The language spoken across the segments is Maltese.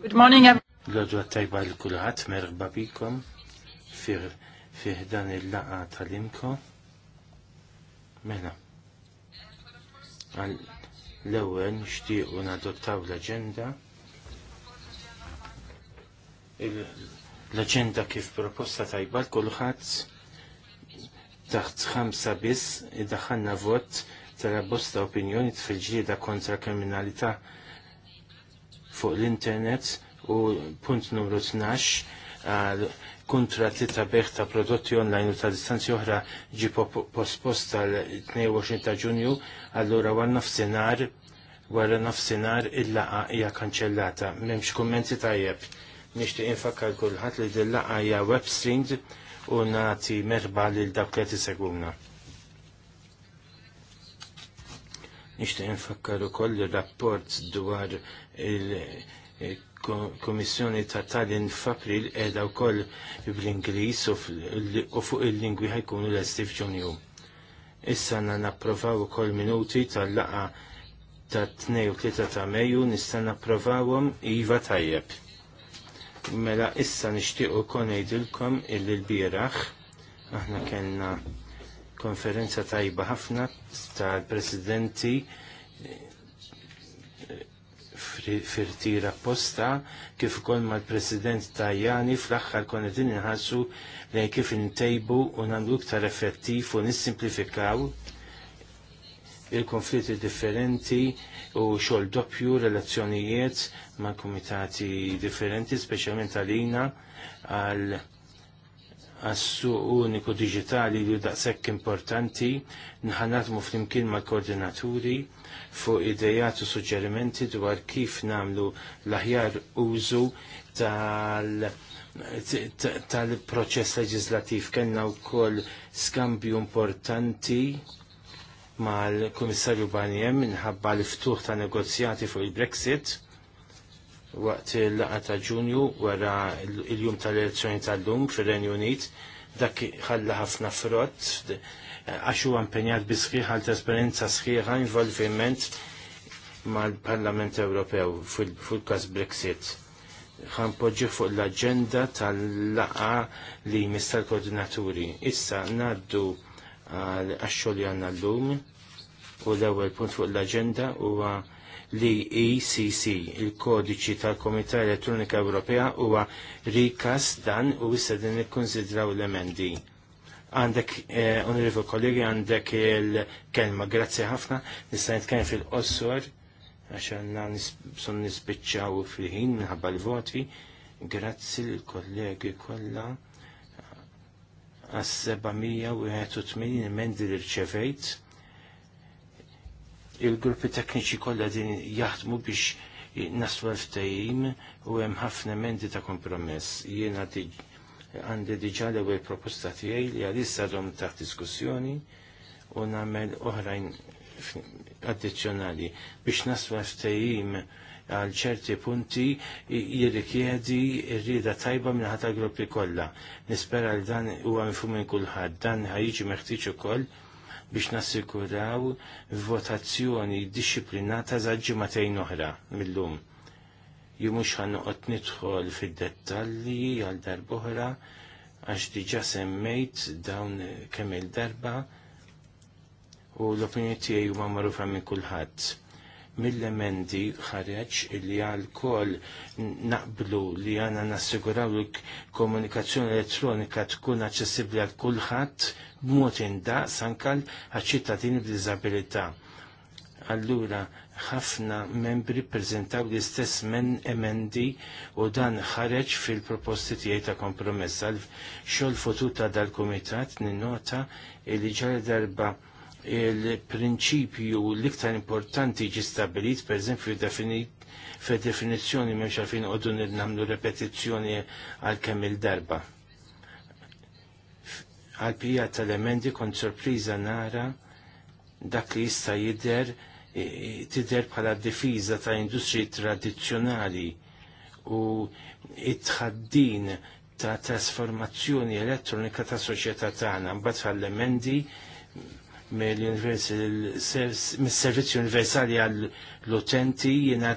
Good morning, everyone. L-ħodwa l-kulħat, merħba bikom fih dan il-laqa tal-imko. Mela. L-ewel nishtiqu nadottaw l-agenda. L-agenda kif proposta tajba l-kulħat taħt ħamsa biss id-daħanna vot tal-abbosta opinjoni fil-ġlieda kontra kriminalità fuq l-internet u punt numru 12 uh, kontra li tabeħ ta' prodotti online u ta' distanzi oħra ġi posposta l-22 ta' ġunju allura għan nafsenar wara nafsenar il-laqa hija kanċellata. M'hemmx kummenti tajjeb. Nixtieq infakkar kulħadd li din laqa hija web streamed u nagħti merba lil dawk li tisegwuna. Nixtieq infakkar ukoll ir-rapport dwar il-Komissjoni ta' Tallinn f'April edha wkoll bl-Ingliż u fuq il-lingwi ħajkunu l-esti Issa na napprovaw ukoll minuti tal-laqa ta' 2 u ta' Mejju nista' napprovawhom iva tajjeb. Mela issa nixtiequ ukoll ngħidilkom il-bieraħ aħna kellna konferenza tajba ħafna tal-presidenti fir-tira apposta kif ukoll mal-President Tajani fl-aħħar konna inħassu lejn kif intejbu u nagħmlu iktar effettiv u nissimplifikaw il-konflitti differenti u xogħol doppju relazzjonijiet ma' kumitati differenti, speċjalment għalina għal għas-suq uniku digitali li daqshekk importanti nħanatmu flimkien mal ma' koordinaturi fuq idejat u suġġerimenti dwar kif namlu l-aħjar użu tal-proċess leġislativ. Kenna u koll skambju importanti mal-Komissarju Banjem minħabba l-ftuħ ta' negozjati fuq il-Brexit waqt il-laqa ta' ġunju wara il-jum tal-elezzjoni tal-lum fir-Renju Unit dak ħalla ħafna frott għax huwa impenjat bi sħiħa l trasparenza sħiħa involviment mal-Parlament Ewropew fil-każ Brexit. Għan poġġi fuq l-aġenda tal-laqa li mistal koordinaturi. Issa naddu għal axxol li għanna l-lum u l-ewwel punt fuq l-aġenda huwa li ECC, il-kodiċi tal-Komunità Elettronika Ewropea huwa rikas dan u issa din ikkonsidraw l-emendi. Għandek, eh, onorevol kollegi, għandek il-kelma, grazzi ħafna, nista' nitkellem fil-qossor, għaxan son nisbiċċaw fil-ħin minħabba l-voti, grazzi l-kollegi kollha għas 781 emendi li rċevejt il-gruppi tekniċi kollha din jaħdmu biex naslu l-ftajim u hemm ħafna emendi ta' kompromess. Jiena għandi diġà l-ewwel proposta tiegħi li għalissa dom taħt diskussjoni u nagħmel oħrajn addizzjonali biex naslu l-ftajim għal ċerti punti jirrikjedi rrida tajba minn ħata gruppi kollha. Nispera li dan huwa mifhum minn kulħadd, dan ħajġi meħtieġ ukoll biex nassikuraw votazzjoni disciplinata za ġimatejn oħra mill-lum. Jumux ħanqot nidħol fid-dettalji għal darbohra għax diġa semmejt dawn kemm il-darba u l-opinjoni tiegħi huma magħrufa minn kulħadd mill-emendi ħareġ li għal-kol naqblu li għana nassiguraw li komunikazzjoni elettronika tkun aċċessibbli għal kulħadd b'mod indaqs sankal għaċ-ċittadini b'diżabilità. Allura, ħafna membri ppreżentaw l-istess men emendi u dan ħareġ fil-proposti tiegħi ta' kompromess. Xogħol fotuta dal-kumitat ninnota li ġara darba il-prinċipju l-iktar importanti ġi stabilit, per eżempju, fe definizjoni memx għalfin għoddu nil-namlu repetizjoni għal-kemm il-darba. Għal-pija tal-emendi kont sorpriza nara dak li jista jider tider bħala difiża ta' industri tradizjonali u it tħaddin ta' trasformazzjoni elettronika ta' soċjetà tagħna mbagħad tal emendi ta mis servizzju universali għall-utenti jiena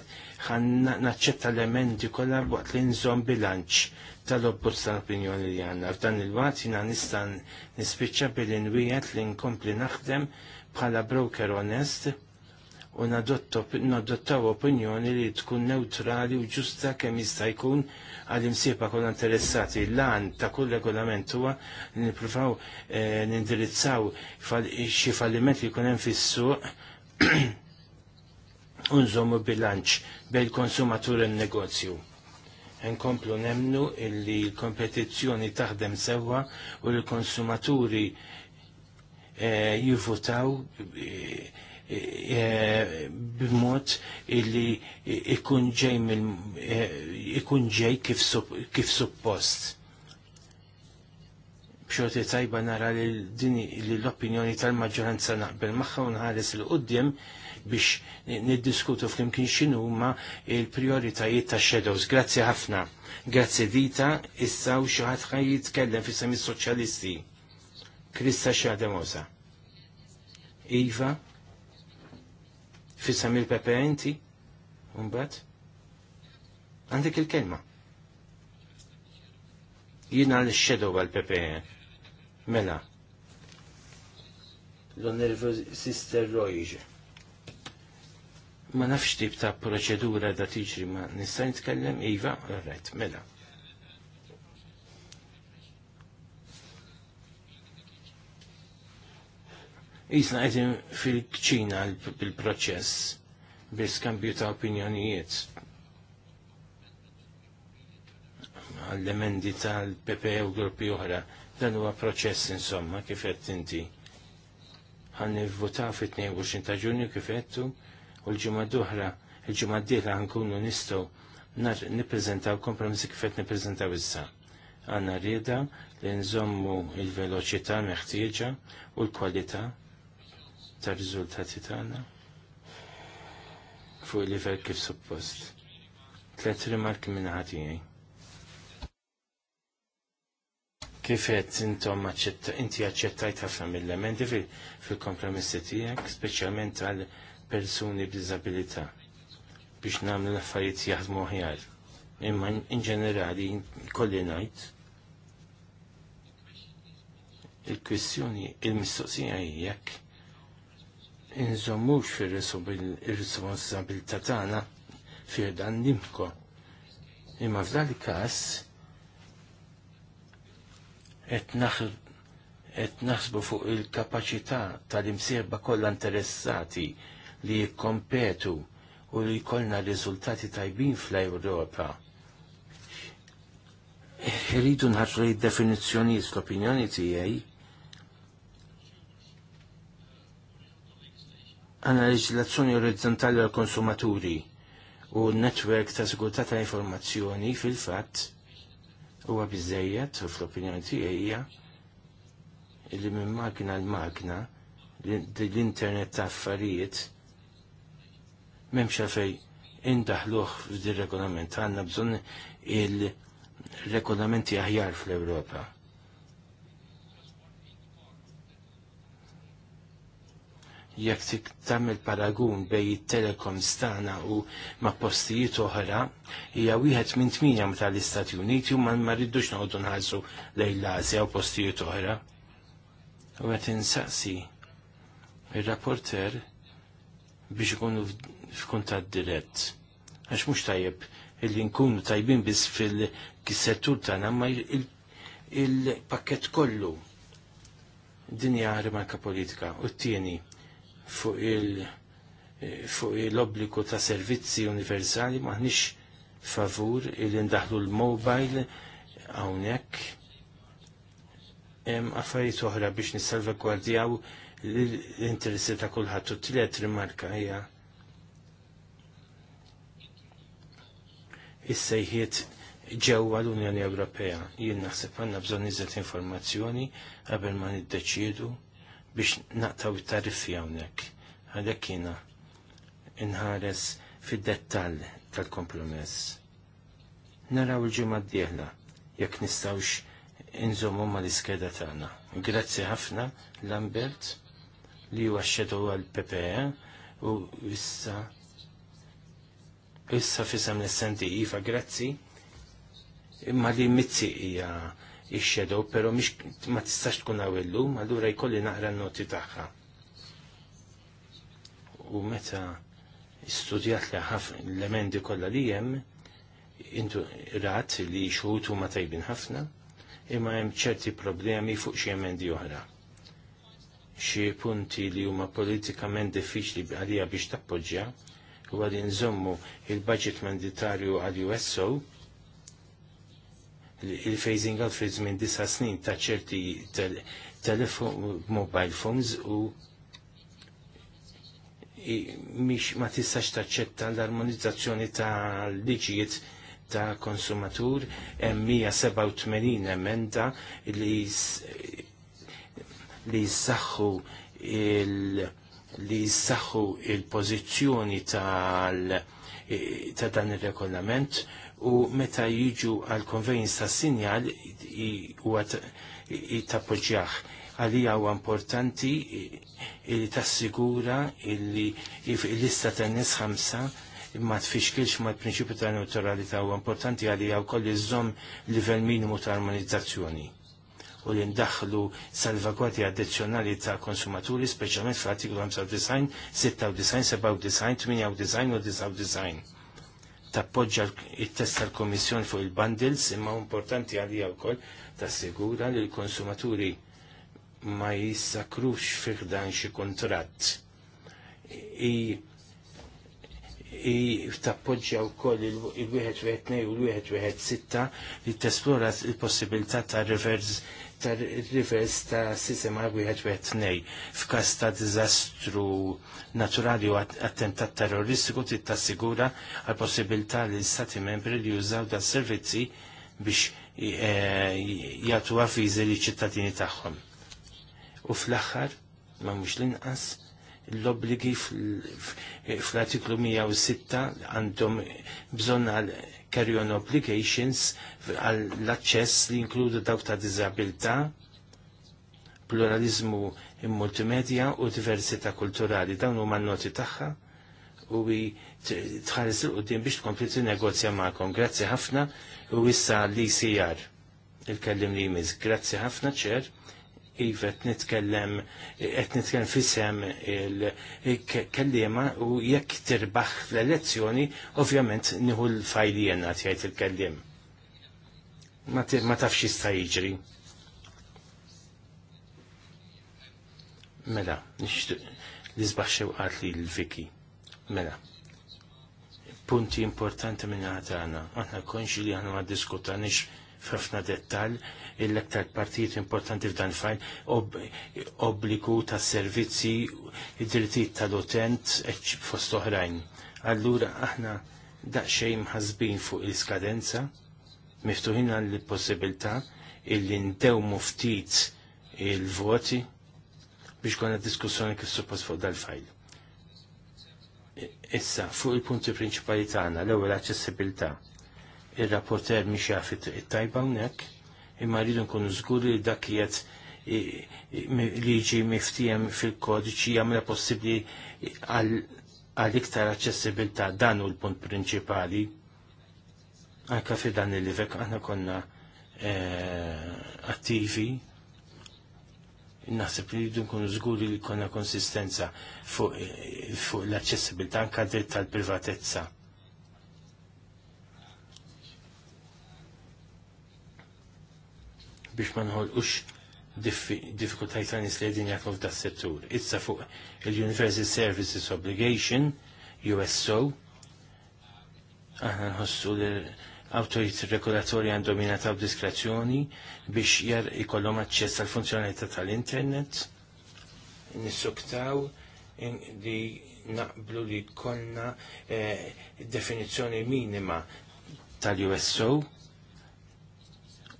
naċċetta l-elementi kollha waqt li nżomm bilanċ tal obbuzz tal-opinjoni li għandna. F'dan il-waqt jiena nista' nispiċċa billi nwiegħed li nkompli naħdem bħala broker onest u nadottaw opinjoni li tkun neutrali u ġusta kemm jista' jkun għal imsieba kollha interessati. Lan ta' kull regolament huwa li nippruvaw eh, nindirizzaw xi falliment li jkun hemm fis-suq u nżommu bilanċ bejn konsumatur u negozju. Nkomplu nemnu illi l-kompetizzjoni taħdem sewwa u l-konsumaturi eh, jivvutaw eh, Eh, b'mod illi ikun ġej eh, ikun ġej kif suppost. B'xorti tajba nara li l-opinjoni tal-maġġoranza naqbel magħha u nħares l qudiem biex niddiskutu flimkien xinu huma l-prijoritajiet ta' shadows. Grazzi ħafna. Grazzi Dita, issa u xi ħadd jitkellem fi sami soċjalisti. Krista Xademosa. Iva, fissam il-pepe inti, unbat, għandek il-kelma. Jina l-xedow għal-pepe, mela, l-onervu sister Rojġe. Ma nafx tip ta' proċedura da tiġri ma nista' nitkellem iva, rret, mela. jisna għedin fil-ċina bil-proċess bil-skambju ta' opinjonijiet għall-emendi tal-PP u gruppi oħra dan huwa proċess insomma kif qed inti għan nivvuta fit-22 ta' ġunju kif kifettu u l ġimgħa d-duħra, l-ġimma d-dila għankunu nistow niprezentaw kompromissi kifet niprezentaw issa. Għanna rieda li nżommu il-veloċità meħtieġa u l-kwalità tar-riżultati tagħna fuq il-livell kif suppost. Tlet rimarki minn ħatijaj. qed intom inti aċċettajt ħafna mill-elementi fil-kompromissi tiegħek, speċjalment għal persuni b'diżabilità biex nagħmlu l-affarijiet jaħdmu aħjar. Imma in ġenerali kolli ngħid il-kwistjoni il-mistoqsija jekk inżommux fil-responsabilità tagħna fir dan nimko. Imma f'dan il-każ qed naħsbu fuq il-kapaċità tal-imsieba kollha interessati li jikkompetu u li jkollna riżultati tajbin fl-Ewropa rridu nħarġu definizzjonijiet l-opinjoni tiegħi għana leġislazzjoni orizzontali għal konsumaturi u n-netwerk ta' sigurtà ta' informazzjoni fil-fatt huwa biżejjed u fl-opinjoni tiegħi li minn makna l makna l-internet ta' affarijiet memxa fej indaħluh f'din regolament għandna bżonn il-regolamenti aħjar fl-Ewropa. jekk tik tagħmel paragun bej it-telekom stana u ma' postijiet oħra, hija wieħed minn tminja meta l-Istati Uniti u ma rridux noqogħdu nħarsu lejn l-Asja u postijiet oħra. U qed insaqsi ir-rapporter biex ikunu f'kuntatt dirett. Għax mhux tajjeb illi nkunu tajbin biss fil kissettur tagħna ma il-pakket kollu dinja remarka politika u t-tieni fuq il- eh, fuq l-obbligu ta' servizzi universali maħnix favur il-indaħlu l-mobile għawnek hemm affarijiet oħra biex nissalvagwardjaw l-interessi ta' kulħadd u tliet rimarka hija is-sejħiet ġewwa l-Unjoni Ewropea. Jien naħseb għandna bżonn iżet informazzjoni qabel ma niddeċiedu biex naqtaw it-tariffi hawnhekk. Għalhekk jiena inħares fid-dettall tal-kompromess. Naraw il-ġimgħa d-dieħla jekk nistgħux ma mal-iskeda tagħna. Grazzi ħafna Lambert li huwa xedu għal PPE u issa issa fissam l-essenti iva grazzi imma li mitzi hija ix pero mhix ma tistax tkun hawn illum, allura jkolli naqra n-noti tagħha. U meta studjat li ħafna l-emendi kollha li jem, intu rat li xhut huma tajbin ħafna, imma hemm ċerti problemi fuq xi emendi oħra. Xi punti li huma politikament diffiċli għalija biex tappoġġja, huwa li nżommu il-budget manditarju għal USO il-phasing out fi żmien disa' snin ta' ċerti mobile phones u miex ma tistax taċċetta l-armonizzazzjoni ta' liġijiet ta' konsumatur hemm 187 emenda li li jissaxħu il li jissaxħu il-pożizzjoni tal ta' dan ir regolament u meta jiġu għal konvejnz ta' sinjal u tappoġġjaħ għalija huwa importanti li tassigura li l-lista ta' nies ħamsa ma tfixkilx ma t prinċipju ta' neutralità huwa importanti għalija wkoll iżomm livell minimu ta' armonizzazzjoni u li ndaħlu salvagwardja addizzjonali ta' konsumaturi, speċjalment fl-artiklu 95, 96, 97, 98 u 99 tappoġġa it-testa l komissjon fuq il-bundles imma importanti għalija wkoll sigura li l-konsumaturi ma jissakrux fiħdan xi kontratt. I, i tappoġġa wkoll il-wieħed wieħed u l-wieħed wieħed sitta li tesplora l-possibilità ta' reverse ta' rivers ta' sistema wieħed wieħed tnej f'każ ta' diżastru naturali u attentat terroristiku trid tassigura għal possibilità li stati membri li jużaw da' servizzi biex eh, jgħatu għafiz li ċittadini tagħhom. U fl-aħħar ma mux l-inqas l-obligi fl-artiklu 106 għandhom bżonn għal carry on obligations għall-aċċess li jinkludu dawk ta' disabilità, pluralizmu multimedja u diversità kulturali. Dawn huma n-noti tagħha u tħares il-qudiem biex tkompli negozja magħkom. Grazzi ħafna u issa l-ICR il-kellim li jmiss. Grazzi ħafna ċer Ivet nitkellem, et nitkellem fissem il-kellima u jekk tirbaħ l-elezzjoni, ovvjament niħu l-fajli jenna tijajt il-kellim. Ma tafx jista jiġri. Mela, li zbaħ xewqat li l-Viki. Mela. Punti importanti minna għatana Aħna konġi li għanna ma diskutanix f'ħafna dettal l-aktar partijiet importanti f'dan fajn obbliku ta' servizzi, id-drittijiet tal-utent, fost oħrajn. Allura aħna daqsxejn ħazbin fuq il-skadenza, miftuħin għall possibilità illi ndew ftit il-voti biex konna diskussjoni kif suppost fuq dal-fajl. Issa, fuq il-punti prinċipali tagħna, l-ewwel aċċessibilità. Ir-rapporter mhix jaf it-tajba hawnhekk, imma rridu nkunu żguri li dak qiegħed li jiġi miftijem fil-kodiċi jagħmel possibbli għal iktar aċċessibilità dan hu l-punt prinċipali. Anka fi dan il-livek aħna konna eh, attivi naħseb li rridu nkunu żguri li konna konsistenza fuq l-aċċessibilità anka dritt tal-privatezza. biex ma nħolqux diffikultajt għan isledin jatlu f'da settur. Issa fuq il-Universal Services Obligation, USO, aħna nħossu l-autorit regolatori għandhom jingħataw diskrezzjoni biex jar ikollhom aċċess għal funzjonalità tal-internet, nissuktaw li naqblu li konna eh, definizjoni minima tal-USO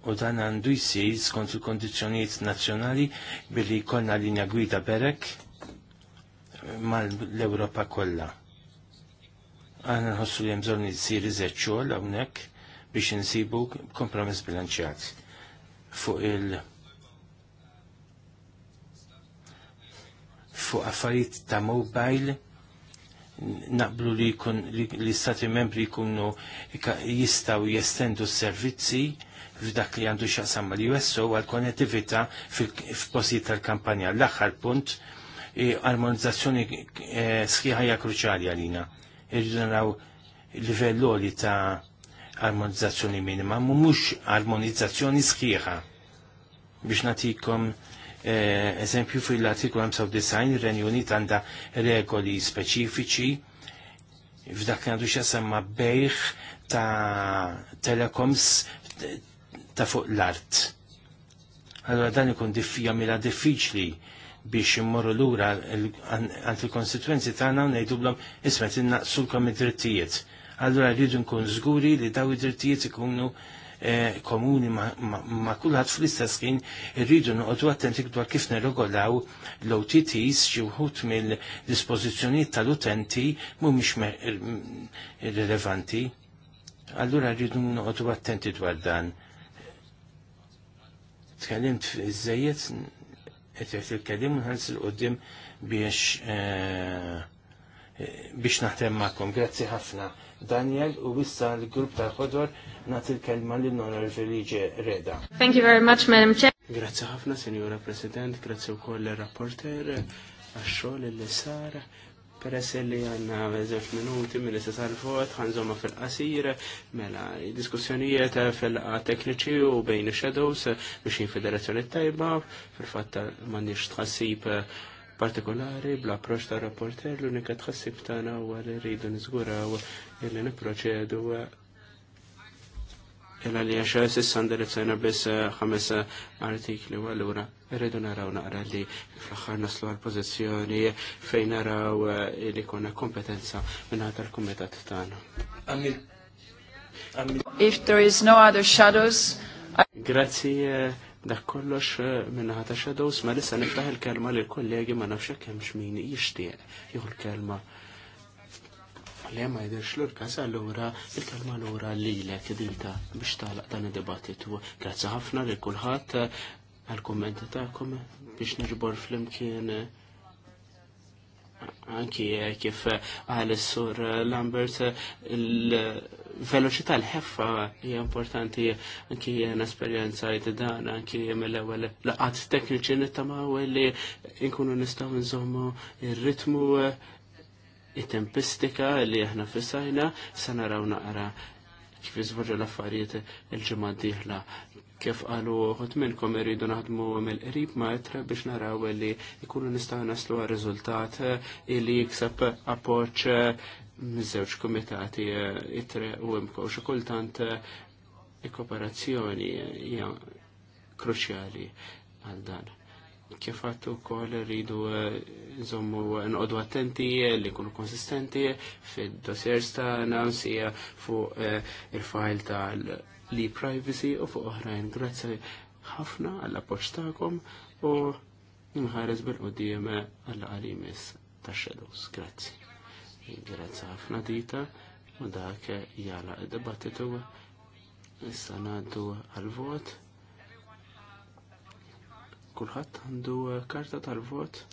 u dan għandu jisir skont il kondizjoniet nazzjonali billi jkollna linja gwida berek mal-Europa kollha. Għana nħossu li jemżorni li jisir iżeċċol hawnhekk biex insibu kompromess bilanċjat fuq il- fuq affarijiet ta' mobile naqblu li jkun li stati membri jkunu jistaw jestendu s-servizzi f'dak li għandu xaqsam li USO għal konnettività f'postijiet tal-kampanja. L-aħħar punt, armonizzazzjoni eh, sħiħajja kruċali għalina. Irridu naraw livelloli ta' armonizzazzjoni minima, mhux armonizzazzjoni sħiħa. Biex natikom eh, eżempju fil-artiklu 95 ir-Renju Unit għandha regoli speċifiċi f'dak li għandu xasemma bejħ ta' telecoms ta' fuq l-art. Allora dan ikun jamila diffiċli biex immorru lura għant il-konsekwenzi tagħna u ngħidulhom ismet innaqsulkom id-drittijiet. Allura rridu nkun żguri li daw id-drittijiet ikunu eh, komuni ma' kulħadd fl-istess kien irridu noqogħdu attenti dwar kif nirregolaw l-OTTs xi wħud mill-dispożizzjonijiet tal-utenti mhumiex rilevanti. Allura rridu noqogħdu attenti dwar dan tkellimt fizzajiet, żejjed il-kelim nħallis l-qoddim biex eh, biex naħtem magħkom. Grazzi ħafna Daniel u wissa l-grupp tal-ħodor nagħti il-kelma lil Honorable Reda. Thank you very much, Madam Chair. Grazzi ħafna, Sinjura President, grazzi koll l rapporter għaxxol, l li sar Peress li għanna zewġ minuti minn s-sar fot, għanżomma fil-qasir, mela diskussjonijiet fil-qa tekniċi u bejn il shadows biex federazzjoni tajba, fil-fatta mandiġ tħassib partikolari bl-approċ ta' rapporter l-unika tħassib tagħna huwa li rridu niżguraw illi niproċedu illa li għaxa sissa ndirizzajna bis 5 artikli u għallura rridu naraw naqra li fl-axħar naslu għal pożizzjoni fejn naraw eh, li kuna kompetenza minn tal-kumitat tagħna. If there is no other shadows. Grazzi eh, dak kollox eh, minna ħata shadows ma lissa niftaħ il-kelma li l-kollegi ma nafx kemm xmin jixtieq jieħu l-kelma. Le ma jidirx l-kas allura il-kelma l-ura li l-ek dilta biex talaq dan id-dibattitu. Grazzi ħafna li kulħadd għal-kommenti ta'kom biex nġbor fl-imkien anki kif għal sur Lambert il-veloċità l-ħeffa hija importanti anki jien id dan anki mill-ewwel laqat tekniċi nittamaw li nkunu nistaw nżommu il ritmu il tempistika li aħna fissajna sanaraw naqra kif jizvorġu l-affarijiet il-ġimgħa d kif għalu uħut minnkom irridu naħdmu mill-qrib ma jitra biex naraw li ikunu nistaw naslu għal rizultat eh, li jiksab appoċ eh, mizzewċ komitati eh, itre u imko u kultant kooperazzjoni jgħan kruċjali għal dan. Kif għattu kol rridu nżommu nqodu attenti li kunu konsistenti fid-dossiers ta' nansija fuq il-fajl tal li privacy u fuq oħrajn. Grazzi ħafna għall appoġġ tagħkom u nħares bil-qudiem għall-qalimis Ta' shadows. Grazzi. Grazzi ħafna dita u dak jala id-dibattitu issa ngħaddu għal-vot. Kulħadd għandu karta tal-vot.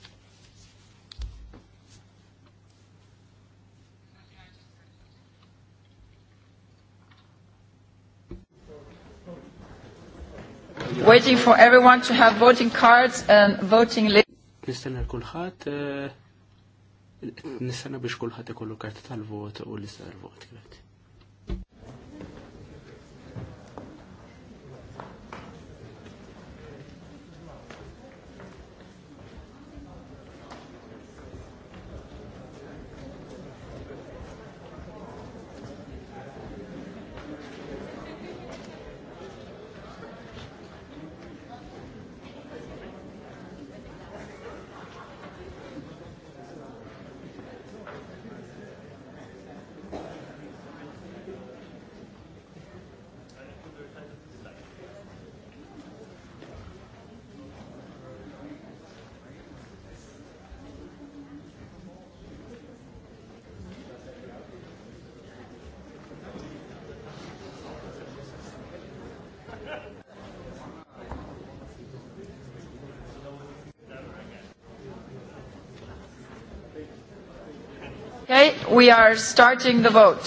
Waiting for everyone to have voting cards and voting list. Nistenna kulħadd eh, nistenna biex kulħadd ikollu karta tal-vot u lista tal-vot. Grazie. We are starting the vote.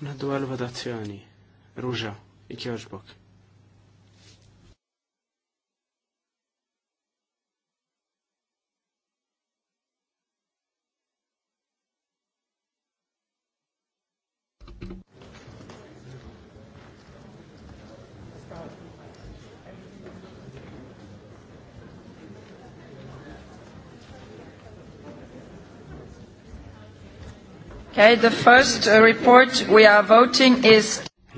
Naddu għal-votazzjoni. Ruġa, ikjoġbok. Okay, the first uh, report we are voting is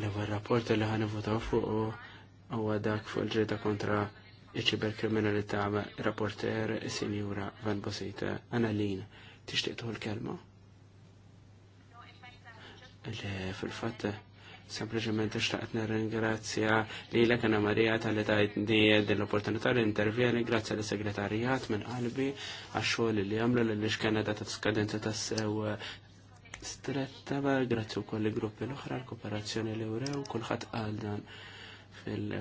L-ewwel rapport li ħan votaw fuq huwa dak fuq il-ġrieda kontra iċ-ċiberkriminalità rapporter Sinjura Van Bosita Lin. Tixtieq tħu l-kelma? Fil-fatt sempliċement ixtaqt nirringrazzja li l Anna Marija tal-li tajtni opportunità li intervjeni grazzi li segretarjat minn qalbi għax xogħol li għamlu l-li ta' skadenza tas sew stretta grazzi u kolli gruppi l-oħra l-kooperazzjoni li urew kulħadd għaldan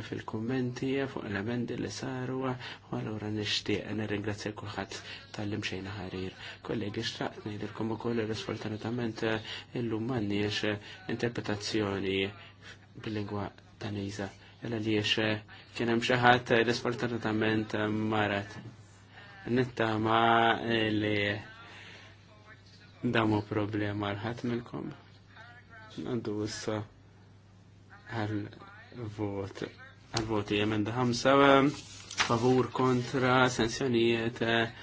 fil-kommenti eh, fuq l amendi li saru eh, u allura nixtieq nirringrazzja kulħadd tal-lim xejn ħarir. Kollegi xtaqt ngħidilkom ukoll li sfortunatament eh, illum m'għandniex interpretazzjoni bil-lingwa taniza. Illa li kien hemm xi ħadd li sfortunatament marat. Nittama li damu problema l-ħat milkom. Għandu issa għal-vot. għal vot jemen ħamsa favur kontra sanzjonijiet eh,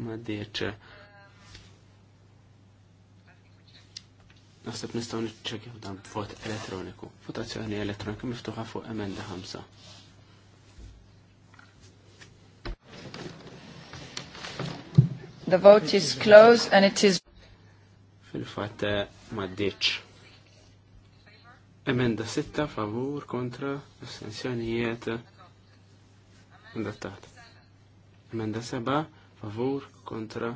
ma d-dieċ. Naħseb nistgħu niċċekjaw dan vot elektroniku. Votazzjoni elektroniku miftuħa fuq emenda ħamsa. The vote is closed and it is fil-fat eh, maddiċ. Emenda 6 favur kontra astensjonijiet adattat. Emenda 7 favur kontra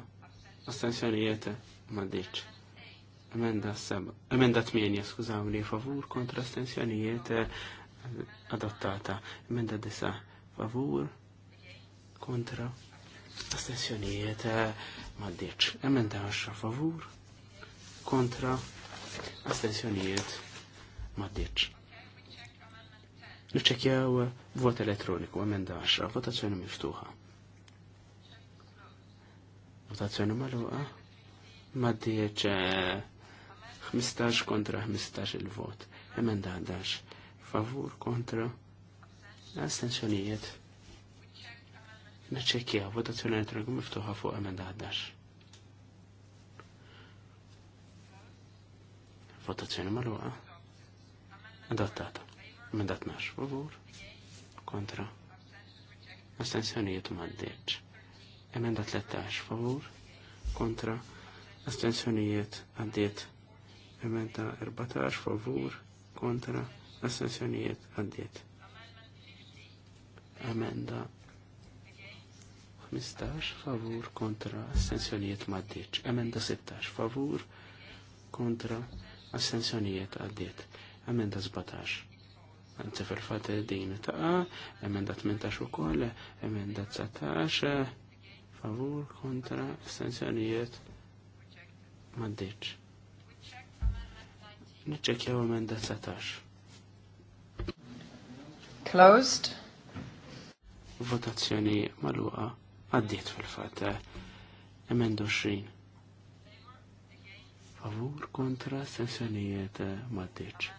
astensjonijiet maddiċ. Emenda 7, emenda 8, skużawni, favur kontra astensjonijiet adottata. Emenda 9 favur kontra astensjonijiet maddiċ. Emenda 10 favur kontra astensjonijiet maddiċ. Nċekjaw vot elettroniku, emenda 10, votazzjoni miftuħa. Votazzjoni maluqa, maddiċ 15 eh, kontra 15 il-vot, emenda 10, favur kontra astensjonijiet. Nċekjaw votazzjoni elettroniku miftuħa fuq emenda 10. votazzjoni maluqa. Adottata. Emenda nax favur kontra. Astensjonijiet maddeċ. Emenda lettax favur kontra. Astensjonijiet għaddiet. Emenda erbatax favur kontra. Astensjonijiet għaddiet. Emenda 15 favur kontra astensjonijiet maddiċ. Emenda 16 favur kontra Astenzjonijiet għaddiet. Emenda 17. Anzi fil-fat din ta' emenda 18 u koll, emenda 19, favur kontra astenzjonijiet maddiċ. Niċċekjaw emenda 19. Closed. Votazzjoni maluqa għaddiet fil-fat emenda 20 favur kontra sessjonijiet eh, maddiċ.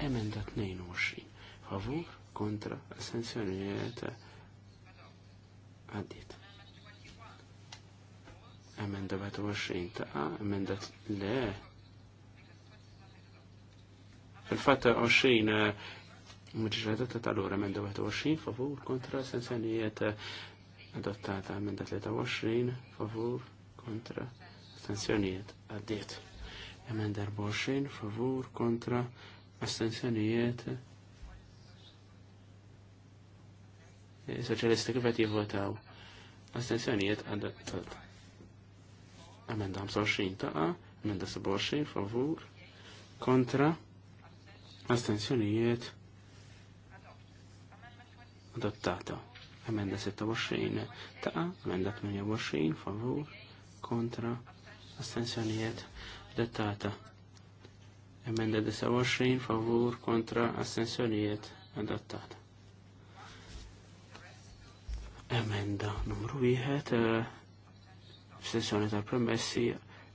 Emenda 22, favur kontra sessjonijiet eh, għaddit. Emenda 22 ta' emenda le. il fatta 20 eh, Mġġredata tal-ura minn 21 favur kontra sensanijiet adottata minn 23 favur kontra astensjonijiet għaddiet. Emenda 24 favur kontra astensjonijiet eh, soċjalisti kif qed jivvotaw. Astensjonijiet għaddiet. Emenda 25 taqa, emenda 27 favur kontra astensjonijiet adottata. Emenda 26 taqa, emenda 28 favur kontra astensjonijiet dettata. Emenda 29 favur kontra astensjonijiet Adattata. Emenda numru 1 sessjoni tal-premessi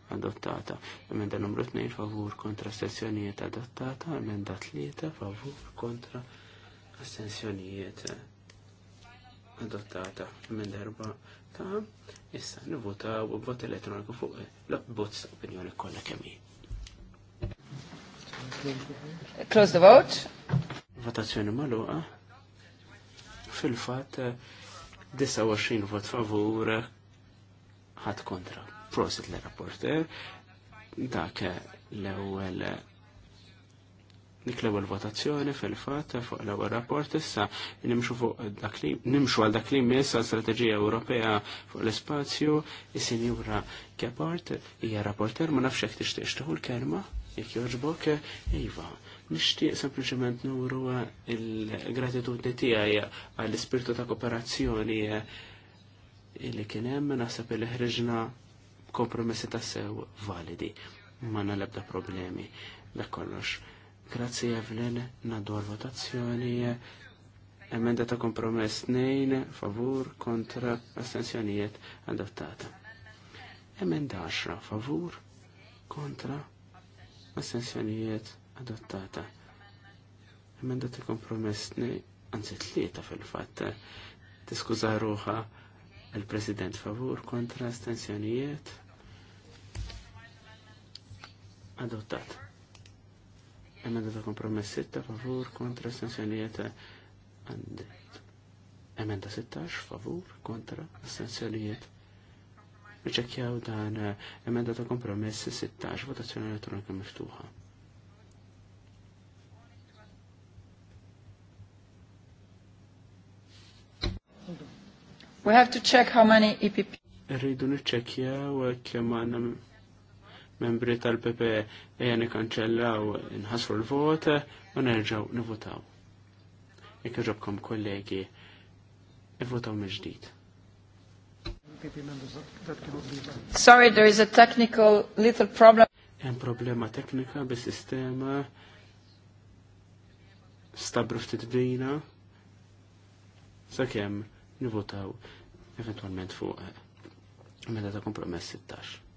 adottata. Emenda numru 2 favur kontra astensjonijiet Adattata. Emenda 3 favur kontra astensjonijiet adottata. Emenda 4 ta' issa nivota u vot elettroniku fuq l bots opinjoni kollha kemm Close the vote. Votazzjoni maluqa. Fil-fatt 29 vot favur ħat kontra. Prosit l-rapporter dak l-ewwel niklew il-votazzjoni fil-fat fuq l-ewwel rapport issa nimxu fuq nimxu għal dak li missa għal strateġija Ewropea fuq l-ispazju is-sinjura Kepart hija rapporter ma nafx hekk tixtieq tieħu l-kelma jekk jogħġbok iva. Nixtieq sempliċement nuru il-gratitudni tiegħi għall-ispirtu ta' kooperazzjoni illi kien hemm naħseb li ħriġna kompromessi ta' sew validi. Ma nalebda problemi. Dak kollox Grazie Evelyn, na dwar votazzjoni Emenda ta' kompromess nejn. favur, kontra, astensjonijiet, adottata. Emenda 10, favur, kontra, astensjonijiet, adottata. Emenda ta' kompromess nejn, anzi tlieta fil-fatt, Tiskuża ruħa il-President favur, kontra, astensjonijiet, adottata Emenda ta' kompromess 6 favur kontra astensjonijiet għandet. Emenda 16 favur kontra astensjonijiet. Iċekjaw dan eh, emenda ta' kompromess 16 votazzjoni elettronika miftuħa. We have to check how many EPP. Rridu niċċekkjaw eh, kemm għandna membri tal pp eja nikanċellaw nħasru l-vot u nerġaw nivotaw. Jekk ġobkom kollegi, nivotaw meġdijt. Sorry, there is a technical little problem. Hemm problema teknika bis-sistema stabru ftit bdejna sakemm nivotaw eventwalment fuq meta ta' kompromess 16.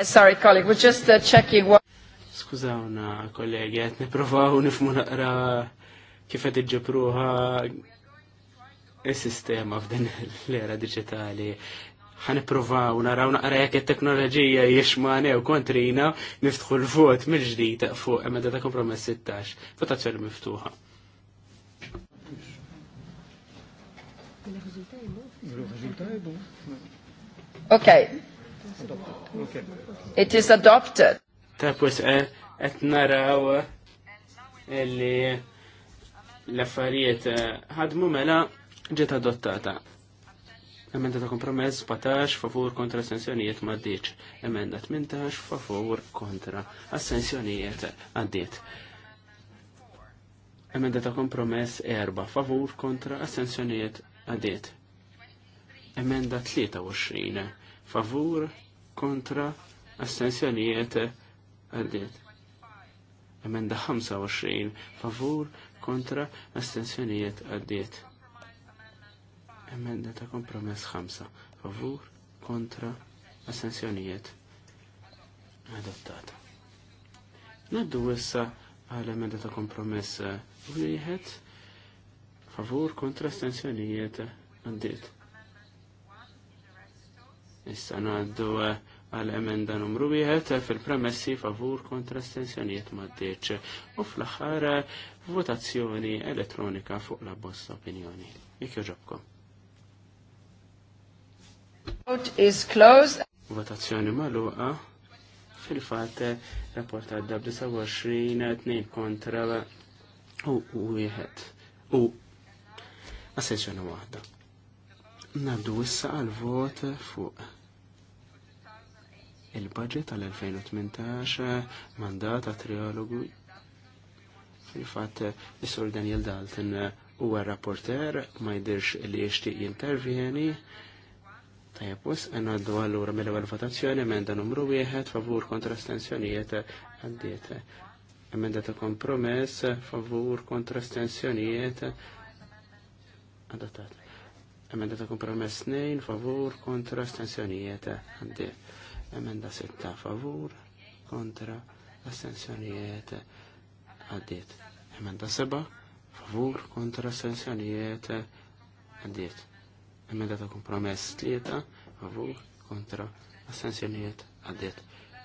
Uh, sorry, colleague, we're just uh, checking what... Skużawna, kollegi, għet niprofaw nifmu naqra kif għet iġġipruħa il-sistema f'din l-era digitali. Ħaniprofaw naraw naqra jek il-teknoloġija jiexmane u kontrina niftħu l-vot mill-ġdid fuq imma ta' kompromess 16. Votazzjoni miftuħa. Okay, It is adopted. Tapus, eh, et naraw eh, li l-affarijiet eh, ħadmu mela ġiet adottata. Emenda ta' kompromess 17 favur kontra assenzjonijiet ma' Emenda 18 favur kontra assenzjonijiet għaddiet. Emenda ta' kompromess 4 favur kontra assenzjonijiet għaddiet. Emenda 23 favur kontra astensjonijiet għaddiet. Emenda 25 favur kontra astensjonijiet għaddiet. Emenda ta' kompromess 5 favur kontra astensjonijiet adottata. Naddu wissa għal emenda ta' kompromess eh, wieħed favur kontra astensjonijiet għaddiet. Issa naddu uh, għal emenda numru wieħed fil-premessi favur kontra stensjonijiet maddeċ u fl-aħħar votazzjoni elettronika fuq la bossa opinjoni. Jekk joġobkom. Vote is closed. Votazzjoni maluqa fil-fatt rapport għadda b'29 tnejn kontra u wieħed u assenzjoni waħda. Nabdu issa għal vot fuq il-budget tal-2018 mandat ta' trialogu fil-fat is-sur Daniel Dalton huwa rapporter ma jdirx li jixtieq jintervjeni tajjeb us għandu għallura mill-ewwel votazzjoni emenda numru wieħed favur kontra stensjonijiet għaddiet. Emenda ta' kompromess favur kontra stensjonijiet adottat. Emenda ta' kompromess 2 favur kontra stensjonijiet għaddiet emenda setta favur kontra astensjonijiet għaddiet. Emenda 7 favur kontra astensjonijiet għaddiet. Emenda ta' kompromess 3 favur kontra astensjonijiet għaddiet.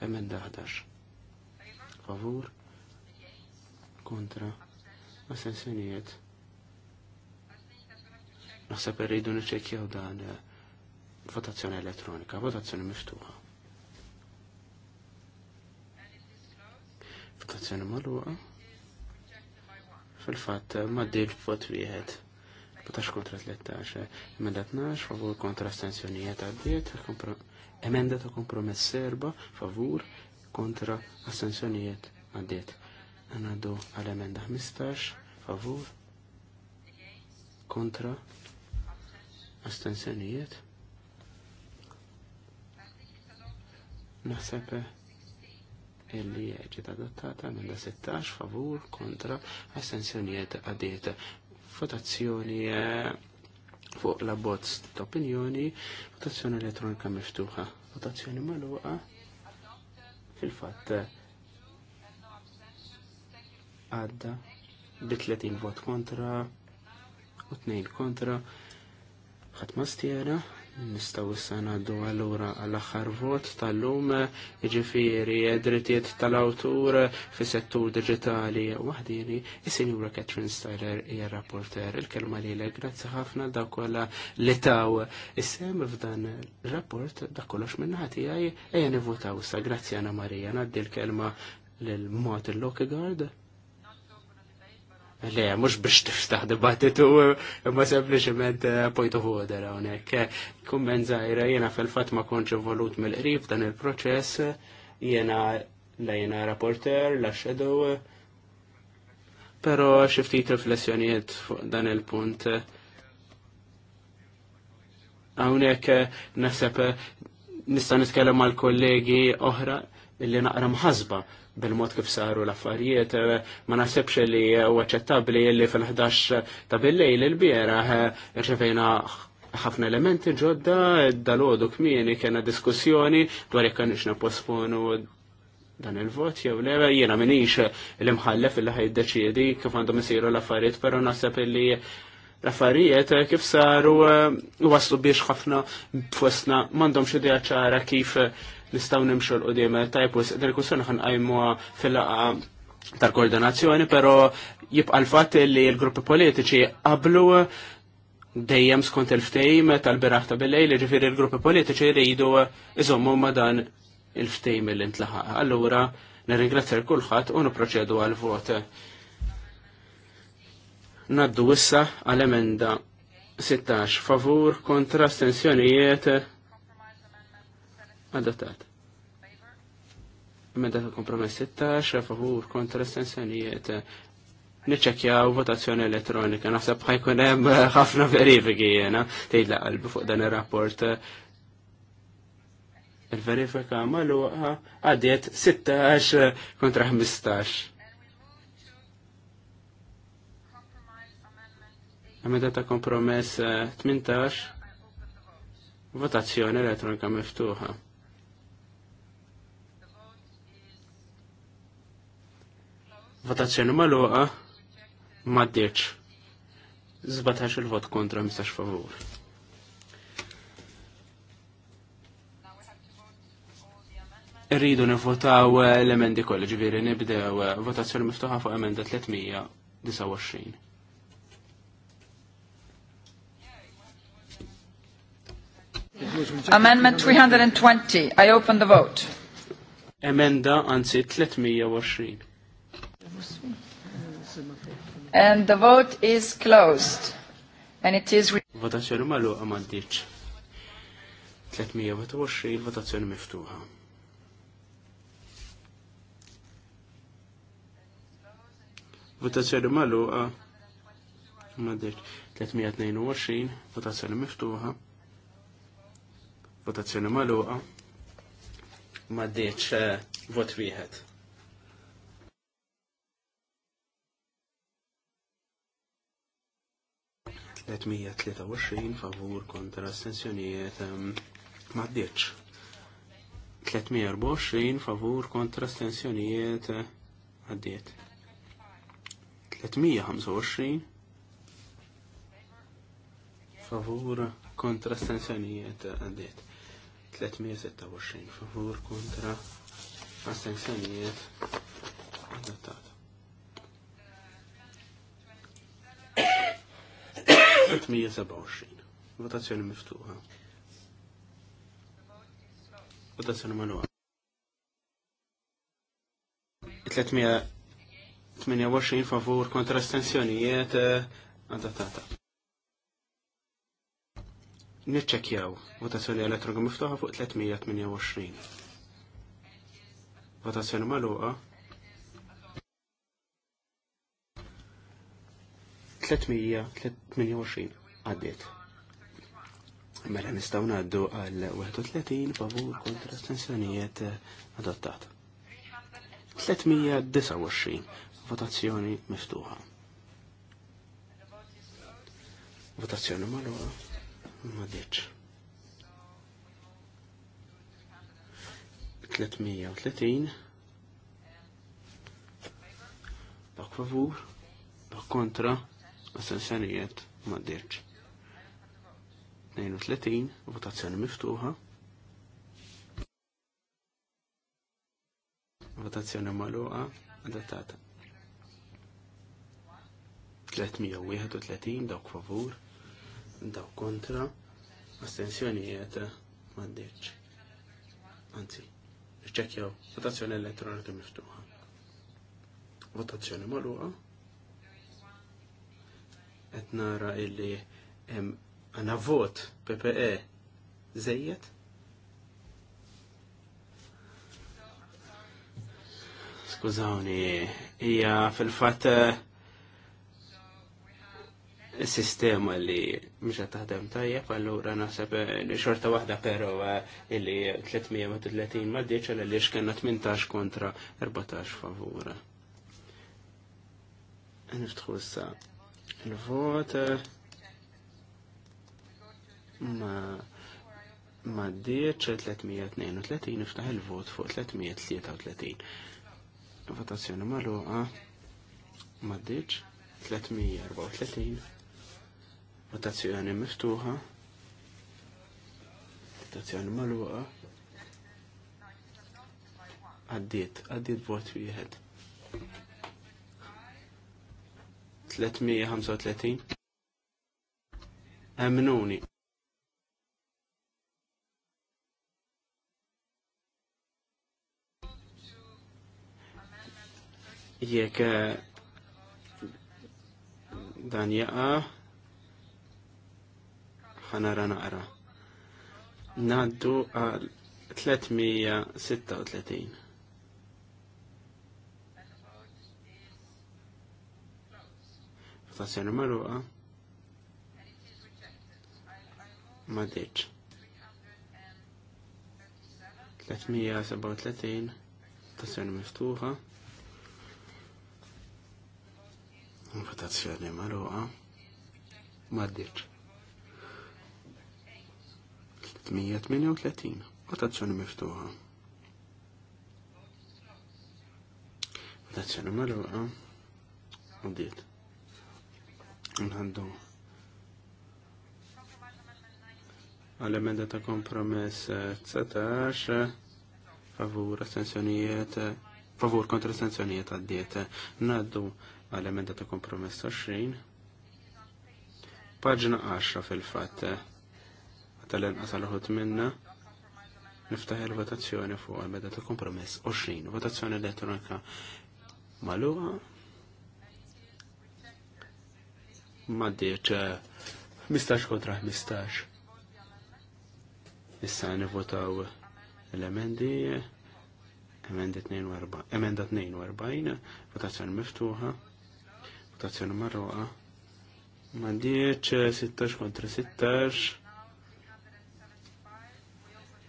Emenda 11 favur kontra astensjonijiet Naħseb irridu niċċekkjaw dan eh, votazzjoni elettronika, votazzjoni miftuħa. Votazzjoni magħluqa. Fil-fatt ma dil vot wieħed. Votax kontra 13, emenda 12, favur kontra astensjonijiet għaddiet, emenda ta' kompromess serba, favur kontra astensjonijiet għaddiet. Għanadu għal-emenda 15, favur kontra astensjonijiet. Naħseb illi ġiet adottata minn 16 favur kontra astensjonijiet għadiet votazzjoni eh, fuq la bozz ta' opinjoni, votazzjoni elettronika miftuħa, votazzjoni magħluqa fil-fatt għadda bi 30 vot kontra u 2 kontra ħatma stjera Nistaw issa ngħaddu allura għall-aħħar vot tal-lum jiġifieri drittijiet tal-awtur fis-settur digitali waħdini is-Sinjura Catherine Styler hija rapporter. Il-kelma lilek grazzi ħafna dak kollha li taw is-sem f'dan ir-rapport dak kollox minnaħa tiegħi ejja nivvotaw sa. Grazzi Anna Marija, ngħaddi l-kelma lil Martin Lockegaard. Le, mux biex tiftaħ dibattitu, imma sempliciment eh, pojtu of għonek. Eh, Kummen zaħira, jena fil-fat ma konċ involut mill-qrib dan il-proċess, jena la jena rapporter, la shadow, pero xiftit riflessjonijiet fuq dan il-punt. Għonek eh, nasab nista' nitkellem mal kollegi oħra illi naqra mħasba bil-mod kif saru l-affarijiet, eh, ma nasibx li u aċċettabli li fil-11 ta' bil-lejl il bjera eh, irċevejna ħafna elementi ġodda, dal-ħodu kmieni kena diskussjoni dwar jekk nix posponu dan il-vot jew le jiena minix l-imħallef illi ħajdeċiedi kif għandhom isiru l-affarijiet, però naħseb li l-affarijiet eh, kif saru waslu biex ħafna fostna m'għandhomx xidja ċara kif nistaw nimxol u dima tajpus dil-kussjoni għajmua fil-laqa tal-koordinazzjoni, pero jibqa' l fat li l-gruppi politiċi qablu dejjem skont il-ftejm tal-beraħ ta' bil li ġifiri l-gruppi politiċi jridu iżommu ma' dan il-ftejm li ntlaħaq. Allura, nirringrazzja l-kulħadd u proċedu għal-vot. Naddu issa għal-emenda 16 favur kontra stensjonijiet adottat. Meda ta' kompromess 16, favur kontra estensjonijiet. Niċċekjaw votazzjoni elettronika, naħseb ħajkun hemm ħafna verifiki jena tgħidla qalbi fuq dan ir-rapport. Il-verifika magħluqa għaddiet 16 kontra 15. Meta ta' kompromess 18, eh, votazzjoni elettronika miftuħa. Votazzjoni maloqa ma ddirċ. Zbatax il-vot kontra, mistax favur. Rridu nivvotaw l-emendi kolli ġviri nibdew votazzjoni miftuħa fuq emenda 329. Amendment 320. I open the vote. Emenda, anzi 320. And the vote is closed. And it is... Votazzjoni maluqa mandiċ. 320 votazzjoni miftuħa. Votazzjoni maluqa mandiċ. 322 votazzjoni miftuħa. Votazzjoni maluqa. Mandiċ eh, vot wieħed. 323 favur kontra astensjonijiet maddiċ. 324 favur kontra astensjonijiet għaddiet. 325 favur kontra astensjonijiet għaddiet. 326 favur kontra astensjonijiet għaddiet. 327. Votazzjoni miftuħa. Votazzjoni manuali. 328 favur kontra estensjonijiet għadattata. Eh, Nitċekjaw votazzjoni elettronika miftuħa fuq 328. Votazzjoni maluqa. 328 għaddiet. Mela nistaw għaddu għal 31 favur kontra astensjonijiet eh, adottat. 329 votazzjoni miftuħa. Votazzjoni mal-għura ma 330 bak favur, bak kontra, assenzjonijiet ma ddirċ. 32 votazzjoni miftuħa. Votazzjoni maluqa adattata. 331 dawk favur, dawk kontra, astensjonijiet ma ddirċ. Anzi, rċekjaw, votazzjoni elettronika miftuħa. Votazzjoni maluqa qed nara illi għana vot PPE żejjed. Skużawni, hija fil-fatt eh, sistema li mhux qed taħdem tajjeb, allura naħseb eh, li xorta waħda però eh, illi 330 ma ddiċ għal li x'kenna 18 kontra 14 favura. Niftħu issa Il-vot ma ma d-dieċ 332 niftaħ il-vot fuq 333. Votazzjoni maluqa ma d-dieċ 334. Votazzjoni miftuħa. Votazzjoni maluqa. Għaddiet, għaddiet vot wieħed. 335. Emnuni. Jek eh, dan jaqa ħanara naqra. Naddu għal 336. votazzjoni maruqa ma deċ 337 votazzjoni miftuħa votazzjoni maruqa ma deċ 338 votazzjoni miftuħa votazzjoni maruqa ma ditx nħaddu għal-emenda ta' kompromess 19 eh, eh, favur astensjonijiet eh, favur kontra għad-diet. naddu għal-emenda ta' kompromess 20 pagġna 10 fil-fat għatalen għasal għal-ħut minna niftaħ il-votazzjoni fuq għal-emenda ta' kompromess 20 votazzjoni elettronika maluqa maddiċ 15 eh, kontra 15. Issa nivotaw l-emendi, emendi 42, emenda 42, votazzjoni miftuħa, votazzjoni marroqa, maddiċ 16 eh, kontra 16,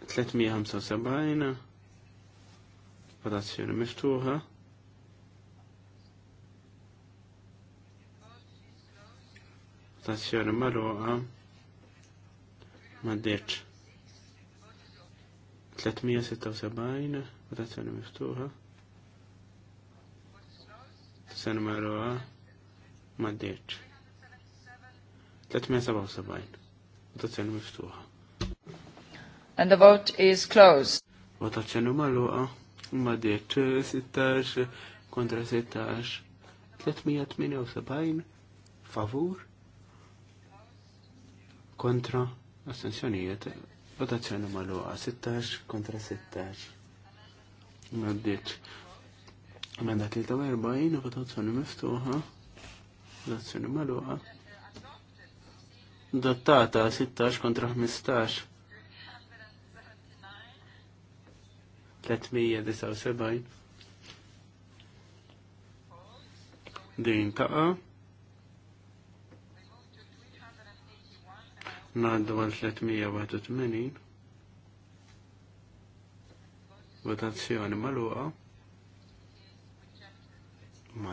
375, votazzjoni miftuħa, votazzjoni maluqa maddeċ 376 votazzjoni miftuħa votazzjoni maluqa maddeċ 377 votazzjoni miftuħa And the vote is closed. Votazzjoni maluqa maddeċ 16 kontra 16 378 favur kontra astensjonijiet votazzjoni maluqa 16 kontra 16 għaddiċ Emenda 43 votazzjoni miftuħa votazzjoni maluqa dottata 16 kontra 15 379 din taqa' Naddu għal 381. Votazzjoni maluqa.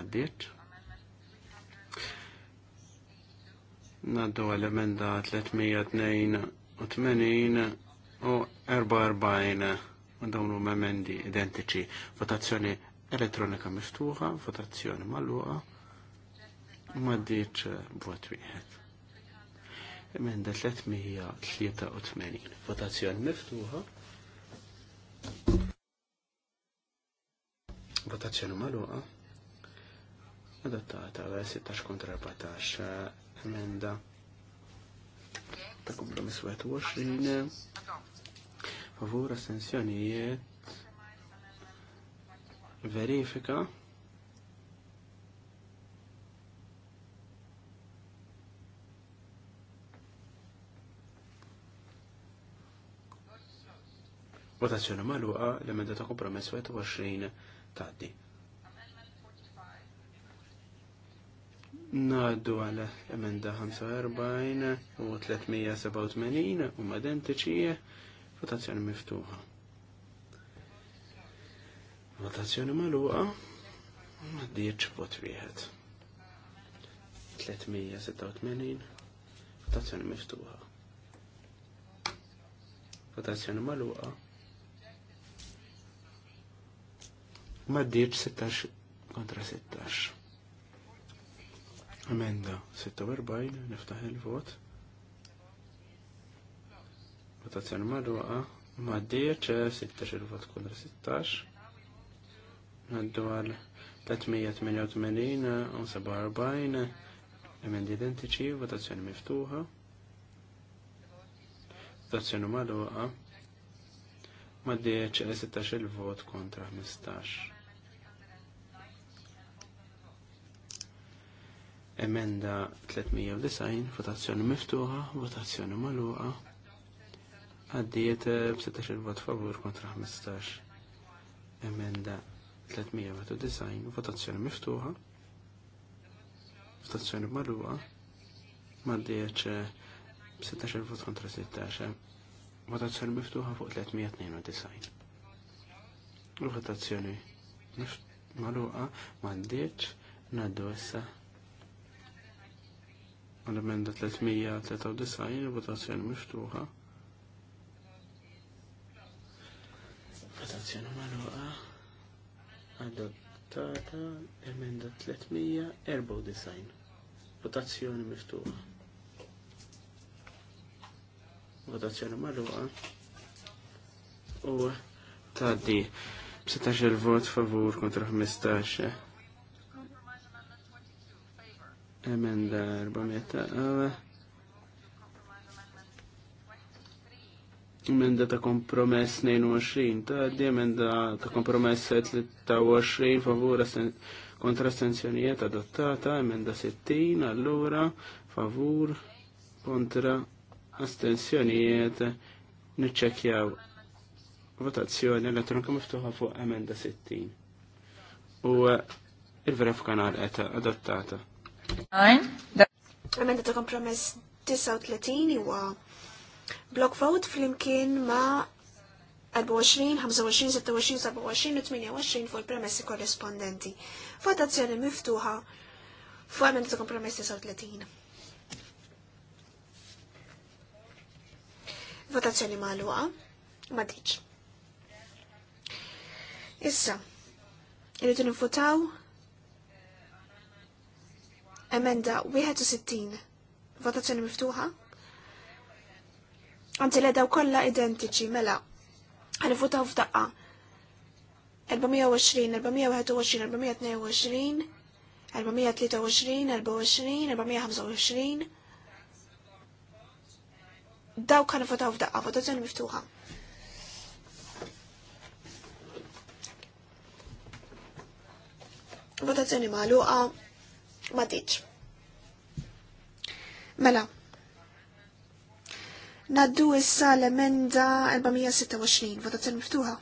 ddit Naddu għal emenda 382 u 44 u dawnu memendi identiċi. Votazzjoni elettronika mistuħa votazzjoni maluqa. ddit b'vot wieħed. Emenda 383. Votazzjoni miftuħa. Votazzjoni maluqa. Adottata għal 16 kontra 14. Emenda ta' kompromis 21. Favur astensjonijiet. Verifika. Votazzjoni magħluqa l-emenda ta' kompromess 21 tgħaddi. Naddu għal emenda 45 u 387 u madentiċi votazzjoni miftuħa. Votazzjoni maluqa ma dirċ vot wieħed. 386 votazzjoni miftuħa. Votazzjoni maluqa ma ddiċ 16 kontra 16. Amenda 46, niftaħ il-vot. Votazzjoni madwaqa, ma ddiċ 16 eh, il-vot kontra 16. Naddu għal 388 u 47 eh, eh, emendi identiċi, votazzjoni miftuħa. Votazzjoni madwaqa, ma ddiċ 16 il-vot kontra 15. Emenda 390, votazzjoni miftuħa, votazzjoni maluqa. Għaddiet eh, b-16 vot favur kontra 15. Emenda 390, votazzjoni miftuħa, votazzjoni maluqa. għaddiet eh, b-16 vot kontra 16. Eh. Votazzjoni miftuħa fuq 392. Votazzjoni maluqa, għaddiet, naddu essa għal-emenda 393, votazzjoni miftuħa. Votazzjoni maluqa, adottata emenda 394, votazzjoni miftuħa. Votazzjoni maluqa, u taddi b-16 vot favur kontra 15 Emenda 400. Emenda ta' kompromess 22. Ta' di emenda ta' kompromess 23 favura kontra sanzjonijiet adottata. Emenda 60. Allura favur kontra astensjonijiet niċċekjaw votazzjoni elettronika miftuħa fuq emenda 60 u eh, il-verifkanar għeta' adottata. Amenda ta' kompromess 39 huwa block vote flimkien ma' 24, 25, 26, 27 u 28 fuq il-premessi korrespondenti. Votazzjoni miftuħa fuq amenda ta' kompromess 39. Votazzjoni magħluqa ma' diċ. Issa, irridu nifutaw Emenda 61. Votazzjoni miftuħa. Anzi, le daw kollha identiċi, mela. Ħanifutaw f'daqqa. 420, 421, 422, 423, 24, 425. Daw kan votaw f'daqqa, votazzjoni miftuħa. Votazzjoni magħluqa ma diċ. Mela, naddu issa l-emenda 426, votazzjoni miftuħa.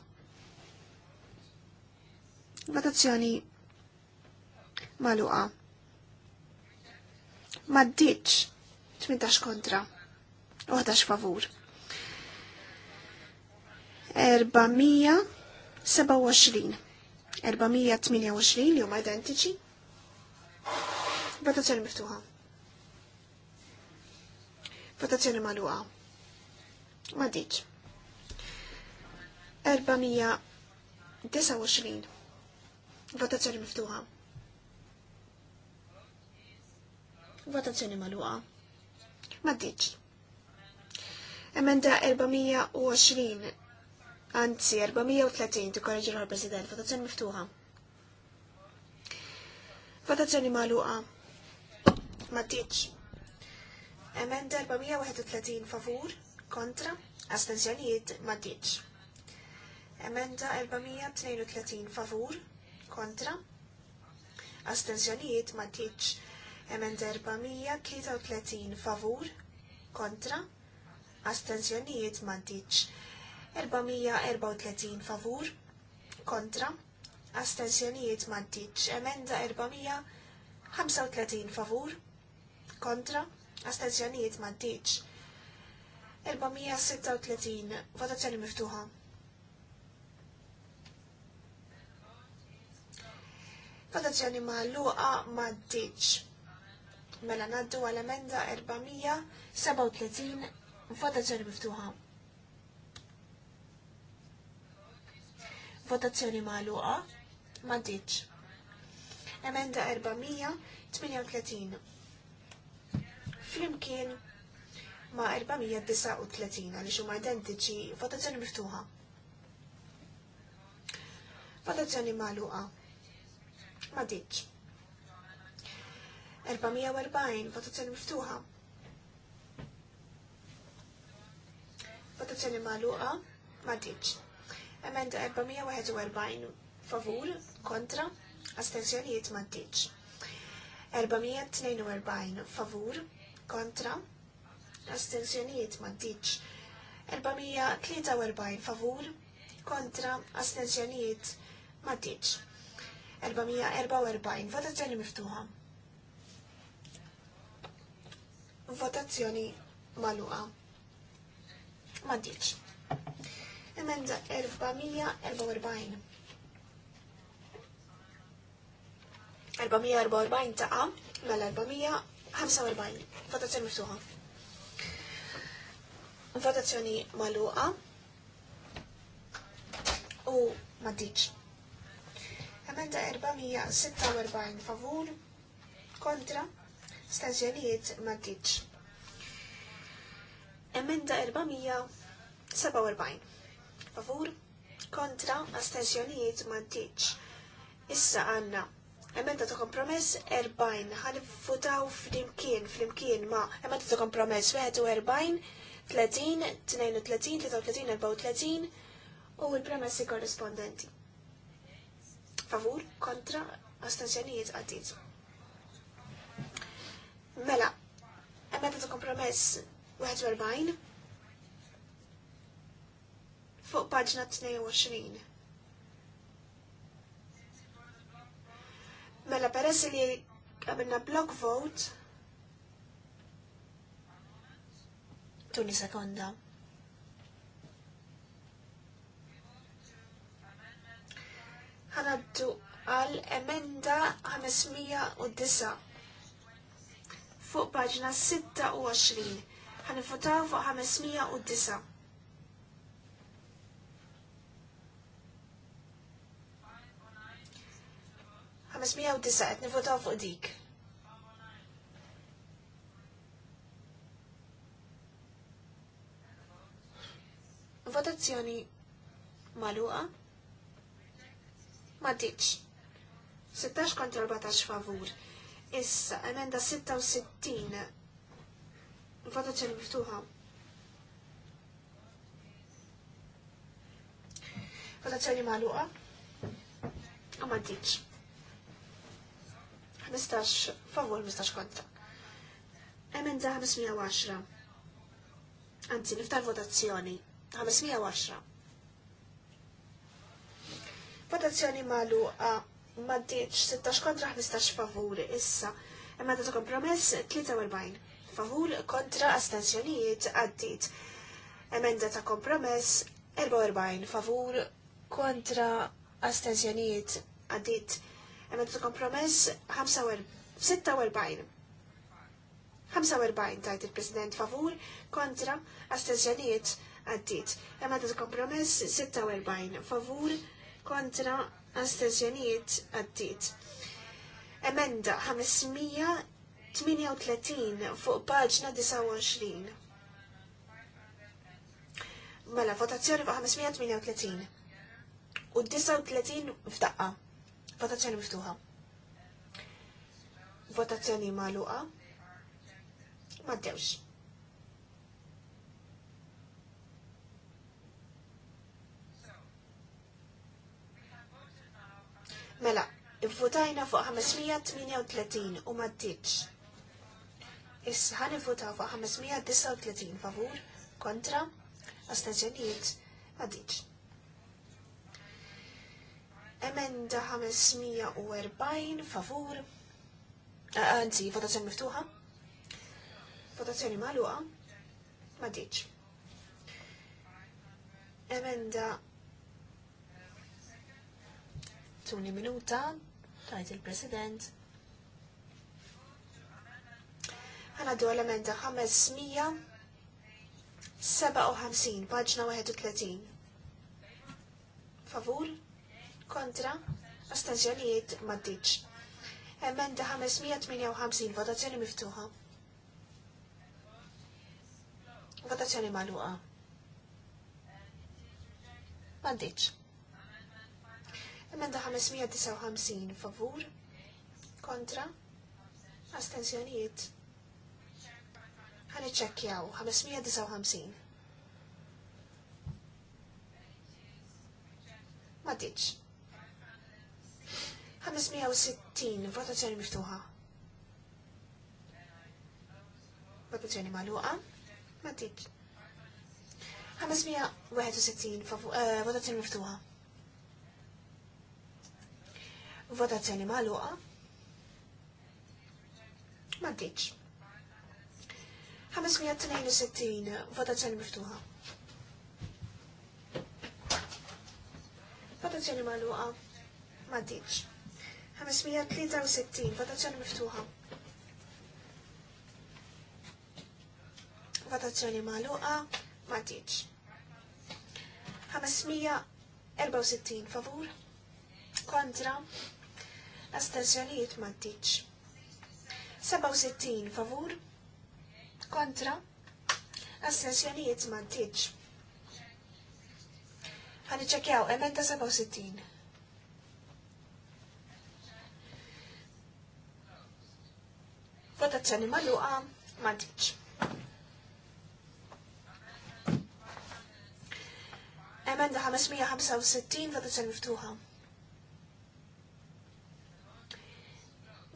Votazzjoni maluqa. Ma diċ, 18 kontra, 11 favur. 427, 428 li huma identiċi, Votazzjoni miftuħa. Votazzjoni maluqa. Ma diċ. 429. Votazzjoni miftuħa. Votazzjoni maluqa. Ma diċ. Emenda 420 Anzi, 430 Tukorreġi l-President, votazzjoni miftuħa. Votazzjoni maluqa. Matiċ. Emenda 431 favur, kontra, astenzjonijiet matiċ. Emenda 432 favur, kontra, astenzjonijiet matiċ. Emenda 433 favur, kontra, astenzjonijiet matiċ. 434 favur, kontra, Astenzjonijiet maddiċ emenda 435 favur kontra astenzjonijiet maddiċ 436 votazzjoni miftuħa. Votazzjoni maħluqa maddiċ. Mela naddu għal-emenda 437 votazzjoni miftuħa. Votazzjoni maħluqa ma ditx. Emenda 438. Flimkien ma 439 għaliex huma identiċi votazzjoni miftuħa. Votazzjoni magħluqa. Ma ditx. 440 votazzjoni miftuħa. Votazzjoni magħluqa ma ditx. Emenda 441 favur kontra astensjonijiet maddiċ. 442 favur kontra astensjonijiet maddiċ. 443 favur kontra astensjonijiet maddiċ. 444 votazzjoni miftuħa. Votazzjoni maluqa. Mantiċ. Emenda 444 444 taqa mal-445. Votazzjoni miftuħa. Votazzjoni maluqa u maddiċ. Emenda 446 favur kontra stazzjonijiet maddiċ. Emenda 447 favur kontra astensjonijiet maddiċ. Issa għanna Emenda ta' kompromess 40 ħan votaw flimkien flimkien ma' emenda ta' kompromess 41, 30, 32, 33, 34 u l-premessi korrespondenti. Favur, kontra, astensjonijiet għaddit. Mela, emenda ta' kompromess 41 fuq paġna 22. Mela peress li għamilna block vote. Tuni sekonda. ħanaddu għal emenda 509 fuq paġna 26 Għanifutaw fuq 509. 509 qed fuq dik. Votazzjoni maluqa ma ditx. 16 kontra 14 favur. Issa, emenda 66. Votazzjoni miftuħa. Votazzjoni maluqa. Ma ditx. 15 favur 15 kontra. Emenda 510. Anzi, niftar votazzjoni. 510. Votazzjoni maluqa a maddiċ 16 kontra 15 favur. Issa, emenda ta' kompromess 43. Favur kontra astensjonijiet għaddit. Emenda ta' kompromess 44. Favur kontra astensjonijiet għaddit għamiltu kompromess 46. 45 tajt il-President favur kontra astenzjonijiet għaddit. Għamiltu kompromess 46 favur kontra astenzjonijiet għaddit. Emenda 538 fuq paġna 29. Mela, votazzjoni fuq 538. U 39 f'daqqa. Votazzjoni miftuħa. Votazzjoni magħluqa. Ma ddewx. Mela, votajna fuq 538 u ma ddiċ. Issa ħan vota fuq 539 favur kontra astenzjonijiet ma ddiċ. Emenda 540 favur. Anzi, votazzjoni miftuħa. Votazzjoni maluqa. Ma diċ. Emenda tuni minuta tajt il-President. Għanaddu għal-emenda 557, paġna 31. Favur? kontra astenzjonijiet maddiċ. Emenda 558 votazzjoni miftuħa. Votazzjoni maluqa. Maddiċ. Emenda 559 favur kontra astenzjonijiet ħaniċċekkjaw 559. Matic. tiġ. 560 votazzjoni miftuħa. Votazzjoni maluqa, Ma dik. 561 eh, votazzjoni miftuħa. Votazzjoni maluqa, Ma dik. 562 votazzjoni miftuħa. Votazzjoni maluqa, Ma dik. 563, votazzjoni miftuħa. Votazzjoni maluqa, ma tiġ. 564 favur, kontra, astenzjonijiet ma tiġ. 67 favur, kontra, astenzjonijiet ma tiġ. Għanġekjaw, emenda 67. votazzjoni maluqa ma diċ. Emenda 565 votazzjoni miftuħa.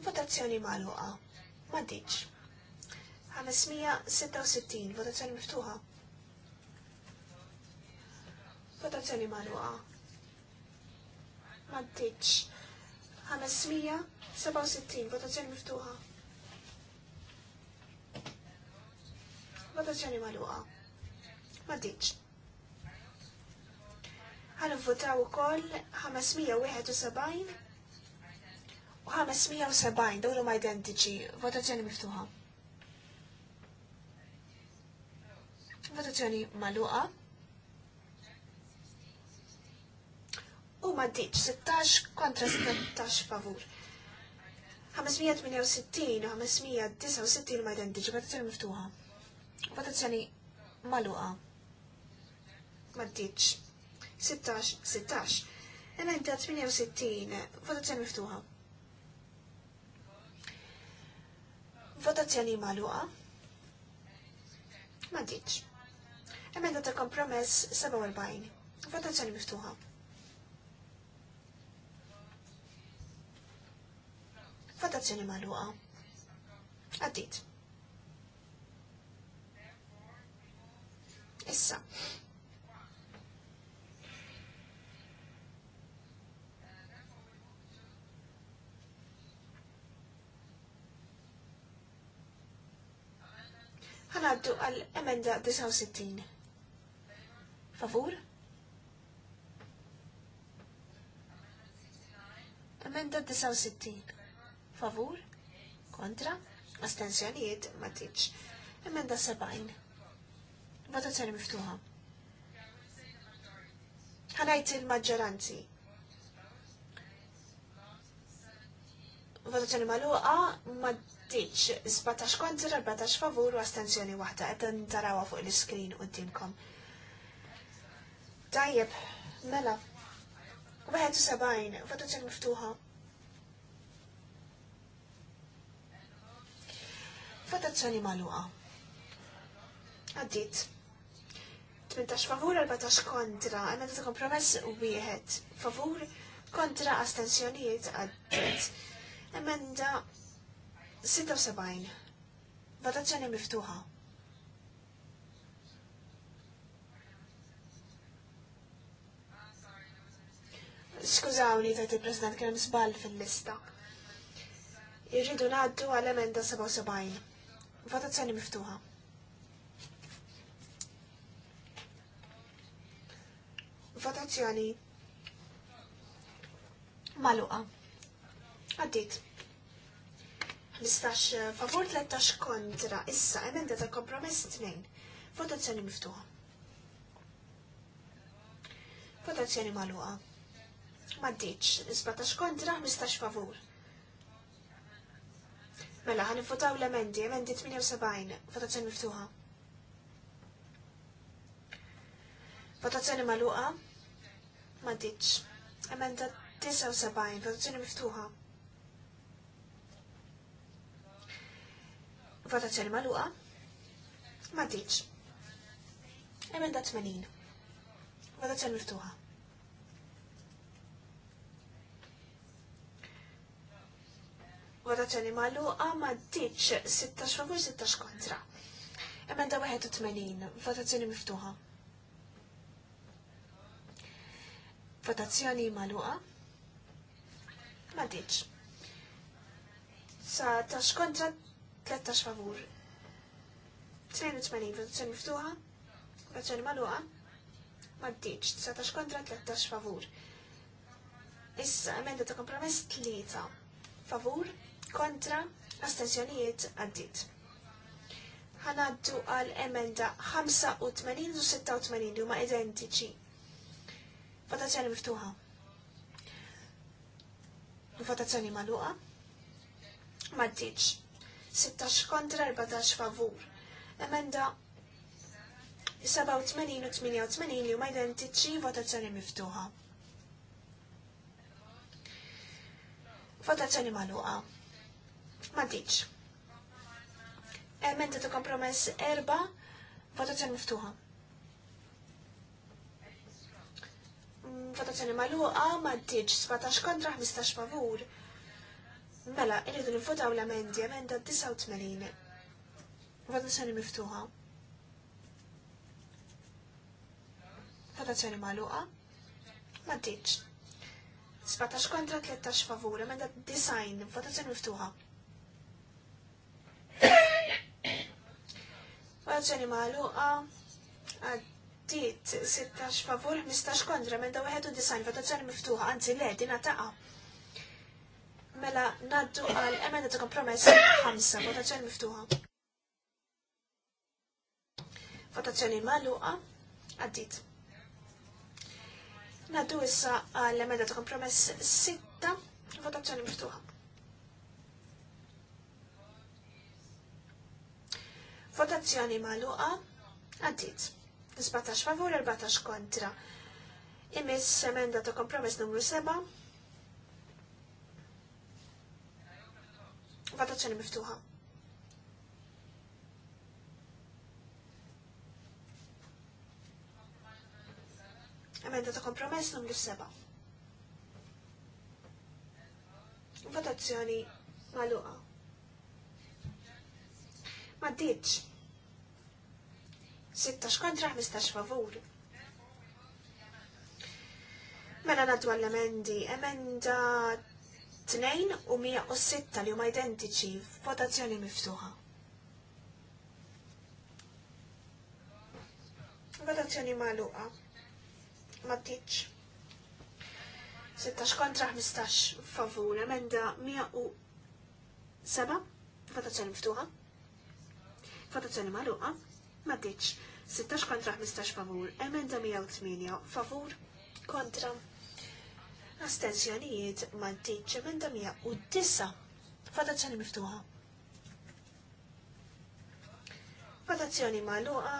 Votazzjoni maluqa ma diċ. 566 votazzjoni miftuħa. Votazzjoni maluqa. Ma diċ. 567 votazzjoni miftuħa. votazzjoni maluqa. Ma diċ. Għan votaw ukoll 571 u 570 dawlu ma identiċi, votazzjoni miftuħa. Votazzjoni maluqa. U ma diċ, 16 kontra 17 favur. 568 u 569 ma identiċi, votazzjoni miftuħa. Votazzjoni maluqa. Maddiċ. 16, 16. Ena Emenda 68, votazzjoni miftuħa. Votazzjoni maluqa. Maddiċ. Emenda ta' kompromess 47. Votazzjoni miftuħa. Votazzjoni maluqa. Għaddit. issa. Għanaddu għal emenda 69. Favur? Emenda 69. Favur? Kontra? Astenzjonijiet ma tiġ. Emenda 70. Votazzjoni miftuħa. Ħanajt il-maġġoranzi. Votazzjoni maluqa ma tiċ 17 kontra 14 favur u astenzjoni waħda qed tarawha fuq l-iskrin qudiemkom. Tajjeb, mela. 71, votazzjoni miftuħa. Votazzjoni maluqa. Għaddit. 18 favur, 14 kontra, għanna ta' kompromess u wieħed favur, kontra astensjonijiet għaddit. Emenda 76. Votazzjoni miftuħa. Skużawni ta' il-President kien sbal fil-lista. Irridu naddu għal emenda 77. Votazzjoni miftuħa. Votazzjoni maluqa. Għaddit. 15 eh, favur 13 kontra. Issa emenda ta' kompromess 2. Votazzjoni miftuħa. Votazzjoni maluqa. Maddiċ. 17 kontra 15 favur. Mela, għan votaw l-emendi, emendi 78, votazzjoni miftuħa. Votazzjoni maluqa, ma ditx. Emenda 79, votazzjoni miftuħa. Votazzjoni maluqa, ma ditx. Emenda 80, votazzjoni miftuħa. Votazzjoni maluqa, ma ditx 16 favur 16 kontra. Emenda 81, votazzjoni miftuħa. Votazzjoni maluqa. Ma diċ. Sa tax kontra 13 favur. 82 votazzjoni miftuħa. Votazzjoni maluqa. Ma diċ. Sa tax kontra 13 favur. Issa emenda ta' kompromess tlieta. Favur, kontra, astensjonijiet għaddit Għanaddu għal emenda 85 u 86 li huma identiċi. Votazzjoni miftuħa. Votazzjoni maluqa. Maddiċ. 16 kontra 14 favur. Emenda 87 u 88 li huma identiċi votazzjoni miftuħa. Votazzjoni maluqa. Maddiċ. Emenda ta' kompromess erba' votazzjoni miftuħa. votazzjoni maluqa ma tiġ 17 kontra 15 favur. Mela, irridu nifutaw l-amendi, amenda 89. Votazzjoni miftuħa. Votazzjoni maluqa ma tiġ. 17 kontra 13 favur, amenda 90, votazzjoni miftuħa. Votazzjoni maluqa, għaddit 16 favur, 15 kontra, minn da 91 votazzjoni miftuħa, anzi le, dina taqa. Mela naddu għal emenda ta' kompromess 5, votazzjoni miftuħa. Votazzjoni maluqa, għaddit. Naddu issa għal emenda ta' kompromess 6, votazzjoni miftuħa. Votazzjoni maluqa, għaddit. 17 favur, 14 kontra. Imis emenda ta' kompromess numru 7. Votazzjoni miftuħa. Emenda ta' kompromess numru 7. Votazzjoni maluqa. Ma ditx. 16 kontra 15 favur. Mela naddu għall-emendi. Emenda 2 u 106 li huma identiċi f'votazzjoni miftuħa. Votazzjoni magħluqa. Ma tiċ. 16 kontra 15 favur. Emenda 107 votazzjoni miftuħa. Votazzjoni magħluqa ma ditx. 16 kontra 15 favur, emenda 108 favur kontra astenzjonijiet ma ditx, emenda 109 votazzjoni miftuħa. Votazzjoni maluqa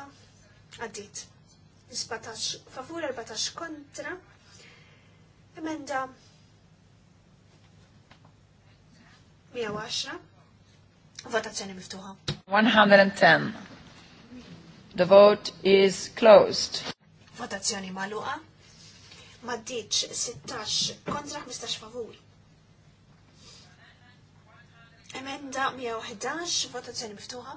għaddit. 17 favur, 14 kontra. Emenda 110. Votazzjoni miftuħa. 110. The vote is closed. Votazzjoni maluqa. Maddiċ 16 kontra 15 favur. Emenda 111, votazzjoni miftuħa.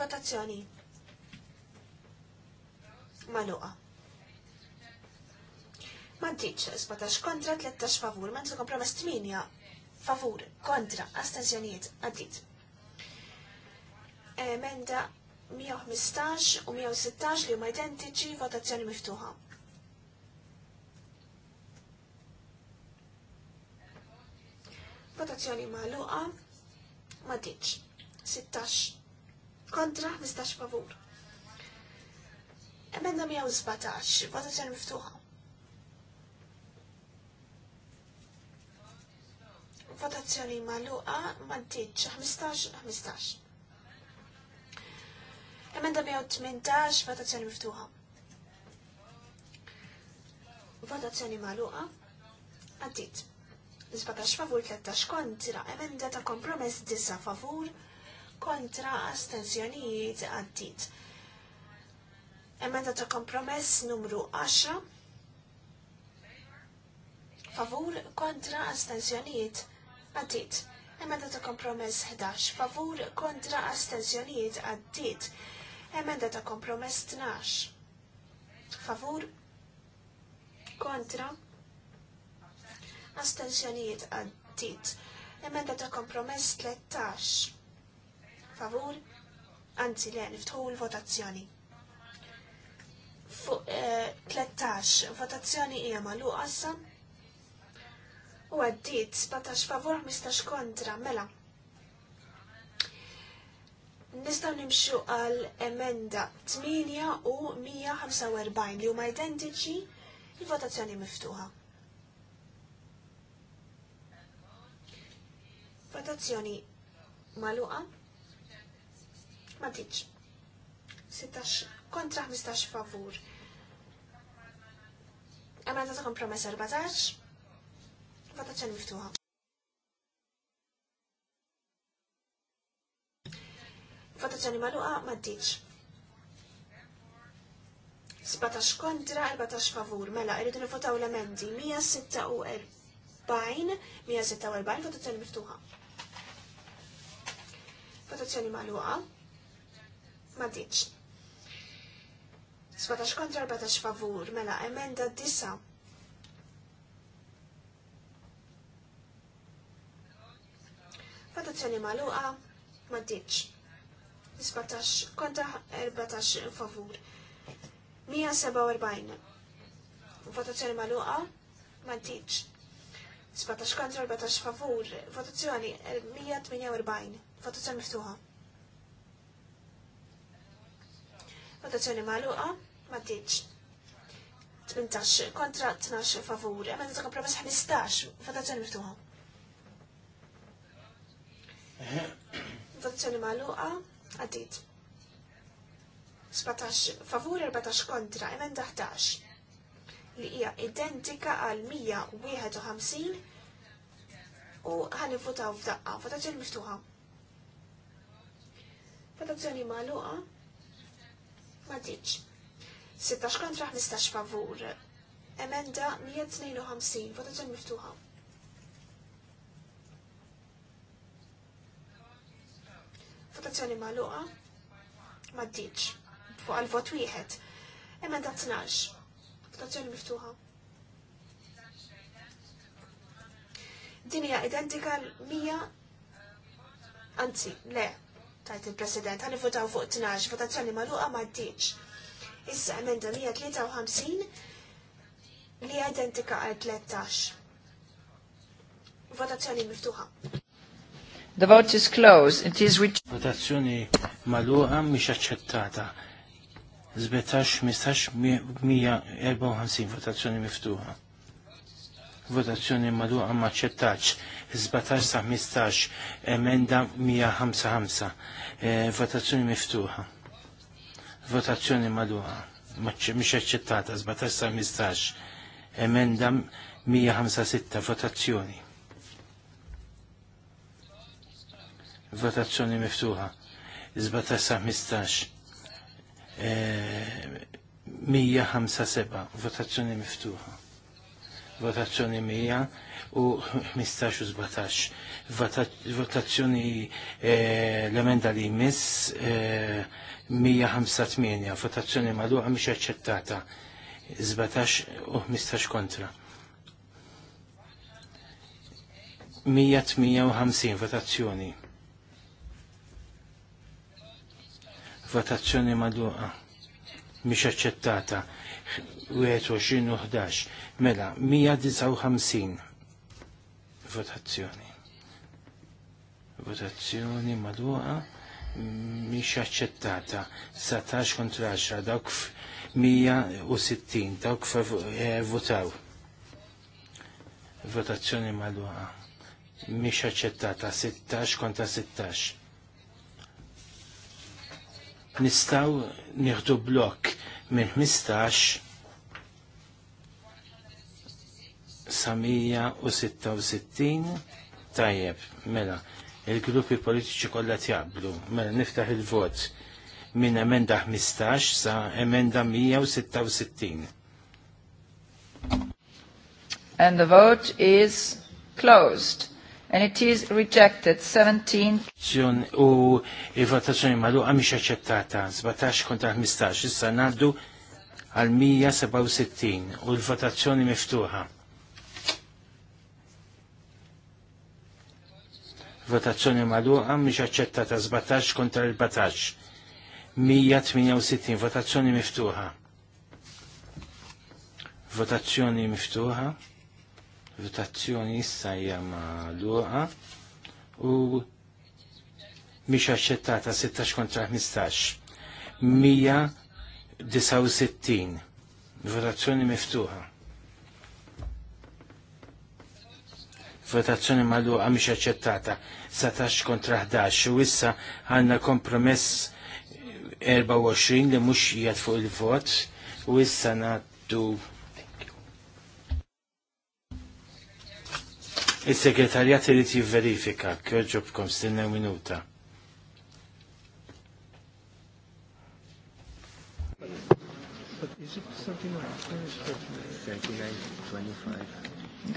Votazzjoni maluqa. Maddiċ 17 kontra 13 favur, mentre kompromess 8 favur kontra astenzjonijiet għaddit emenda 115 u 116 li huma identiċi votazzjoni miftuħa. Votazzjoni magħluqa ma ditx. 16 kontra 15 favur. Emenda 117, votazzjoni miftuħa. Votazzjoni magħluqa ma diċ 15 15. Emenda 118, votazzjoni miftuħa. Votazzjoni maluqa. Għaddit. 17 favur, 13 kontra. Emenda ta' kompromess 9 favur, kontra astenzjonijiet għaddit. Emenda ta' kompromess numru 10. Favur, kontra astenzjonijiet għaddit. Emenda ta' kompromess 11. Favur, kontra astenzjonijiet għaddit Emenda ta' kompromess 12. Favur kontra astensjonijiet għaddit. Emenda ta' kompromess 13. Favur anzi le niftħu l-votazzjoni. Fuq eh, 13 votazzjoni hija magħluqa assa u għaddit 17 favur 15 kontra mela nistaw nimxu għal emenda 8 u 145 li huma identiċi il-votazzjoni miftuħa. Votazzjoni maluqa ma tiġ. 16 kontra 15 favur. Emenda ta' kompromess 14. Votazzjoni miftuħa. Votazzjoni maluqa ddiċ. 17 kontra, 14 favur. Mela, irridu nifotaw l-emendi. 146, 146, votazzjoni miftuħa. Votazzjoni maluqa ddiċ. 17 kontra 14 favur, mela emenda disa. Votazzjoni maluqa, ddiċ. 17 kontra 14 favur. 147. Votazzjoni maluqa, mantiċ. 17 kontra 14 favur. Votazzjoni 148. Er, Votazzjoni miftuħa. Votazzjoni maluqa, mantiċ. 18 kontra 12 favur. Emenda ta' kompromess 15. Votazzjoni miftuħa. Votazzjoni maluqa, għaddit. 17 favur 14 kontra emenda 11 li hija identika għal 151 u ħan votaw f'daqqa, votazzjoni miftuħa. Votazzjoni magħluqa ma tiġ. 16 kontra 15 favur. Emenda 152, votazzjoni miftuħa. Votazzjoni maluqa. ddiċ Fuq għal-vot wieħed. Emenda tnax. Votazzjoni miftuħa. Din hija identika l-100 anzi, le, tajt il-President, għan votaw fuq tnax, votazzjoni maluqa ma ddiċ. Issa emenda 153 li identika għal 13. Votazzjoni miftuħa. The vote is closed. It is which Votazzjoni maluqa mhix aċċettata. mistax 15 154 votazzjoni miftuħa. Votazzjoni maluqa ma ċettax. sa 15 emenda 155. E, votazzjoni miftuħa. Votazzjoni maluqa. Mhix aċċettata. 17 sa emenda 156 votazzjoni Votazzjoni miftuħa. 17 sa 15. 157 e, votazzjoni miftuħa votazzjoni 100 u 15 u 17 votazzjoni e, l-emenda li jmiss 158 e, votazzjoni maluqa mhix aċċettata 17 u 15 kontra 158 votazzjoni votazzjoni madluqa mhix aċċettata 21 u 11 mela 159 votazzjoni votazzjoni madluqa mhix aċċettata 17 kontra 10 dawk 160 dawk eh, votaw votazzjoni madluqa mhix aċċettata 16 kontra 16 nistaw nieħdu blok minn 15 samija u 66 tajjeb mela il-gruppi politiċi kollha tjablu mela niftaħ il-vot minn emenda 15 sa emenda 166. And the vote is closed and it is rejected 17 u il-votazzjoni magħluqa mhix aċċettata 17 kontra 15 issa ngħaddu għal 167 u l-votazzjoni miftuħa. Votazzjoni magħluqa mhix aċċettata 17 kontra 14. 168 votazzjoni miftuħa. Votazzjoni miftuħa votazzjoni issa hija magħluqa u mhix aċċettata 16 kontra 15. 169 votazzjoni miftuħa. Votazzjoni magħluqa mhix aċċettata 17 kontra 11 u issa għandna kompromess 24 li mhux jgħid fuq il-vot u issa nagħtu. Il-segretarjat irid jivverifika kjoġobkom stinna minuta.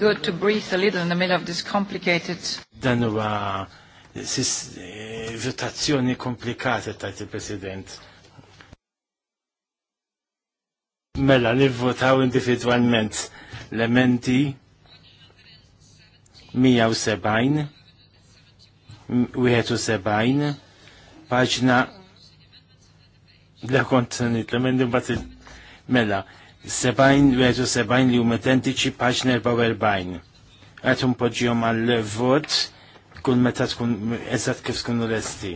Good to breathe a little in the middle of this complicated. Dan huwa eh, eh, votazzjoni komplikata tajt il-President. Mela, nivvotaw individualment l-emendi 170 71 paġna la kont nitlemen bat mela 70 li huma identiċi paġna 44 għat unpoġġihom għal-vot kull meta tkun eżatt kif tkunu lesti.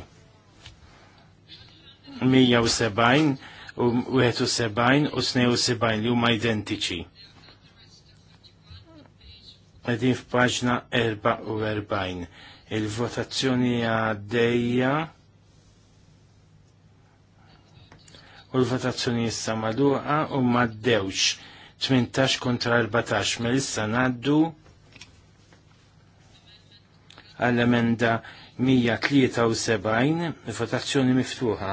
170 u 71 u 72 li huma identiċi. Għedin f'paġna 44. Il-votazzjoni għaddejja u l-votazzjoni issa maduqa u maddewx 18 kontra 14. Melissa naddu għall-emenda 173, votazzjoni miftuħa.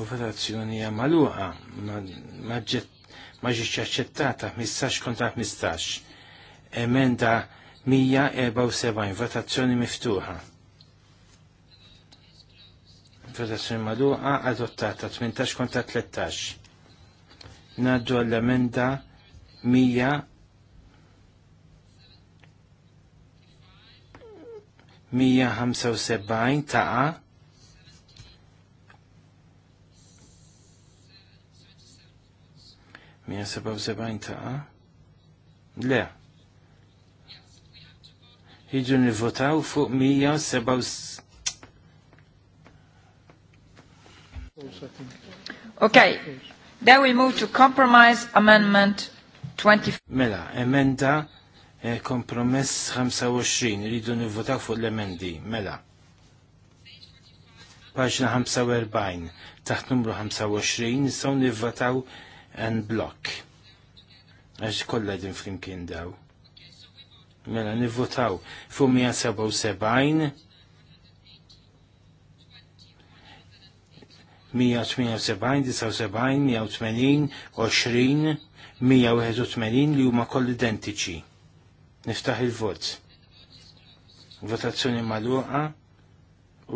U votazzjoni għamaluqa, maġġet ma ġiċ aċċettata 15 kontra 15. Emenda 174 votazzjoni miftuħa. Votazzjoni maduħa adottata 18 kontra 13. Naddu għall-emenda 100 175 taqa' 177 ta' le jiġu nivotaw fuq 177 ok then we move to compromise amendment 25 Mela, emenda eh, kompromess 25, rridu nivvotaw fuq l-emendi, mela. Paġna 45, taħt numru 25, nistaw nivvotaw And block. Għax kollha din flimkien daw. Mela nivvotaw fuq 177 178, 180, 181 li huma koll identiċi. Niftaħ il-vot. Votazzjoni maluqa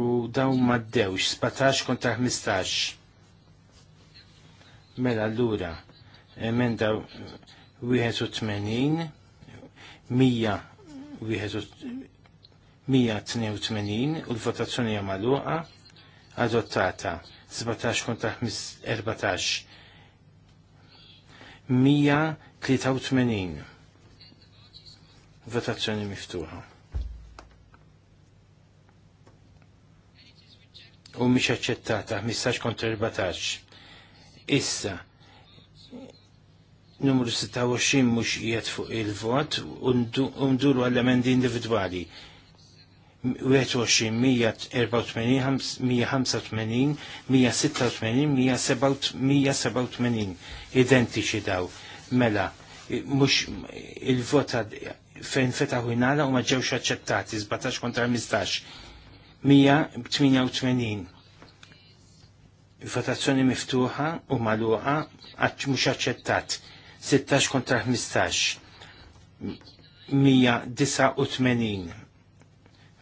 u daw maddewx, 17 kontra 15. Mela allura emenda 81 182 u l-votazzjoni hija magħluqa adottata 17 kontra 14 183 votazzjoni miftuħa. U mhix aċċettata 15 kontra 14. Issa, numru 26 mux jiet fuq il-vot unduru għall-emendi individuali. 21, 184, 185, 186, 187 identiċi daw. Mela, mux il-vot fejn fetaħu jnala u maġġewx aċċettati, 17 kontra 15, 188 Votazzjoni miftuħa u maluqa għax mhux aċċettat. 16 kontra 15. 189.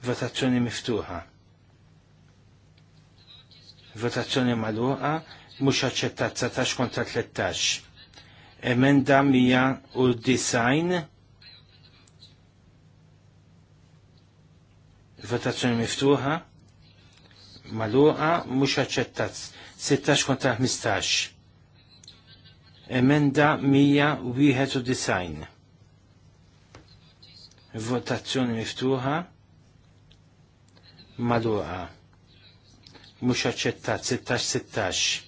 Votazzjoni miftuħa. Votazzjoni maluqa mhux aċċettat 17 kontra 13. Emenda 190. votazzjoni miftuħa, maluqa, mhux aċċettat 16 kontra 15. Emenda 191. Votazzjoni miftuħa maluqa. Mux aċċettat 16-16.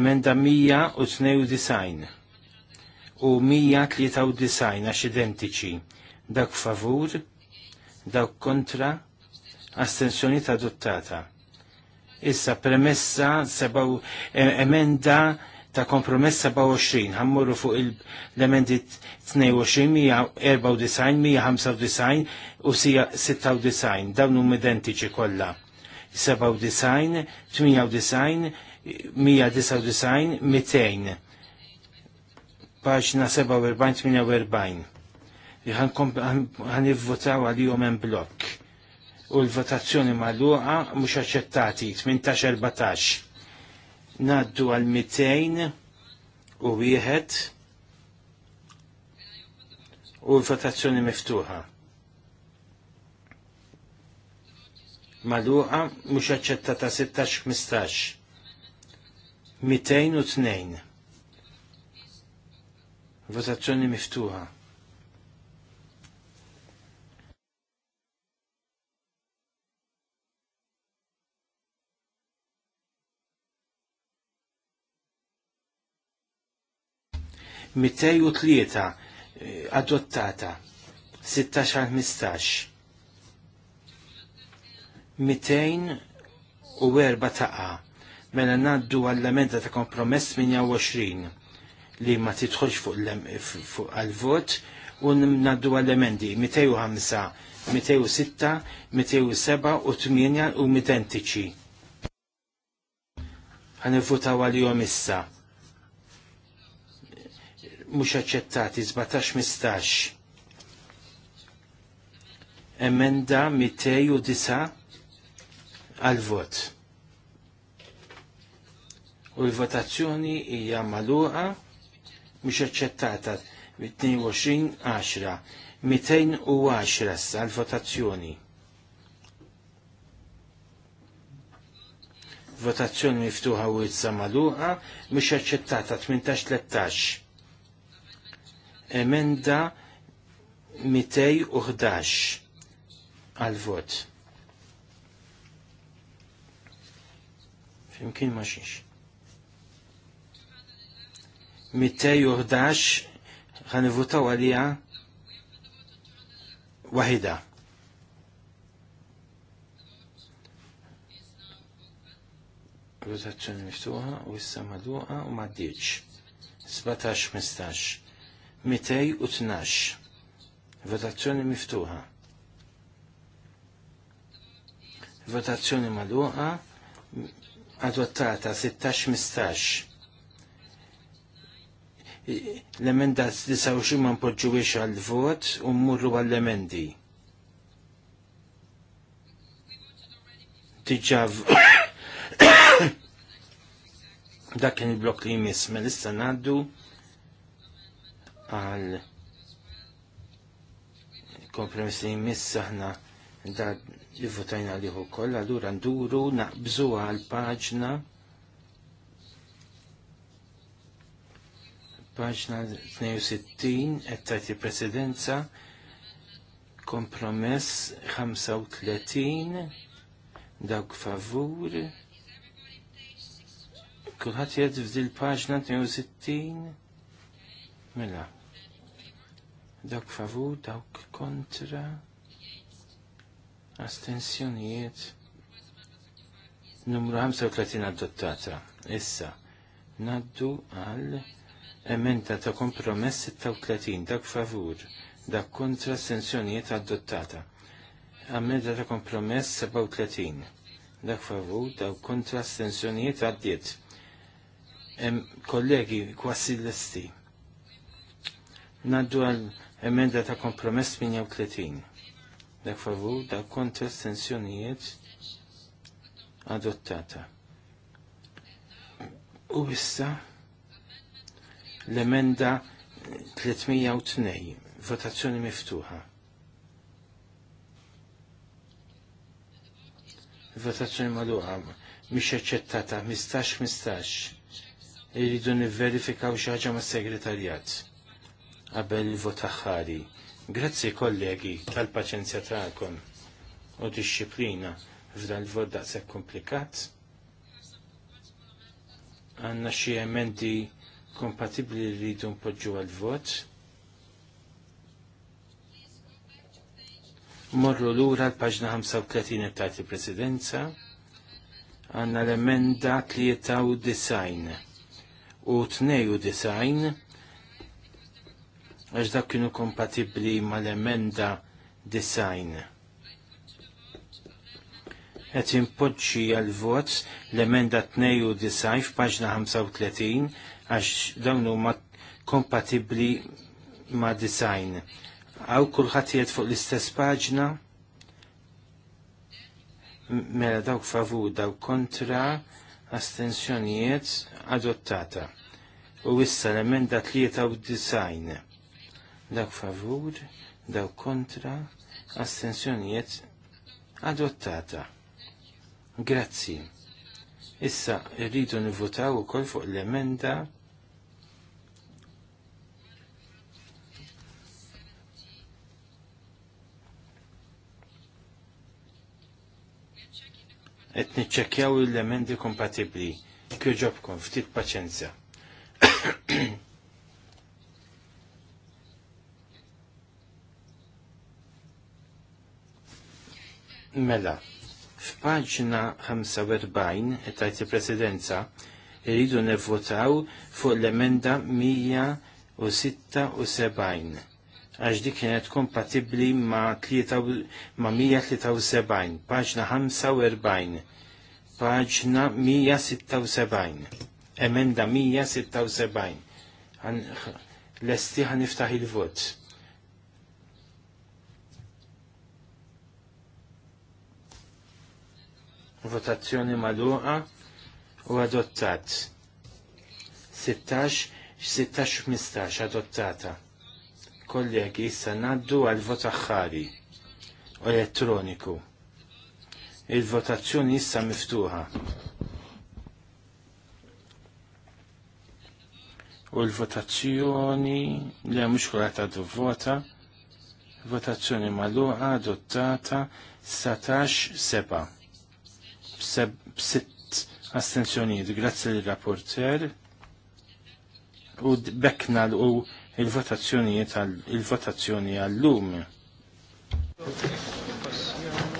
Emenda 192 u 193 għax identiċi. Dak favur, dak kontra, astensjoni adottata. Issa premessa sebaw e-, emenda ta' kompromess 27, għammurru fuq l-emendi 22, 194, 195 u 96, dawn hum identiċi kollha. 97, 98, 199, 200. Paġna 47, 48. Għan votaw għal jomen blokk u l-votazzjoni magħluqa mhux aċċettati 18-14. Naddu għal 200 u wieħed u l-votazzjoni miftuħa. Magħluqa mhux aċċettata 16-15. 202. Votazzjoni miftuħa. 203 eh, adottata 16 għal 15 204 taqa mela naddu għall-lamenta ta' kompromess 28 li ma titħolx fuq għal-vot u naddu għall-emendi 205, 206, 207 u 8 u 200 identiċi. Għanivvutaw għal-jom issa mhux aċċettati 17-15. Emenda 209 għal vot. U l-votazzjoni hija maluqa mhux aċċettata 22-10. 210 sa l-votazzjoni. votazzjoni miftuħa u jitsa maluqa mhux aċċettata 18-13 emenda 211 għal-vot. Fimkien ma xiex. 211 ħanivutaw għalija wahida. Rotazzjoni miftuħa u issa madluqa u maddiċ. 17-15. 212. Votazzjoni miftuħa. Votazzjoni maluqa adottata 16-15. L-emenda 29 ma npoġġuwiex għal-vot u mmurru għall-emendi. Diġa dak kien il-blok li jmiss, ma mela issa ngħaddu għal kompromissi jmiss aħna da li votajna liħu koll, allura nduru naqbżu għal paġna paġna 62 għettajt il-presidenza kompromess 35 dawk favur kullħat jgħed f'dil paġna 62 mela dawk favur, dawk kontra, astensjonijiet, numru 35 adottata. Issa, naddu għal emenda ta' kompromess 36, dak favur, dak kontra astensjonijiet adottata. Emenda ta' kompromess 37, dak favur, dak kontra astensjonijiet addiet, Kollegi, kwasi l-esti naddu għal Emenda ta' kompromess 38. Dak favu dak kontra astensjonijiet adottata. U issa l-emenda 302, votazzjoni miftuħa. votazzjoni maluħa, mhix eċċettata mistax-mistax. Iridu nivverifikaw xi ħaġa mas-segretarjat qabel il-vot aħħari. Grazzi kollegi tal-paċenzja ta'kom u disċiplina f'dan il-vot daqshekk komplikat. Għandna xi emendi kompatibbli li rridu npoġġu għal-vot. Morru lura l-paġna 35 ta' tati presidenza għanna l-emenda design u design għax dak kienu kompatibbli mal-emenda design. Qed impoġġi għal vot l-emenda 92 f'paġna 35 għax dawn huma kompatibbli ma' design. Għaw kulħadd jgħid fuq l-istess paġna mela dawk favur dawk kontra astensjonijiet adottata. U issa l-emenda 93 dawk favur, dawk kontra, astensjonijiet adottata. Grazzi. Issa rridu nivvotaw ukoll fuq l-emenda et niċċekjaw l emendi kompatibli. Kjoġobkom, ftit paċenza. Mela, f'paġna 45 tajt il-presidenza jridu nevvotaw fuq l-emenda 176 għax dik kienet kompatibli ma, 173, paġna 45, paġna 176, emenda 176. L-esti ħaniftaħ il-vot. votazzjoni maluqa u adottat. 16, 16-15 adottata. Kollegi, issa naddu għal vot aħħari elettroniku. Il-votazzjoni issa miftuħa. U l-votazzjoni li mhux kurat għadu vota, votazzjoni maluqa adottata 17 seba' sitt astenzjonijiet. Grazzi l-rapporter u bekna u il-votazzjonijiet il-votazzjoni għall-lum.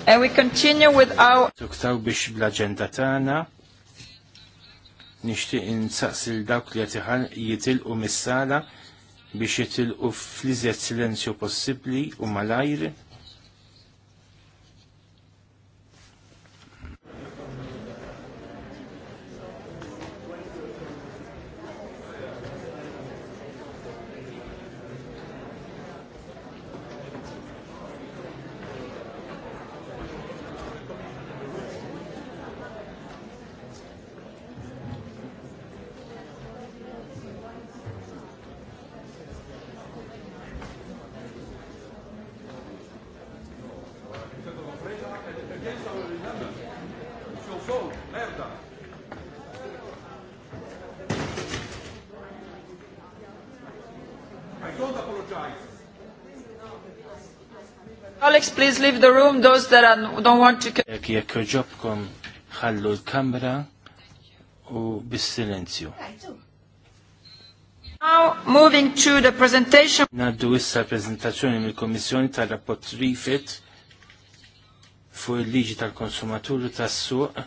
And we continue with our... Tuktaw biex bl-agenda tagħna nixtieq insaqs il dawk li qed jitilqu mis-sala biex jitilqu fl-iżjed silenzju possibbli u malajri. please leave the room, those that are, don't want to... Jek jek ġobkom ħallu l-kamra u bis-silenzju. Now moving to the presentation. Naddu issa prezentazzjoni mill-Kommissjoni tal-rapport Refit fuq il-liġi tal-konsumatur tas-suq.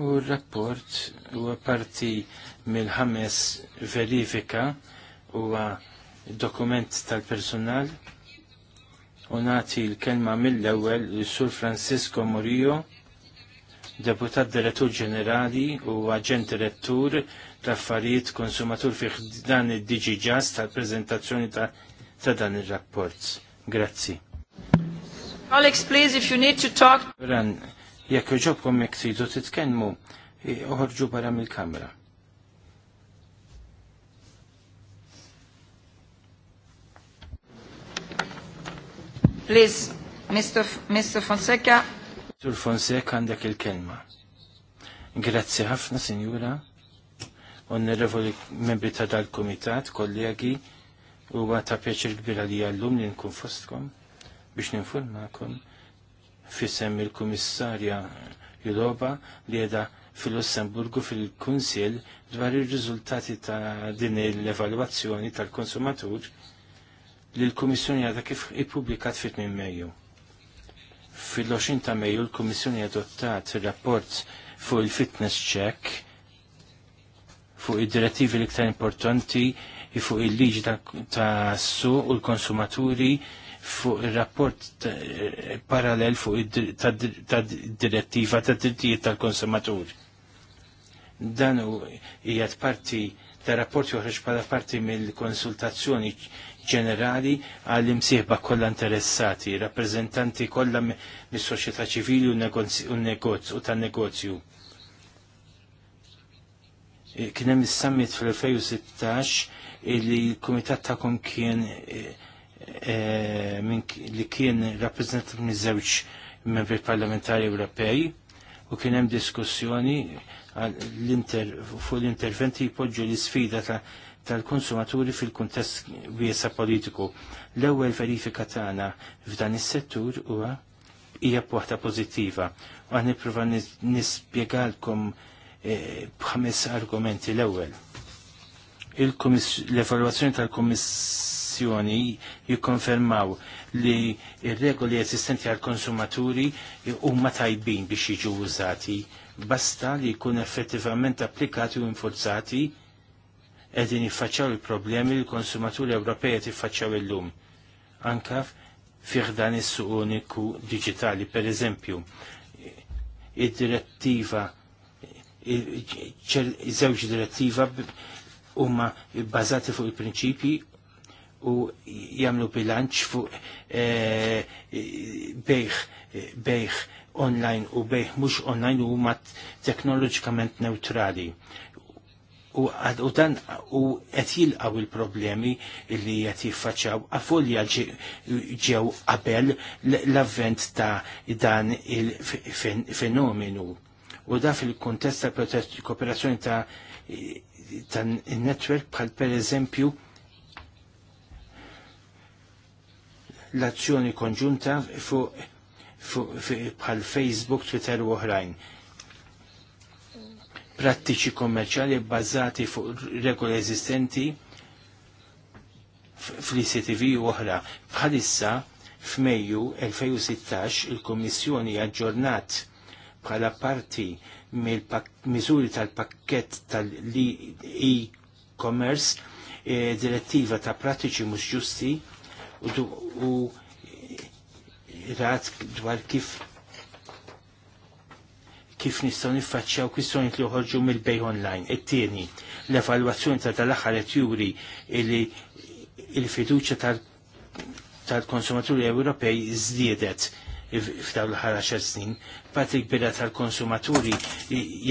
U r-rapport huwa parti mill-ħames verifika huwa dokument tal-personal u nati l-kelma mill-ewwel lis-Sur Francisco Murillo, deputat direttur ġenerali u aġent direttur tal-affarijiet konsumatur fih dan id-Digi Just tal prezentazzjoni ta', ta dan ir-rapport. Grazzi. Alex, please, if you need to talk. Ran, jekk joġobkom jekk tridu uħorġu barra mill-kamra. Please, Mr. F Mr. Fonseca. Sur Fonseca għandek il-kelma. Grazzi ħafna, Sinjura, onorevoli membri ta' dal-Komitat, kollegi, u ta' pieċir kbira li għallum li nkun fostkom biex ninformakom fissem il-Komissarja Juroba li għeda fil-Lussemburgu fil-Kunsil dwar il-riżultati ta' din l-evalwazzjoni tal-konsumatur li l-Komissjoni għadha kif ippubblikat fit minn Mejju. Fil-20 ta' Mejju l-Komissjoni adottat il-rapport fuq il-fitness check fuq id-direttivi l-iktar importanti fuq il-liġi ta' su u l-konsumaturi fuq il-rapport parallel fuq ta' direttiva ta' drittijiet tal konsumaturi Dan u parti ta' rapport uħreċ bħala parti mill-konsultazzjoni ġenerali għall imsieħba kollha interessati, rappreżentanti kollha mis-soċjetà ċivili u negozju u e, tan-negozju. Kien hemm is-summit fl-2016 li l-kumitat tagħkom kien e, e, li kien rappreżentat minn żewġ membri parlamentari Ewropej u kien hemm diskussjoni fuq l-interventi jpoġġu l-isfida ta' tal-konsumaturi fil-kuntest wiesa politiku. L-ewwel verifika tagħna f'dan is-settur huwa hija b'waħda pożittiva. U għan nipprova nispjegalkom eh, b'ħames argumenti l-ewwel. L-evalwazzjoni tal-Kommissjoni jikkonfermaw li r-regoli eżistenti għal-konsumaturi huma tajbin biex jiġu użati basta li jkun effettivament applikati u infurzati edin jiffaċċaw il-problemi li l-konsumaturi Ewropej qed jiffaċċaw illum. Anka fih dan is-suq uniku diġitali, per eżempju, id-direttiva żewġ direttiva huma bbażati fuq il-prinċipji u jagħmlu bilanċ fuq eh, bejħ bejħ online u bejħ mhux online u huma teknoloġikament neutrali u dan u qed jilqaw il-problemi li qed jiffaċċaw għal ġew qabel l-avvent ta' dan il-fenomenu. U da fil-kuntest ta' kooperazzjoni ta' tan netwerk bħal per eżempju l-azzjoni konġunta fuq bħal Facebook, Twitter u oħrajn prattiċi kommerċali bbażati fuq regoli eżistenti fl-ICTV u oħra. Bħalissa f'Mejju 2016 il-Kommissjoni aġġornat bħala parti mill-miżuri tal-pakket tal-e-commerce e direttiva ta' pratiċi mhux ġusti u, u rat dwar kif kif nistgħu niffaċċjaw kwistjoni li joħorġu mill-bej online. It-tieni, l-evalwazzjoni ta' tal-aħħar juri li il-fiduċja tal-konsumaturi Ewropej żdiedet f'dawn l-ħar għaxar snin. Patrik kbira tal-konsumaturi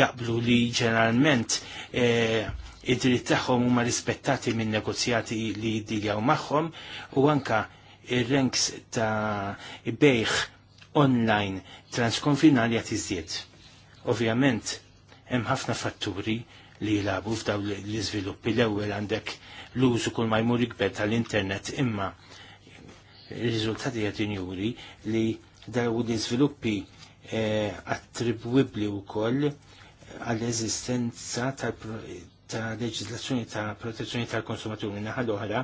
jaqblu li ġeneralment e, id-dritt tagħhom huma rispettati minn negozjati li jdiljaw magħhom u anka ir-ranks ta' bejħ online transkonfinali għat iżjed Ovvjament, hemm ħafna fatturi li jilabu f'daw l-iżviluppi l-ewwel għandek l-użu kull ma jmur ikber tal-internet imma r riżultati qed juri li daw l-iżviluppi attribwibbli wkoll għall-eżistenza ta' leġislazzjoni ta' protezzjoni tal-konsumaturi naħa l-oħra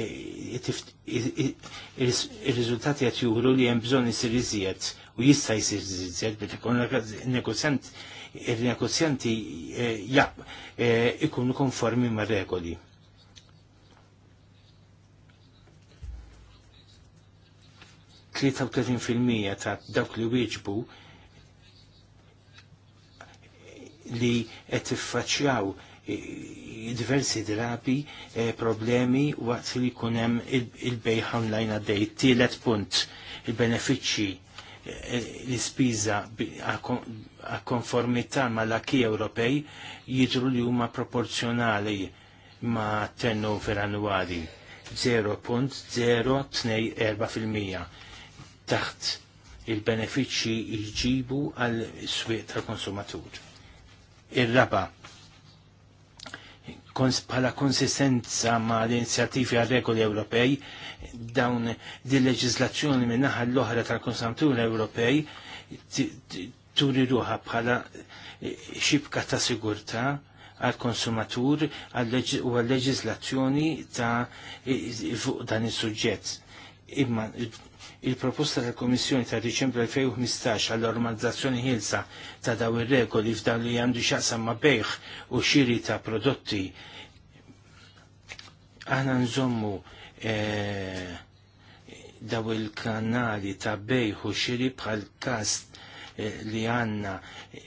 ir-riżultati qed juru li hemm bżonn isir iżjed u jista' jsir żiżjed biex ikun negozjant il-negozjanti eh, ja eh, ikunu konformi ma' regoli. fil-mija ta' dawk li wieġbu li qed tiffaċċjaw eh, diversi drabi e, problemi waqt li kunem il-bejħ online għaddej. Tielet punt, il-benefiċċji Eh, l-ispiża għal-konformità mal-akki Ewropej jidru li huma proporzjonali ma' turnover annwali 0.024% taħt il-benefiċċji jġibu għal swieq tal-konsumatur. Ir-raba' kons pala konsistenza ma l-inizjattivi għal regoli Ewropej dawn din leġizlazzjoni minnaħa l-oħra tal-konsumatur Ewropej turi ruħa bħala e, xibka ta' sigurta għal konsumatur u għal leġizlazzjoni ta' fuq dan is-suġġett. Imma il-proposta tal-Komissjoni ta' Diċembru 2015 għall-normalizzazzjoni ħilsa ta' daw ir-regoli f'dan li għandu xaqsam ma' bejħ u xiri ta' prodotti aħna nżommu eh, daw il-kanali ta' bejħ u xiri bħal kast eh, li għanna eh,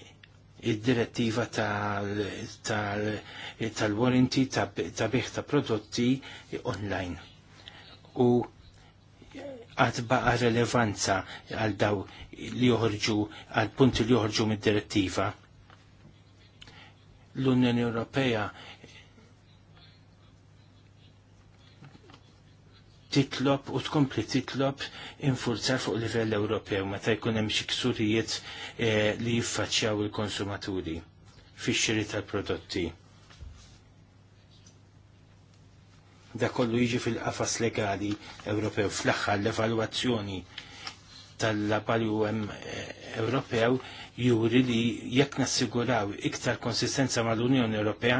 id-direttiva tal-warranty ta', bejħ ta, ta' prodotti online. U għad baqa relevanza għal daw li joħorġu, għal punti li joħorġu mid-direttiva. L-Unjoni Ewropea titlob u tkompli titlob infurzar fuq livell Ewropew meta jkun hemm xi ksurijiet eh, li jiffaċċjaw il-konsumaturi fix-xiri tal-prodotti da kollu jiġi fil-qafas legali Ewropew fl-aħħar l-evalwazzjoni tal-labalju eh, Ewropew juri li jekk nassiguraw iktar konsistenza mal-Unjoni Ewropea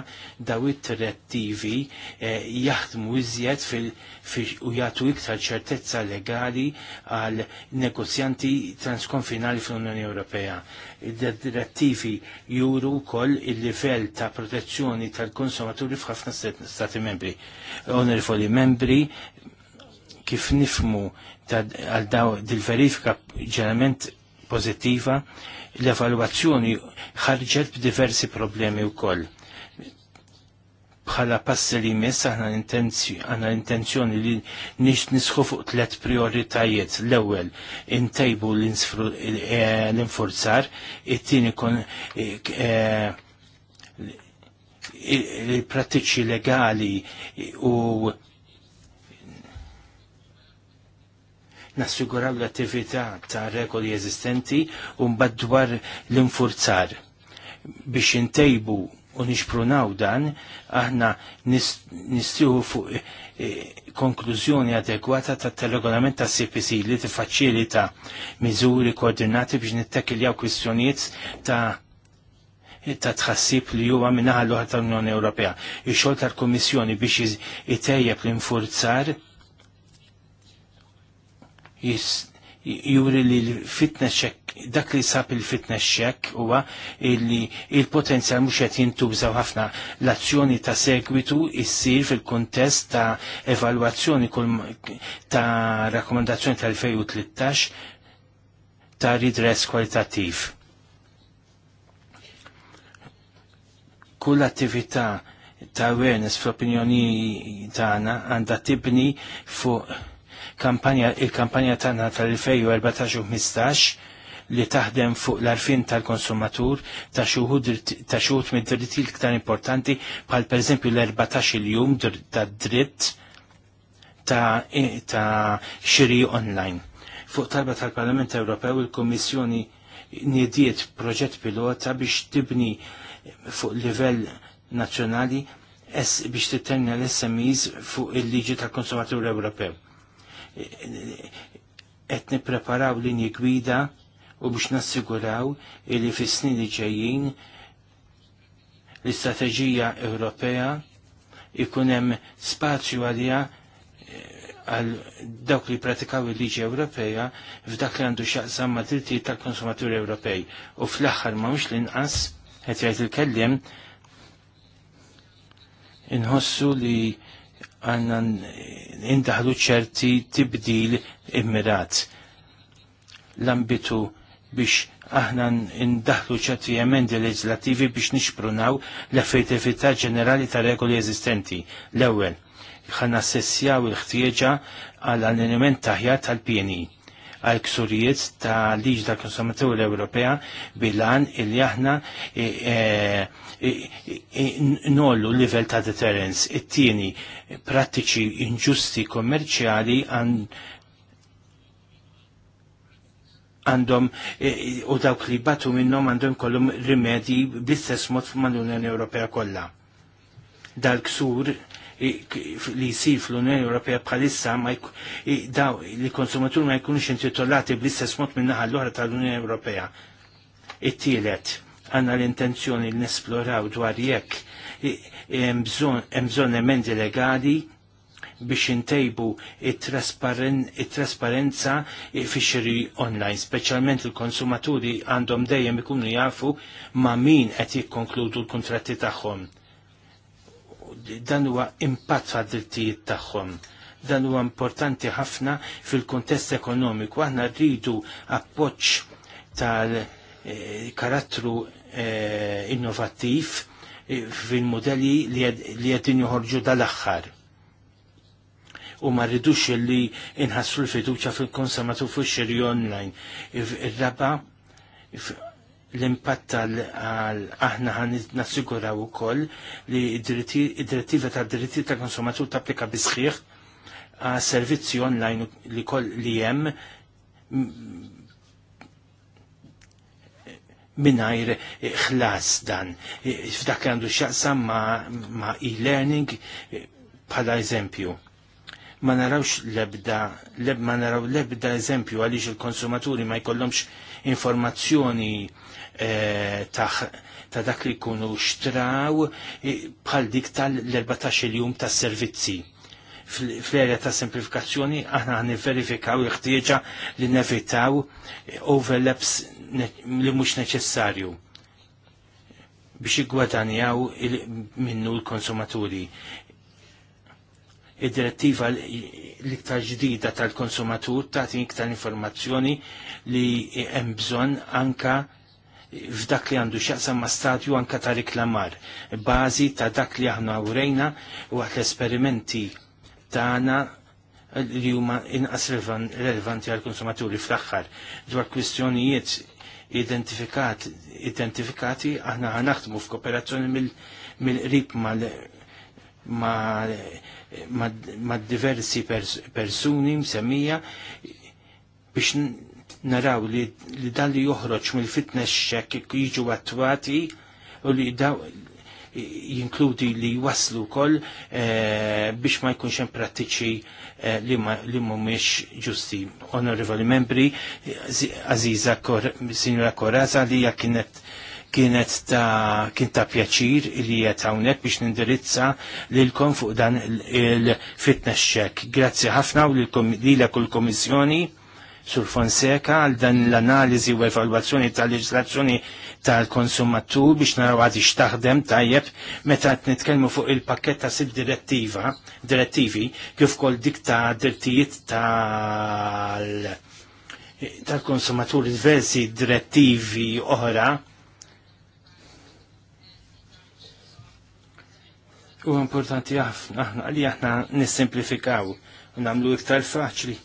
daw it-direttivi eh, jaħdmu iżjed u jagħtu iktar ċertezza legali għal negozjanti transkonfinali fl-Unjoni Ewropea. Id-direttivi juru wkoll il-livell ta' protezzjoni tal-konsumaturi f'ħafna stati membri. Onorevoli membri, kif nifmu għal daw dil-verifika ġeneralment pozittiva, l-evaluazzjoni ħarġet b'diversi problemi u koll. Bħala passi li jmiss aħna l-intenzjoni li nix nisħu fuq tlet prioritajiet. L-ewwel intejbu eh, l-infurzar, it-tieni kon il-prattiċi eh, eh, legali u nassiguraw l-attività ta' regoli eżistenti un mbagħad dwar l-infurzar. Biex intejbu u nixprunaw dan, aħna nistiju fuq eh, konklużjoni adegwata ta' tal-regolament ta' CPC li tiffaċilita miżuri koordinati biex nittakiljaw kwistjonijiet ta' ta' tħassib li huwa minnaħa l-oħra tal-Unjoni Ewropea. Ix-xogħol tal-Kummissjoni biex itejjeb l-infurzar juri li l-fitness check, dak li sab il-fitness check huwa li il-potenzjal mhux qed jintużaw ħafna l-azzjoni ta' segwitu issir fil-kuntest ta' evalwazzjoni ta' rakkomandazzjoni tal-2013 ta' ridress kwalitattiv. Kull attività ta' awareness fl-opinjoni tagħna għandha tibni fuq kampanja il-kampanja tagħna tal-2014 u 15 li taħdem fuq l-arfin tal-konsumatur ta' xuhud ta' xuhud minn dritti l-iktar importanti bħal pereżempju l-14 il-jum ta' dritt ta', ta xiri online. Fuq talba tal-Parlament Ewropew il-Kommissjoni nidiet proġett pilota biex tibni fuq livell nazzjonali biex tittenja l-SMEs fuq il-liġi tal-konsumatur Ewropew qed nippreparaw linji gwida u biex nassiguraw li fis-snin li ġejjin l-istrateġija Ewropea ikun hemm spazju għalija eh, għal dawk li pratikaw il-liġi Ewropeja f'dak li għandu xaqsam ma' dritti tal-konsumaturi Ewropej. U fl-aħħar ma' mux l-inqas, qed jgħid il-kellim, inħossu li għanna indaħlu ċerti tibdil immirat. L-ambitu biex aħna indaħlu ċerti emendi leġislativi biex nixprunaw l-effettività ġenerali ta' regoli eżistenti. L-ewwel, ħana sessjaw il-ħtieġa għal alleniment taħjat tal-PNI. tal e. pni għal ksurijiet ta' liġ ta' konsumatur Ewropea bilan illi aħna e, e, e, nollu livell ta' deterrence. It-tieni prattiċi inġusti kommerċjali għandhom u dawk li batu minnom għandhom kollum rimedji bl-istess mod mal-Unjoni Ewropea kollha. Dal-ksur li jisir fl-Unjoni Ewropea bħalissa ma daw li konsumaturi ma jkunux intitolati bl-istess mod minnaħa naħa l-oħra tal-Unjoni Ewropea. It-tielet għanna l-intenzjoni li nesploraw dwar jekk bżon emendi legali biex intejbu it-trasparenza fixxiri online, specialment il-konsumaturi għandhom dejjem ikunu jafu ma' min qed jikkonkludu l-kontratti tagħhom dan huwa impatt għad-drittijiet tagħhom dan huwa importanti ħafna fil-kontest ekonomiku. Aħna rridu appoġġ tal-karattru eh, eh, innovattiv eh, fil-modelli li qed joħorġu dal-aħħar. U ma rridux li inħassu l-fiduċa fil konsumatu fuq xiri online. Ir-raba l-impatt għal aħna ħan u ukoll li id-direttiva ta' diritti ta' konsumatur tapplika bisħiħ għal servizzi online li koll li jem minnajr ħlas dan. F'dak għandu xaqsam ma' e-learning bħala eżempju ma narawx lebda, leb, ma naraw lebda eżempju għaliex il-konsumaturi ma jkollhomx informazzjoni Eh, ta' dak li jkunu xtraw eh, bħal dik tal-14 jum tas servizzi fl-erja ta' semplifikazzjoni aħna għan verifikaw iħtieġa li nevitaw overlaps li mhux neċessarju biex igwadanjaw minnu l-konsumaturi. Id-direttiva l-iktar ġdida tal-konsumatur ta' iktar informazzjoni li hemm bżonn anka f'dak li għandu xaqsam ma' stadju anka ta' riklamar, bazi ta' dak li aħna għurejna u għat l-esperimenti tagħna li huma inqas relevanti għal konsumaturi fl-aħħar dwar kwistjonijiet identifikati aħna ħanaħdmu f'kooperazzjoni mill-qrib ma, ma, ma, diversi pers persuni msemmija biex naraw li, li dan li joħroġ mill-fitness check jiġu attwati u li daw jinkludi li waslu kol e, biex ma jkunx hemm prattiċi e, li, li mhumiex ġusti. Honorevoli membri, eh, Aziza Kor, Sinjora Koraza li hija kienet ta' kien ta' pjaċir li qed hawnhekk biex nindirizza lilkom fuq dan il-fitness check. Grazzi ħafna u lilek u l-Komissjoni. Sur Fonseca għal dan l-analiżi u evalwazzjoni tal-leġislazzjoni tal-konsumatur biex naraw għad taħdem tajjeb meta qed nitkellmu fuq il-pakket ta' sib direttiva, direttivi kif kol dik ta' drittijiet tal tal-konsumatur diversi direttivi oħra u importanti ħafna għalli aħna nissimplifikaw u namlu iktar faċli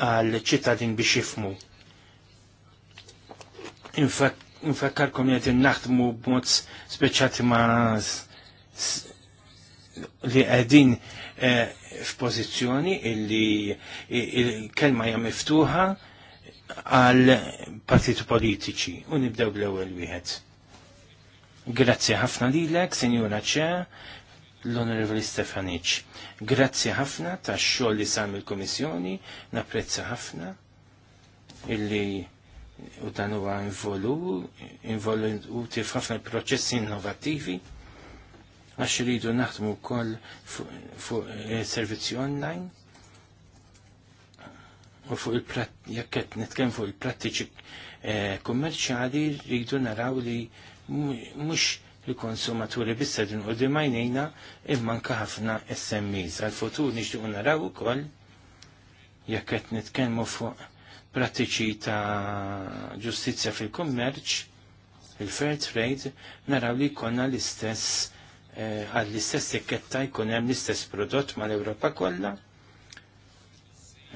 għal ċittadin biex jifmu. Infakkarkom jgħet naħdmu b'mod speċjati ma' li għedin eh, f'pożizzjoni illi il-kelma hija miftuħa għal partiti politiċi u nibdew l ewwel wieħed. Grazzi ħafna lilek, Sinjura Ċe, l-Onorevoli Stefanic. Grazzi ħafna ta' xoll li sam il-Komissjoni, napprezza ħafna illi u dan huwa involu, involu tif ħafna proċessi innovativi għax rridu naħdmu wkoll fuq eh, servizzi online u fuq il-prat jekk qed fuq il-prattiċi eh, kummerċjali rridu naraw li mhux Li konsumaturi bissa din u dimajnina imman ħafna SMEs. Għal-futur nixtiqu naraw ukoll jekk qed nitkellmu fuq prattiċi ta' ġustizzja fil-kummerċ, il-fair trade, naraw li jkollna l-istess eh, għall-istess tikketta jkun hemm l-istess prodott mal-Ewropa kollha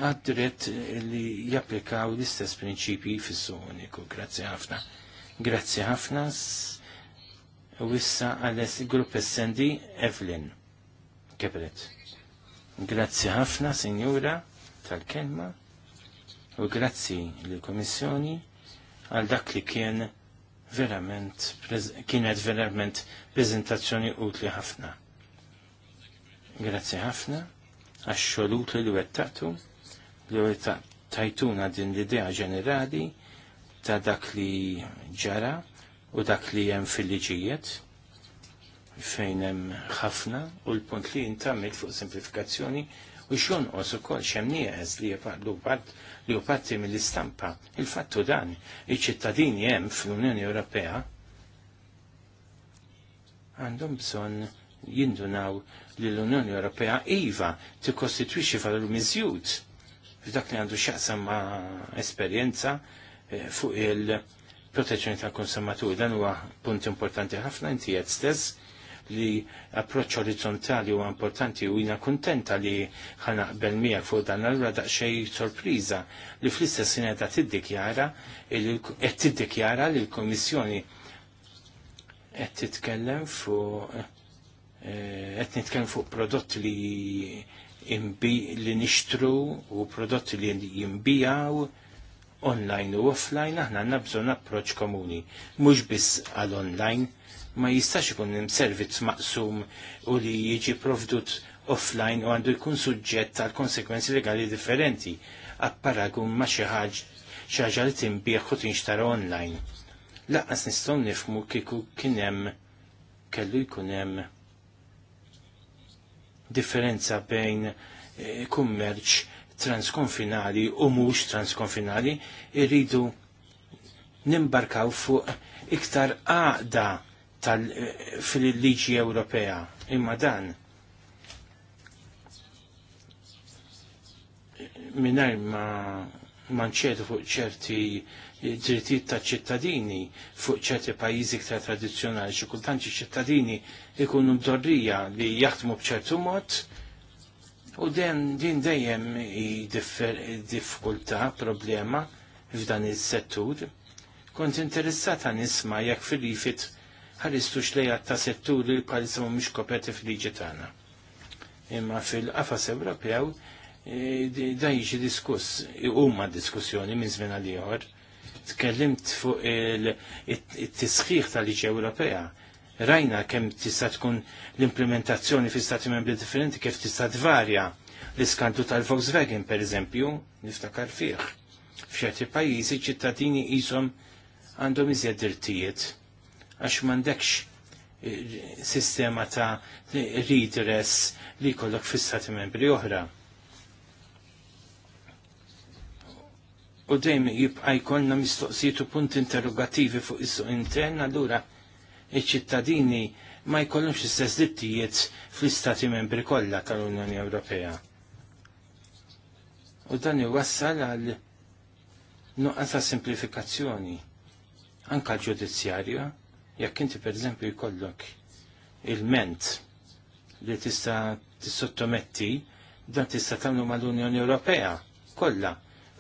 għad-dritt li japplikaw l-istess prinċipji fis suniku Grazzi ħafna. Grazzi ħafna u issa għal-es grupp SND Evelyn Kebret. Grazzi ħafna, Sinjura, tal-kelma u grazzi l-Komissjoni għal dak li kien verament, kienet verament prezentazzjoni utli ħafna. Grazzi ħafna, għax-xolut li wettatu, li wettatu tajtuna din l-idea ġenerali ta' dak li ġara u dak li hemm fil-liġijiet fejn hemm ħafna u l-punt li jintamil fuq simplifikazzjoni u xjonqos ukoll x'hemm nieqes li jepaqdu bad li hu mill-istampa. Il-fattu dan, iċ-ċittadini hemm fl-Unjoni Ewropea għandhom bżonn jindunaw li l-Unjoni Ewropea iva tikkostitwixxi valur miżjud f'dak li għandu x'aqsam ma' esperjenza fuq il- protezzjoni tal-konsumaturi. Dan huwa punt importanti ħafna inti qed stess li approċċ orizzontali huwa importanti u jina kuntenta li ħanaqbel miegħek fuq dan allura daqsxejn sorpriża li fl-istess sena ta' tiddikjara qed tiddikjara li l kummissjoni qed titkellem fuq eh, qed nitkellem fuq prodott li li nixtru u prodotti li jimbijaw online u offline aħna għandna bżonn approċċ komuni. Mhux biss għal online ma jistax ikun hemm servizz maqsum u li jiġi provdut offline u għandu jkun suġġett għal konsekwenzi legali differenti apparagun ma xi ħaġa li timbieħ u tinxtara online. Laqas nistgħu nifmu kieku kien hemm kellu jkun hemm differenza bejn eh, kummerċ transkonfinali u mhux transkonfinali irridu nimbarkaw fuq iktar għaqda eh, fil-liġi Ewropea. Imma dan minnaj ma manċedu fuq ċerti drittijiet ta' ċittadini fuq ċerti pajjiżi iktar tradizzjonali xi kultant ċittadini ikunu mdorrija li jaħdmu b'ċertu mod U den din dejjem diffikultà, problema f'dan il-settur. Kont interessata nisma jekk fil-rifit ħaristu xlejat ta' settur li bħalissa mhumiex koperti fil-liġi tagħna. Imma fil-qafas Ewropew e, da jiġi diskuss, huma diskussjoni minn żmien għal ieħor. Tkellimt fuq it-tisħiħ tal-liġi Ewropea Rajna kemm tista' tkun l-implementazzjoni fi stati membri differenti kif tista' tvarja l-iskantu tal-Volkswagen per eżempju, niftakar fih. F'ċerti pajjiżi ċittadini qishom għandhom iżjed dirtijiet għax m'għandekx eh, sistema ta' redress li jkollok fi stati membri oħra. u dejjem jibqa' jkollna mistoqsijiet u punt interrogativi fuq is-suq intern, allura iċ-ċittadini ma jkollhomx istess dittijiet fl-istati membri kollha tal-Unjoni Ewropea. U dan iwassal għal nuqqas ta' simplifikazzjoni anka l-ġudizzjarja jekk inti pereżempju jkollok il-ment li tista' tissottometti dan tista' tagħmlu mal-Unjoni Ewropea kollha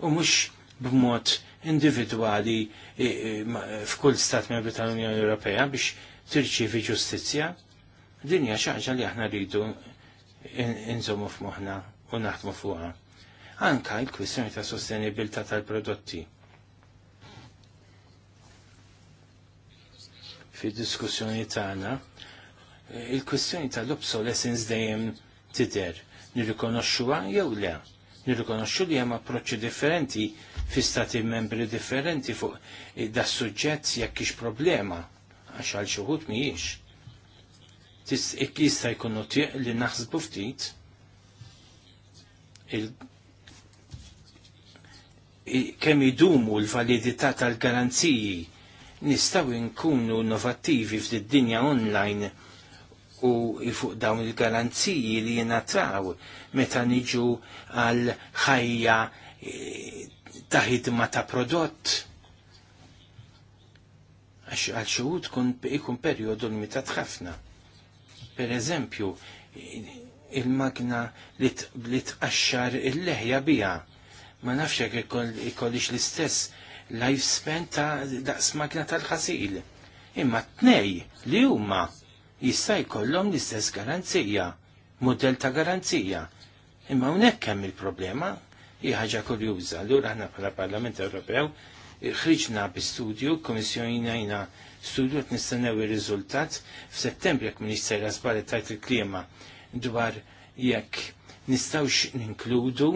u mhux b'mod individwali f'kull stat membri tal-Unjoni Ewropea biex tirċievi ġustizzja. Din hija xi ħaġa li aħna rridu inżomu f'moħħna u naħdmu fuqha. Anka l-kwistjoni ta' sostenibilità tal-prodotti. Fid-diskussjoni tagħna, il-kwistjoni tal-obsolescence dejjem tidher nirrikonoxxuha jew le. Nirrikonoxxu li hemm approċċi differenti fi stati membri differenti fuq da suġġett jekk ix problema għax għal xuħut miex. Jista jkun notieq li naħsbu ftit kemm idumu l-validità tal-garanziji nistaw nkunu innovattivi fid dinja online u fuq dawn il-garanziji li jenataw meta niġu għal ħajja eh, ta' ħidma ta' prodott. Għax għal xuhud kun ikun perjodu limitat ħafna. Per eżempju, il-magna li tqaxxar il-leħja bija. Ma nafx jekk ikollix l-istess lifespan ta' daqs magna tal-ħasil. Imma t-nej li huma jista' jkollhom l-istess garanzija, model ta' garanzija. Imma hawnhekk hemm il-problema ħaġa kurjuża. Allura ħna bħala Parlament Ewropew eh, ħriġna bi studju, jina studju għat nistennew ir-riżultat f'Settembru settembri minix minister għasbali tajt il-klima dwar jekk nistawx ninkludu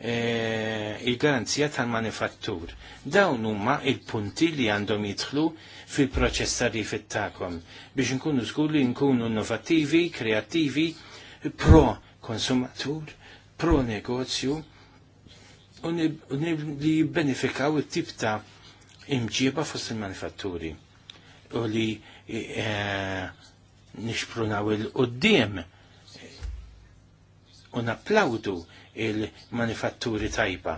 eh, il-garanzija tal-manifattur. Dawn huma il-punti li għandhom jidħlu fil-proċess tarif tagħkom biex nkunu żgur li nkunu innovattivi, kreattivi, pro konsumatur, pro negozju u li jibbenefikaw it-tip ta' imġiba fost il-manifatturi u li e, e, nixprunaw il-qoddim u naplawdu il-manifatturi tajba.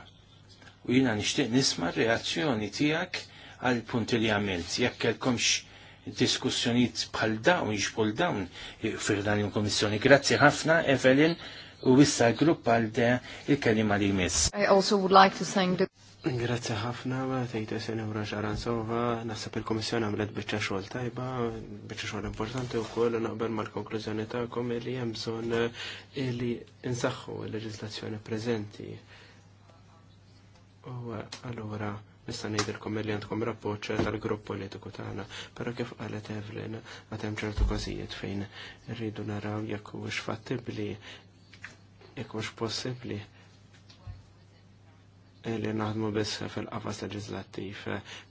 U jina nishtiq nisma reazzjoni tijak għal punti li għamilt. Jekk kelkomx diskussjoniet bħal dawn, jixbol dawn, e, fil dan il-komissjoni. Grazzi ħafna, Evelyn, u issa grupp għal de il-kelima li jmiss. I also would like to thank the Grazie ħafna, tejta senjura Ġaransova, nasab il-Komissjoni għamlet bieċa xol tajba, bieċa xol importanti u koll, naqbel mal-konklużjoni ta' tagħkom li jemżon bżonn eh, li nsaxħu l-leġiżlazzjoni prezenti. U allura nista' ngħidilkom li għandkom rapport tal-grupp politiku tagħna, però kif qalet Evelyn għad hemm ċertu każijiet fejn irridu naraw jekk huwiex fattibbli ikunx possibbli li naħdmu biss fil-qafas leġislattiv.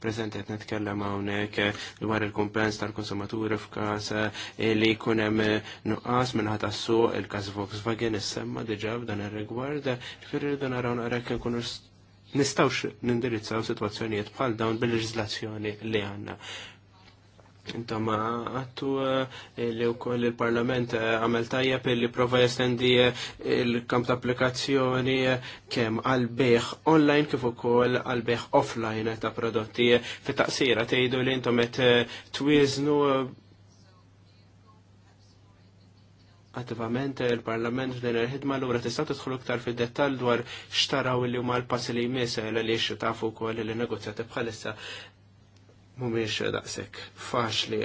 Preżenti qed nitkellem hawnhekk dwar il-kumpens tal-konsumaturi f'każ li jkun hemm nuqqas minħat tas-suq il-każ Volkswagen is-semma diġà b'dan ir-rigward, Firri dan naraw naqra kunu nistawx nindirizzaw situazzjonijiet bħal dawn bil-leġislazzjoni li għandna ma eh, għattu eh, li u koll il-parlament eh, għamel tajjeb li prova jestendi il-kamp ta' applikazzjoni kem għal-beħ online kif ukoll għal-beħ offline ta' prodotti. Fit-taqsira tgħidu li intom qed twiznu attivament il-Parlament f'din il-ħidma l-ura tista' tidħol iktar fid-dettall dwar x'taraw li huma l-passi li jmiss għaliex tafu kol li negozjati bħalissa mumiex daqsek faċli.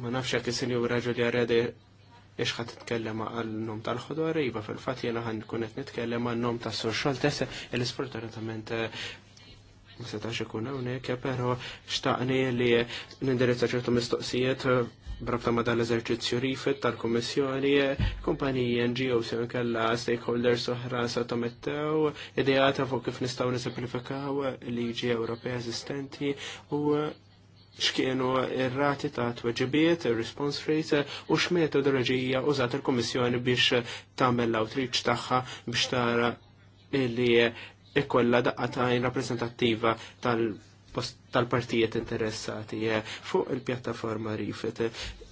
Ma nafx jekk is-sinjur raġel jarredi ixħat titkellem għal-nom tal-ħodor, iva fil-fat jena ħan kunet nitkellem għal-nom tas-social tese, l-isportaritament ma setax ikun hawnhekk, però xtaqni li nindirizza ċertu mistoqsijiet eh, brabta ma dal-eżerċizzju rifit tal kummissjoni kumpaniji NGO se kella stakeholders oħra sa tomettew, idejata fuq kif nistgħu nisimplifikaw liġi Ewropea eżistenti u x'kienu ir-rati ta' tweġibiet, ir-response rate u x'metodoloġija użat il-Kommissjoni biex tagħmel l-outreach tagħha biex tara illi ikolla daqqatajn rappresentativa tal-partijiet interessati eh, fuq il-pjattaforma rifet.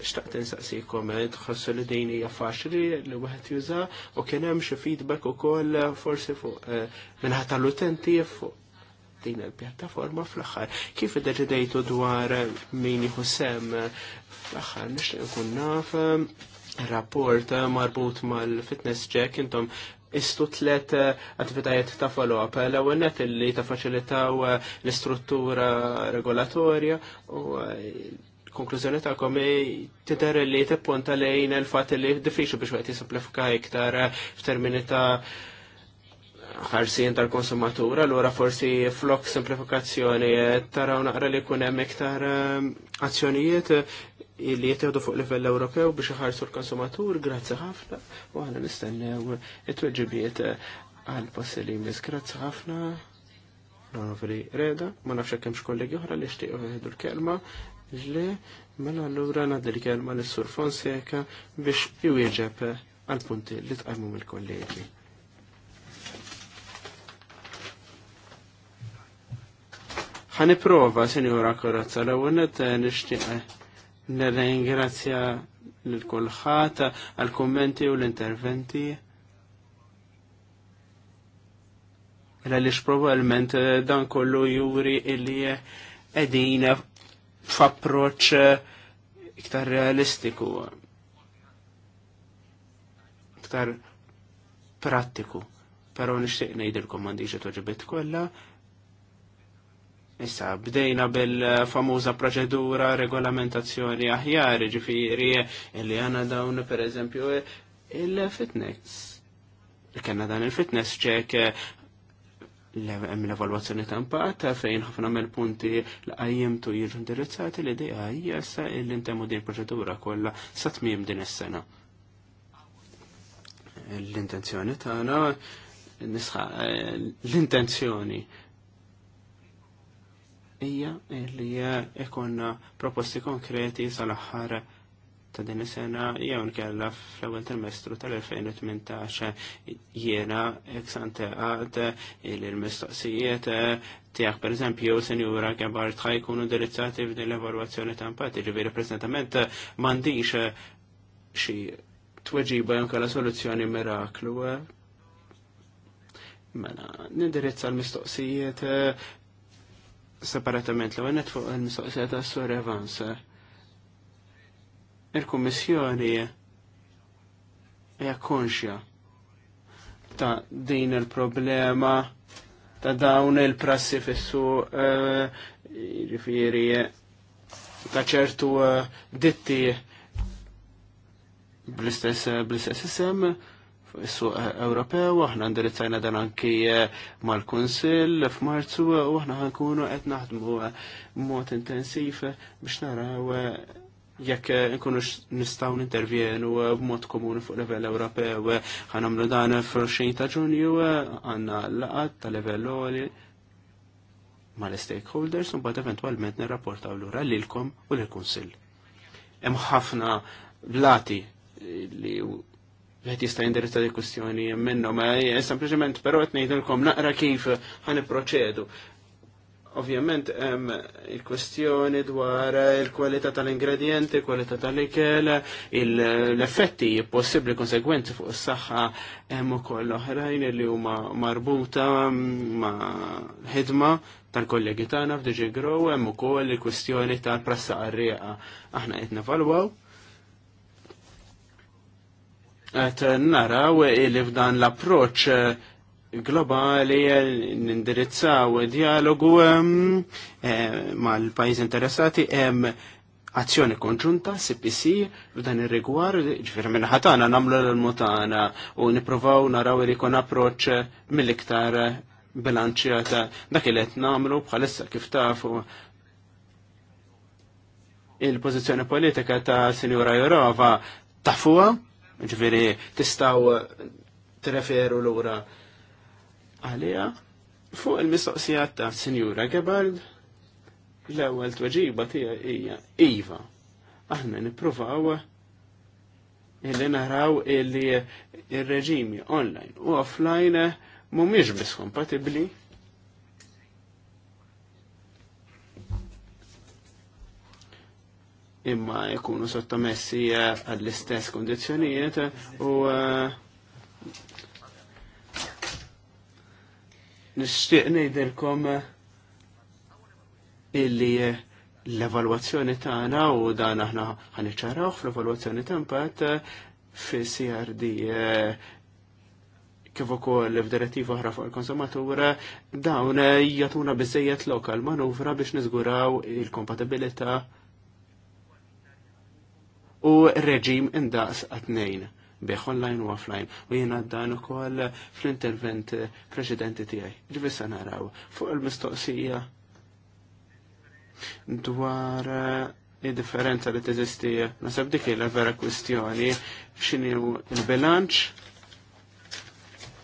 Xtaqt insaqsi komment, eh, li din hija faċli li wieħed juża u kien hemm xi feedback ukoll eh, forsi fuq minħat tal-utenti fuq din il-pjattaforma fl-aħħar. Kif iddeċidejtu dwar min jieħu sem fl-aħħar nixtieq nkun naf rapport marbut mal-fitness check intom istu tlet eh, attivitajiet ta' follow-up. L-ewwel net li tafaċilitaw eh, l-istruttura regolatorja u eh, konklużjoni ta' komi tidher li t-punta lejn il-fatt li diffiċli biex wieħed simplifika iktar f'termini ta' ħarsien tal-konsumatura, allura forsi flok simplifikazzjoni taraw naqra li kunem hemm iktar azzjonijiet li jitewdu fuq livell Ewropew biex iħarsu l-konsumatur, grazzi ħafna, u għana nistennew it-tweġibiet eh, għal-passi li mis, grazzi ħafna. Nafri reda, ma nafx kemm x'kollegi oħra li xtiequ jieħdu l-kelma, ġli, mela allura nagħdi l-kelma lis sur Fonseca biex iwieġeb għal-punti li tqajmu mill-kollegi. ħaniprofa, Sinjora Korazza, l-ewwel eh, nixtieq eh, Nirringrazzja lil kulħadd għal kummenti u l-interventi. Għaliex probabbilment eh, dan kollu juri illi qegħdin eh, eh, f'approċċ iktar realistiku, iktar prattiku. Pero nixtieq ngħidilkom m'għandix toġibit kollha, Issa, bdejna bil-famuża proċedura regolamentazzjoni aħjar, ġifiri, illi għana dawn, per eżempju, il-fitness. Kenna dan il-fitness ċek hemm l-evalwazzjoni tampat, fejn ħafna mill-punti l tu jiġu indirizzati li dija hija sa illi ntemmu din proċedura kollha sa tmiem din is-sena. L-intenzjoni tagħna eh, l-intenzjoni hija li ikonna proposti konkreti sal-aħħar ta' din is-sena jew nkella fl-ewwel trimestru tal-2018 jiena eksante għad il-mistoqsijiet tiegħek pereżempju senjura kebar ħaj jkunu dirizzati f'din l-evalwazzjoni ta' impatt, ġifieri preżentament m'għandix xi tweġiba jew kella soluzzjoni miraklu. Mela, nindirizza l-mistoqsijiet separatament l għanet fuq il-mistoqsija ta' Sur Evans. Il-Kummissjoni hija konxja ta' din il-problema ta' dawn il-prassi fissu eh, ġifiri ta' ċertu eh, ditti bl-istess bl-istess isem s-suq Ewropew, aħna ndirizzajna dan anki eh, mal-Kunsill f'Marzu u aħna ħankunu qed naħdmu eh, mod intensiv biex naraw eh, jekk nkunu nistgħu nintervjenu b'mod komuni fuq livell Ewropew ħanamlu dan f'xejn ta' Ġunju għandna laqat ta' livell oli mal-stakeholders u bad eventualment nirrapportaw lura lilkom u lill-Kunsill. Hemm ħafna blati li għet jista jindirizza di kustjoni minnu, ma sempliciment pero għet nejdilkom naqra kif għan proċedu. Ovvjament, il-kwestjoni dwar il-kwalità tal-ingredienti, kwalità tal-ikel, l-effetti possibli konsegwenzi fuq s-saxħa hemm ukoll oħrajn li huma marbuta ma' ħidma tal-kollegi tagħna f'Diġi Grow hemm ukoll il-kwestjoni tal-prassa qarrieqa. Aħna qed nevalwaw Għet naraw li f'dan l-approċ globali nindirizzaw dialogu eh, mal pajiz interessati hemm azzjoni konġunta, CPC, f'dan ir-rigwar, ġifieri minn ħatana nagħmlu l-mutana u nippruvaw naraw li jkun approċċ mill-iktar bilanċjata dak li qed nagħmlu bħalissa kif tafu il-pożizzjoni politika ta' Sinjura Jorova tafuha ġveri tistaw t-referu l-ura għalija fuq il-mistoqsijat ta' Sinjura Gebald l-ewwel tweġiba tiegħi hija iva. Aħna nippruvaw illi naraw illi il reġimi online u offline mhumiex biss kompatibbli imma jkunu sottomessi eh, għall-istess kondizjonijiet u eh, nishtiq nejdilkom eh, illi l-evalwazzjoni tagħna u dan aħna ħaniċċaraw fl-evalwazzjoni ta' impatt fi CRD kif ukoll f'direttiva oħra fuq il-konsumatura dawn jagħtuna biżejjed lokal manuvra biex niżguraw il-kompatibilità u reġim indaqs għatnejn bieħ online u offline u jena dan ukoll fl-intervent eh, preċedenti tiegħi. Ġivissa naraw fuq il-mistoqsija dwar eh, id-differenza li teżisti nasab dik la vera kwistjoni x'inhu il-bilanċ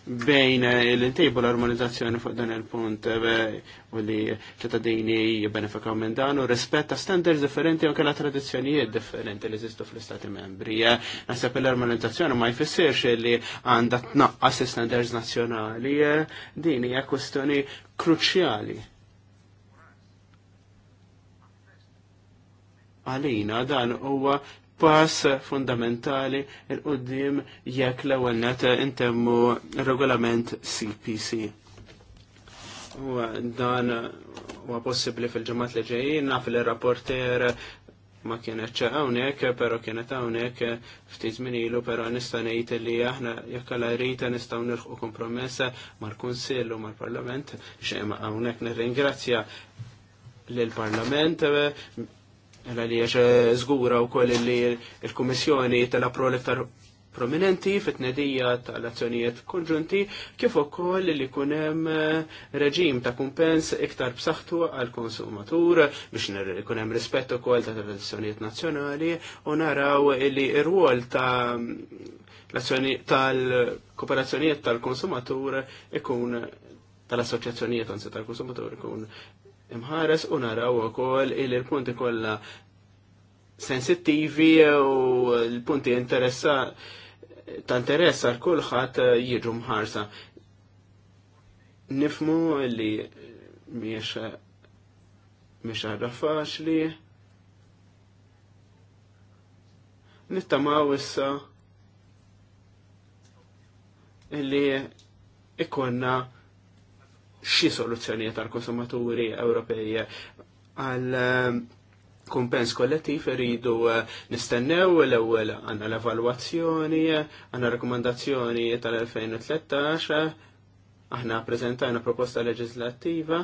bejn eh, l-intejbu l-armonizzazzjoni fuq dan il-punt eh, u li ċittadini jibbenefikaw minn dan u rispett ta' standards differenti u kella tradizzjonijiet differenti li zistu fl-istati membri. Eh. Nasab l-armonizzazzjoni ma jfissirx li għandha tnaqqas standards nazzjonali din hija kwestjoni kruċjali. Għalina dan huwa pass fundamentali il-qoddim jekk l-ewwel intemmu regolament CPC. U dan huwa possibbli fil-ġemat li ġejjin naf li rapporter ma kienet hawnhekk, però kienet hawnhekk ftit minilu, però nista' ngħid li aħna jekk alla rita nistgħu nilħqu kompromessa mal-Kunsill u mal-Parlament xejn hawnhekk nirringrazzja lill-Parlament Għalla li għax eh, zgura u koll li il-Komissjoni tal-appro l-iktar prominenti fit-nedija tal-azzjonijiet konġunti kif ukoll li kunem eh, reġim ta' kumpens iktar b'saħħtu għal konsumatur biex kunem rispett ukoll ta' tradizzjonijiet nazzjonali u naraw li r-rwol ta' tal-kooperazzjonijiet tal-konsumatur ikun tal-assoċjazzjonijiet anzi tal-konsumatur ikun imħares u naraw ukoll il punti kollha sensittivi u l-punti interessa ta' interess għal kulħadd eh, jiġu mħarsa. Nifmu li miex miex faċli. Nittamaw issa illi ikonna xi soluzzjonijiet tal-konsumaturi Ewropej għal ehm, kumpens kollettiv rridu eh, nistennew l-ewwel għandna l-evalwazzjoni, għandna rakkomandazzjoni tal-2013, aħna preżentajna proposta leġislattiva.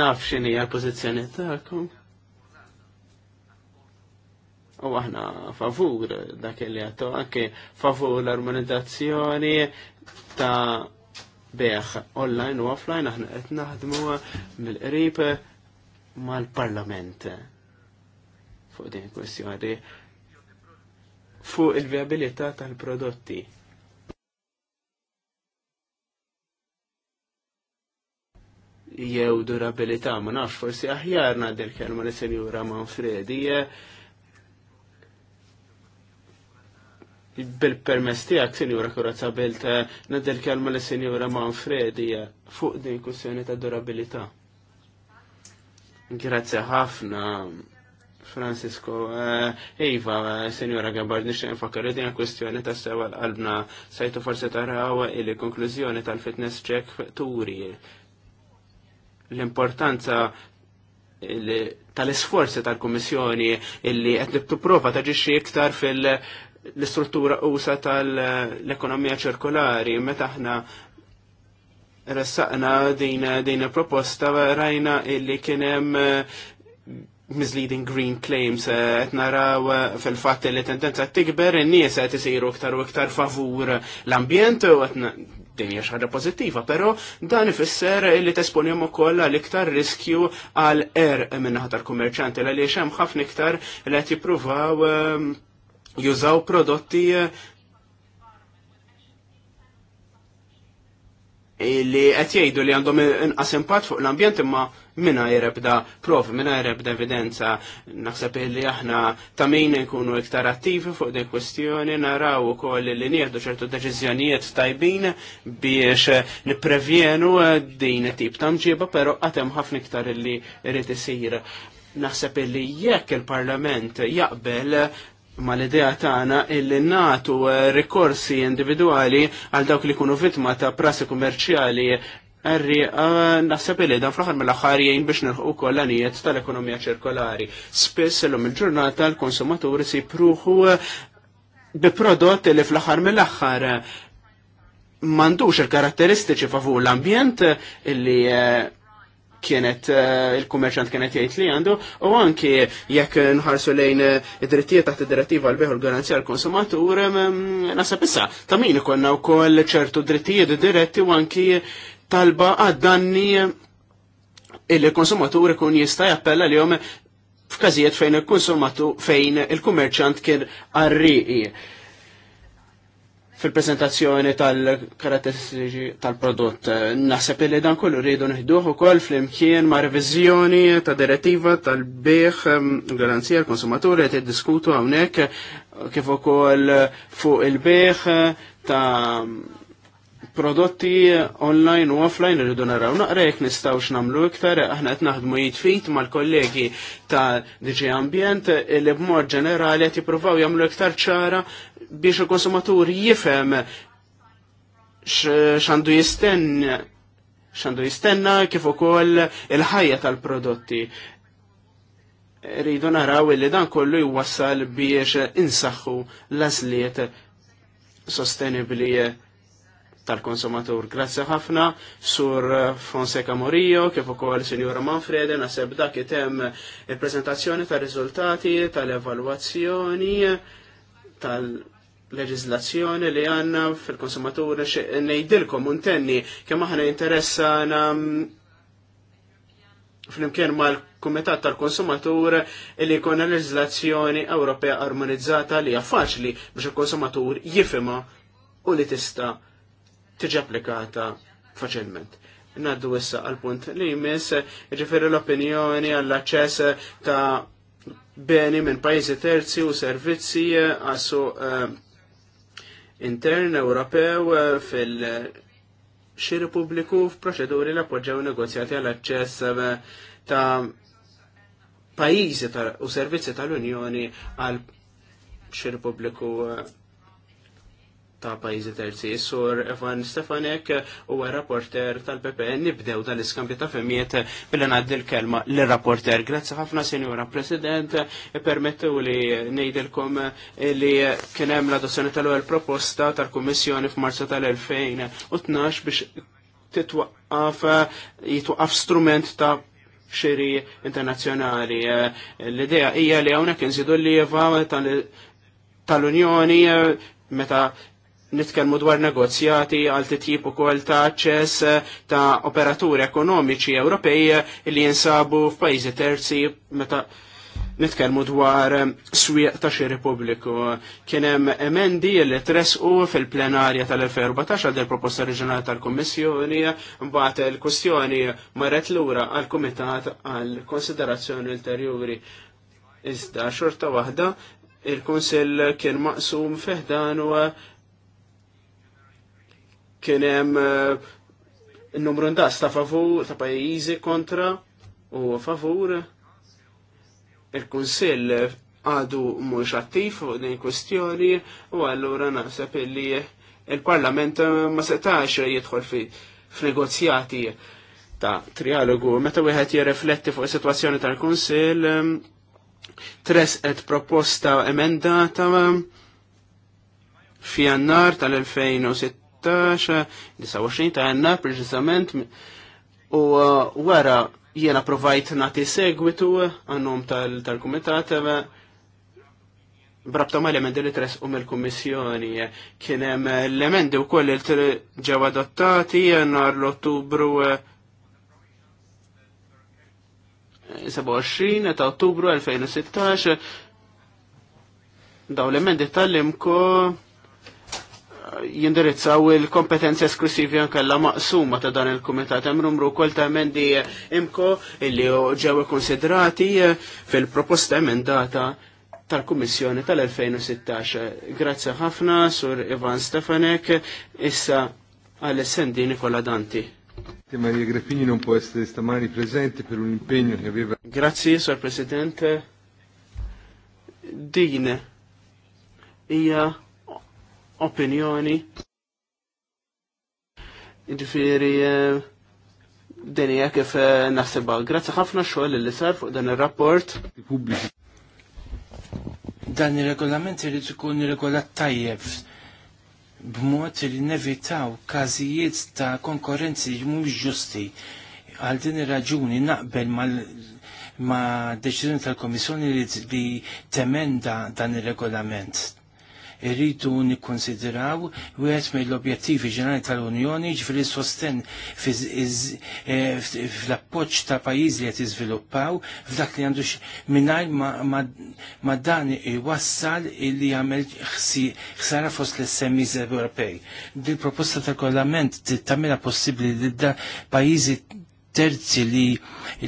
Naf x'inhi l-pożizzjoni tagħkom u aħna favur dak li għattu anke favur l-armonizzazzjoni ta' beħ online u offline aħna qed naħdmu mill-qrib mal-parlament fuq din kwestjoni fuq il-viabilità tal-prodotti. jew durabilità, ma nafx forsi aħjar dil kelma li senjura Manfredi, bil-permess tiegħek sinjura kurazza bilt eh, nadel kelma li sinjura Manfredi eh, fuq din kussjoni ta' durabilità. Grazzi ħafna. Francisco, Eva, Senjora Gabbard, nixtieq nfakkar din kwestjoni ta' eh, iva, sewa qalbna sajtu forsi rawa il konklużjoni tal-fitness check turi. L-importanza tal-isforzi tal-Kummissjoni illi qed tipprova taġixxi iktar fil- l-istruttura usa tal-ekonomija ċirkolari, meta aħna ressaqna din din proposta rajna illi kien hemm eh, misleading green claims eh, qed naraw eh, fil-fatt li tendenza tikber in-nies qed isiru iktar u iktar favur l-ambjent u qed din hija ħaġa pożittiva, però dan ifisser li tesponjom ukoll għal iktar riskju għal er minnaħa tal-kummerċanti għaliex hemm ħafna iktar li qed jippruvaw jużaw prodotti eh, li qed jgħidu li għandhom inqas impatt fuq l-ambjent imma minna jerebda prof, minna jerebda evidenza, naħseb li aħna tamin nkunu iktar attivi fuq din kwestjoni, naraw ukoll li nieħdu ċertu deċiżjonijiet tajbin biex nipprevjenu eh, din tip ta' mġiba, però hemm ħafna iktar li rrid isir. Naħseb li jekk il-Parlament jaqbel mal-idea tagħna illi natu eh, rikorsi individwali għal dawk li kunu vittma ta' prassi kummerċjali Erri, eh, naħseb li dan fl-aħħar mill-aħħar jgħin biex nirħu kollanijiet tal-ekonomija ċirkolari. Spiss l-lum il-ġurnata l-konsumaturi si pruħu eh, bi prodott li fl-aħħar mill-aħħar mandux il-karatteristiċi favur l-ambjent illi kienet eh, il-kummerċant kienet jgħid li għandu u anki jekk nħarsu lejn eh, id-drittijiet taħt id-direttiva l beħu l-garanzija l-konsumatur nasab issa ta' min ikonna wkoll ċertu drittijiet diretti u anki talba għad-danni eh, il-konsumatur ikun jista' jappella li f'każijiet fejn il-konsumatur fejn il-kummerċant kien arriqi fil-prezentazzjoni tal-karatteristiċi tal-prodott. Naħseb li dan kollu rridu nħidduħu ukoll fl-imkien ma' reviżjoni ta' direttiva tal beħ garanzija l-konsumaturi qed diskutu hawnhekk kif ukoll fuq il beħ ta' prodotti online u offline rridu naraw naqra jekk x'namlu iktar aħna qed naħdmu jitfit mal-kollegi ta' DJ Ambient li b'mod ġenerali qed jippruvaw jagħmlu iktar ċara biex il-konsumatur jifhem x'għandu jistenna x'għandu jistenna kif ukoll il-ħajja tal-prodotti. Rridu naraw li dan kollu jwassal biex insaħħu l-azliet sostenibli tal-konsumatur. Grazzi ħafna sur Fonseca Morillo, kif ukoll Sinjora Manfrede, naseb dak item il-prezentazzjoni tal-riżultati tal-evalwazzjoni tal-, -riżultati, tal evalwazzjoni tal leġizlazzjoni li għanna fil-konsumaturi nejdilkom untenni kemm aħna interessana mm, fl-imkien mal-Kumitat tal-Konsumatur li jkollna leġizlazzjoni Ewropea armonizzata li hija faċli biex il-konsumatur jifima u li tista' tiġi applikata faċilment. Naddu issa għal-punt li jmiss, ġifiri l-opinjoni għall-aċċess ta' beni minn pajjiżi terzi u servizzi għassu eh, intern Ewropew eh, fil xi Repubbliku f'proċeduri li appoġġew negozjati għal aċċess eh, ta' pajjiżi u servizzi tal-Unjoni għal xiri pubbliku eh, ta' pajizi terzi. Sur Evan Stefanek u rapporter tal-PPN nibdew tal-iskambju ta' femmiet billi ngħaddi l-kelma l-rapporter. Grazzi ħafna Senjora President, permettu li ngħidilkom li kien hemm l-adozzjoni tal-ewwel proposta tal-Kummissjoni f'Marzu tal-2012 biex titwaqqaf jitwaqqaf strument ta' xiri internazzjonali. L-idea hija li hawnhekk inżidu l-lieva tal-Unjoni meta nitkellmu dwar negozjati għal titjib ukoll ta' aċċess eh, ta' operaturi ekonomiċi Ewropej eh, li jinsabu f'pajjiżi terzi meta nitkellmu dwar eh, swieq ta' xi Repubbliku. Kien hemm emendi li tresqu fil-plenarja tal-2014 għal proposta reġjonali tal-Kummissjoni mbagħad il-kwestjoni marret lura għall-Kumitat għal konsiderazzjoni ulterjuri. Iżda xorta waħda il-Kunsill kien maqsum fiħdan u Kien kienem eh, numru ndas ta' favur, ta' pajjiżi kontra u favur. Il-Kunsill għadu mhux attiv fuq din kwestjoni u allura naħseb li il-Parlament ma setax jidħol fi f'negozjati ta' trialogu. Meta wieħed jirrifletti fuq is-sitwazzjoni tal-Kunsill, tres et proposta emendata f'jannar tal-2006 26 ta' għanna preċizament u uh, wara jiena provajt nati segwitu għannum tal-komitat brabta ma l-emendi li tres um il komissjoni kienem l-emendi u koll il-ġew adottati nar l-ottubru 27 ta' ottubru 2016 daw l-emendi tal-imko jindirizzaw il-kompetenzi esklusivi ankella maqsuma ta' dan il-kumitat. Hemm numru wkoll ta' emendi imko illi ġew konsidrati fil-proposta emendata tal-Kummissjoni tal-2016. Grazzi ħafna sur Ivan Stefanek, issa għal essendi Nikola Danti. Maria Grappini non può essere stamani presente per un impegno che aveva. Grazie, Sor Presidente. Din. Ija opinjoni. Ġifiri, eh, dinija kif eh, nasibba. Grazzi ħafna xogħol li sar fuq dan ir-rapport. Dan ir-regolament irid ikun irregolat tajjeb b'mod li nevitaw każijiet ta' konkurrenzi mhux ġusti. Għal din ir-raġuni naqbel mal ma' deċiżjoni tal-Komissjoni li temenda dan ir-regolament irridu nikkonsidraw wieħed mill-objettivi ġenerali tal-Unjoni ġifieri sosten eh, fl-appoġġ ta' pajiz li qed izviluppaw f'dak li għandu mingħajr ma dan iwassal li jagħmel ħsara fost l-SMEs Ewropej. Din proposta tal-Kollament tagħmilha possibbli li da pajjiżi terzi li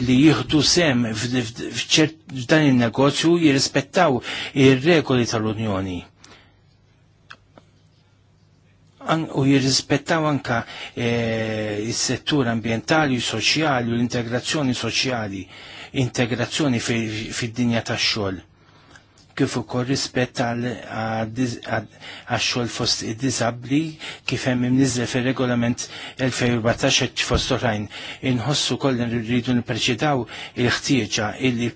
li jihdu sem f'dan il-negozju jirrispettaw ir-regoli tal-Unjoni u jirrispettaw anka eh, il-settur ambientali, soċjali u l-integrazzjoni soċjali, integrazzjoni fid-dinja tax-xogħol kif ukoll rispett għax-xogħol fost id dizabli kif hemm imniżel fir-regolament 2014 fost oħrajn. Inħossu kollin rridu nippreċidaw il-ħtieġa illi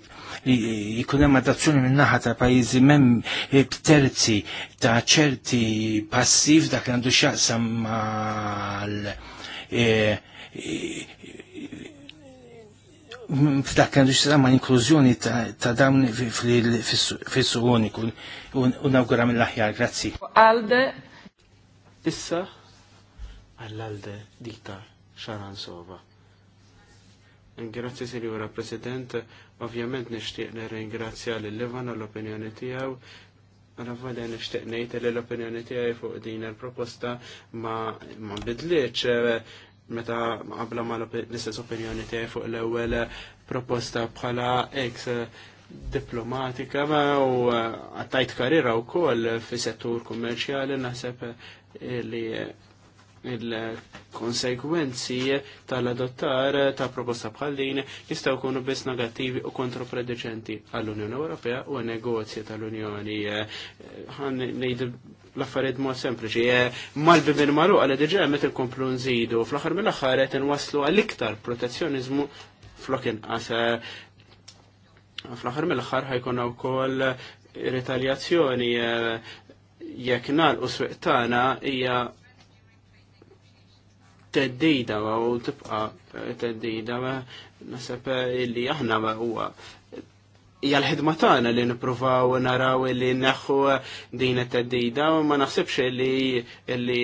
li jkun adazzjoni minn naħa ta' pajizi mem e, terzi ta' ċerti passiv dak li għandu x'jaqsam mal e, e, f'dak għandu xisama inklużjoni ta' dawn fil sugoni uniku. Unawgura mill-aħjar, grazzi. Alde, issa, għall-alde dita xaran sova. Grazzi, Signora Presidente, Ovvjament nixtieq nirringrazzja l Livan għall-opinjoni tiegħu. Għal-għavada nixtieq ngħid li l-opinjoni tiegħi fuq din il-proposta ma, ma bidliċ eh, meta għabla ma l-istess opinjoni tiegħi fuq l-ewwel eh, proposta bħala ex eh, diplomatika u għattajt karriera u koll fi settur kummerċjali naħseb li il-konsekwenzi tal-adottar ta' proposta bħal din jistgħu jkunu biss negattivi u kontraproducenti għall-Unjoni Ewropea u negozji tal-Unjoni. Ħan nejdu l-affarijiet mod sempliċi. Malbi minn maru għal diġà meta nkomplu nżidu fl-aħħar mill axar qed inwasslu għal iktar protezjonizmu flokin għasa fl-aħħar mill-aħħar ħajkun wkoll retaljazzjoni jekk u swieq tagħna hija teddida u tibqa teddida nasab illi aħna huwa hija l-ħidma tagħna li nippruvaw naraw li neħħu din it-teddida u ma naħsibx illi illi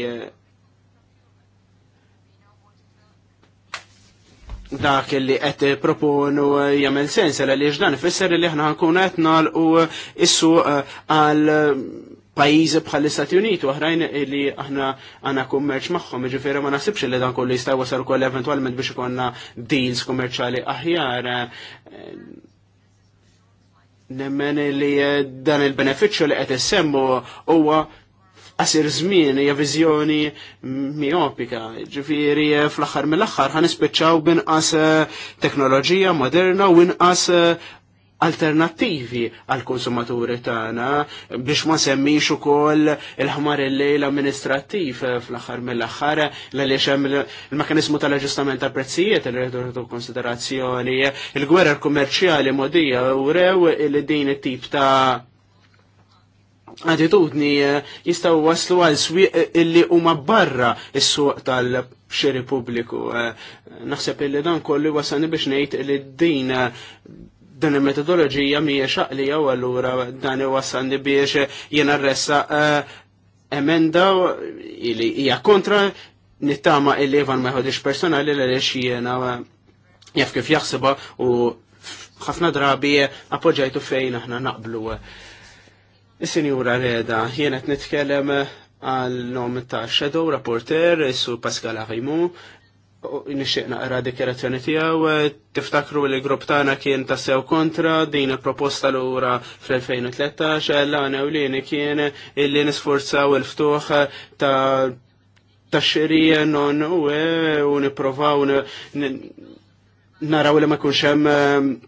dak li qed proponu jagħmel sens għal li dan ifisser li aħna ħankun qed nagħlqu issu għal uh, pajizi bħal l-Istati Uniti u oħrajn li aħna għana kummerċ magħhom, jiġifieri ma nasibx li dan kollu jista' wasal ukoll eventwalment biex ikonna deals kummerċali aħjar. Nemmen li dan il-benefiċċju li qed issemmu huwa qasir żmien hija viżjoni miopika. Ġifieri fl-aħħar mill-aħħar ħanispiċċaw binqas teknoloġija moderna u inqas alternattivi għal konsumaturi tagħna biex ma semmix ukoll il-ħmar il-lejl amministrattiv eh, fl-aħħar mill-aħħar għaliex hemm il-mekanizmu tal-aġġustament ta' prezzijiet li rridu konsiderazzjoni il-gwerra kummerċjali modija u rew li din it-tip ta' attitudni eh, jistaw waslu għal swieq illi huma barra is-suq tal xiri pubbliku. Eh, naħseb illi dan kollu wasani biex ngħid li din din il-metodoloġija mija xaqlija u allura dan iwassani biex jena ressa eh, emenda li hija kontra nittama il Ivan ma personali l jena eh, jaf kif jaxseba u ħafna drabi appoġġajtu fejn aħna naqblu. Is-sinjura Reda, jienet nitkellem għal nom ta' Shadow Rapporter, su Pascal Arimu, nixtieq naqra dikjerazzjoni tiegħu eh, tiftakru li grupp tagħna kien tassew kontra din il-proposta lura fl-2013 eh, l-għana u lini kien illi nisforzaw il-ftuħ ta' ta' xirija non u eh, niprofaw naraw li ma kunx hemm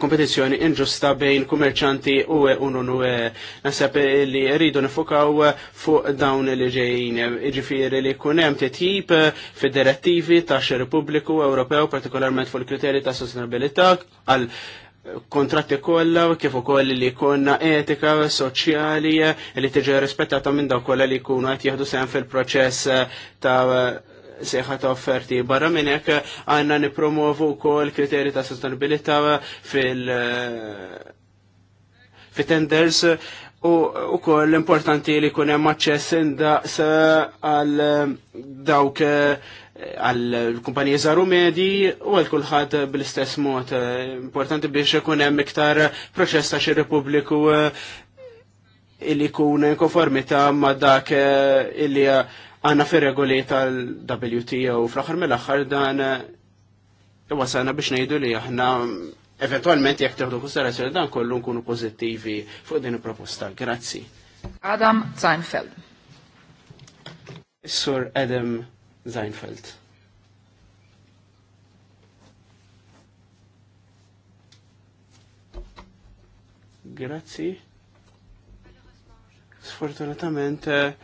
kompetizzjoni inġusta bejn kummerċanti u u eh, nasab li rridu nifukaw fuq dawn li ġejjin. iġifiri li kunem titjib eh, federattivi ta' xer pubbliku Ewropew, partikolarment fuq il-kriterji ta' sostenibilità għal kontratti kollha kif ukoll li jkollna etika soċjali eh, li tiġi rispettata minn dawk kollha li jkunu qed jieħdu sehem fil-proċess ta' seħħa ta' offerti. Barra minn hekk għandna nippromovu wkoll kriterji ta' sostenibilità fil- eh, fit-tenders u wkoll importanti li jkun hemm aċċess indaqs għal dawk għal kumpaniji żaru medji u għal kulħadd bl-istess mod. Importanti biex ikun hemm iktar proċess ta' xi Repubbliku eh, illi jkun konformita ma' dak eh, illi għanna fi regoli tal-WTO u fl-axar mill-axar dan eh, wasana biex nejdu li aħna eventualment jek teħdu konsiderazzjoni dan kollu nkunu pozittivi fuq din il-proposta. Grazzi. Adam Zeinfeld. Sur Adam Seinfeld. Grazzi. Sfortunatamente,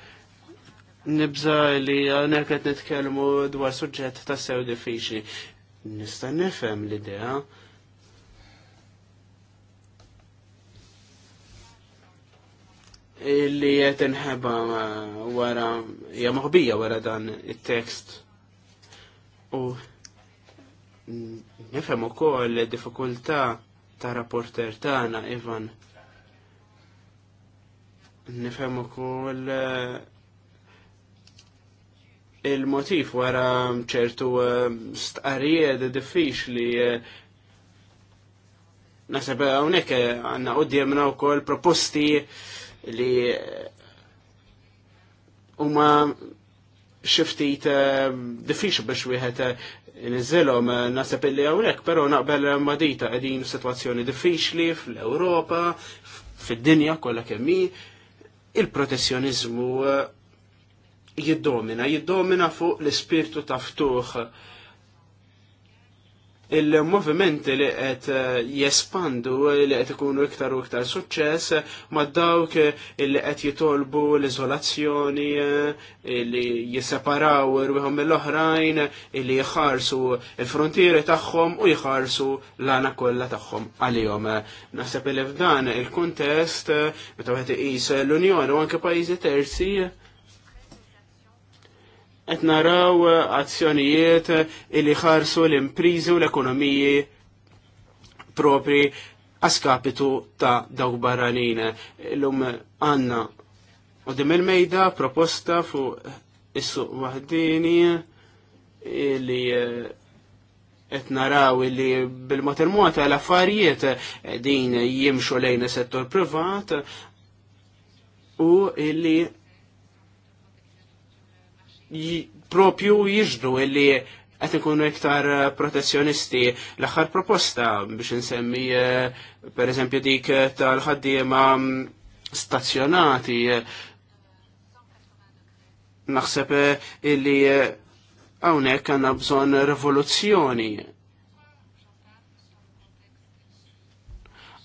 nibza li għet nitkellmu dwar suġġett ta' sew diffiċli. Nista' nifhem l-idea. Illi qed inħeba uh, wara hija moħbija wara dan it-tekst. U nifhem ukoll diffikultà ta' rapporter tagħna Ivan. Nifhem ukoll uh, il-motif wara ċertu eh, stqarijiet diffiċli eh, nasab hawnhekk eh, għandna qudiemna wkoll proposti li huma xiftit diffiċ biex wieħed nizzilhom nasab illi hawnhekk però naqbel ma dita qegħdin situazzjoni diffiċli fl-Ewropa, fid-dinja kollha kemm il-protezzjonizmu jiddomina, jiddomina fuq l-ispirtu ta' ftuħ il-movimenti li qed eh, jespandu li qed ikunu iktar u iktar suċċess ma' dawk li qed jitolbu l-iżolazzjoni eh, li jisseparaw irwihom mill-oħrajn li jħarsu il-frontieri tagħhom u jħarsu l-għana kollha tagħhom għalihom. Naħseb li f'dan il-kuntest eh, meta wieħed iqis l-Unjoni u anke pajjiżi terzi qed naraw eh, azzjonijiet eh, li ħarsu l-imprizi u l-ekonomiji propri għaskapitu ta' dawk barranin. L-lum għanna u dim il-mejda proposta fuq is wahdini li eh, qed naraw li bil matermuat għal affarijiet din jimxu lejn is-settur privat u illi propju jiġdu illi qed ikunu iktar eh, protezzjonisti l-aħħar proposta biex insemmi eh, per eżempju dik eh, tal-ħaddiema mm, stazzjonati naħseb illi hawnhekk għandna bżonn rivoluzzjoni.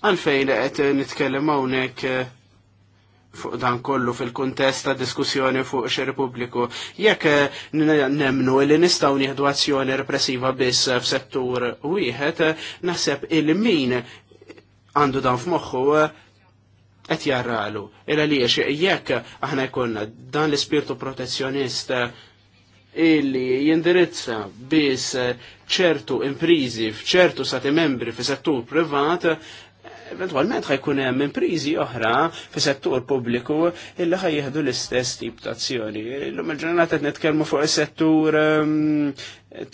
Għalfejn qed nitkellem hawnhekk fuq dan kollu fil-kuntest ta' diskussjoni fuq xi Repubbliku. Jekk eh, nemnu li nistgħu nieħdu azzjoni repressiva biss f'settur wieħed, eh, naħseb il-min għandu dan f'moħħu eh, qed jarralu. Illa li jekk aħna jkollna dan l-ispirtu protezzjonist illi jindirizza biss ċertu imprizi f'ċertu stati membri f'settur settur privat, eventualment ħajkun hemm imprizi oħra fi settur pubbliku illi ħajjeħdu l-istess tip ta' azzjoni. Illum il-ġurnata qed nitkellmu fuq is-settur ehm,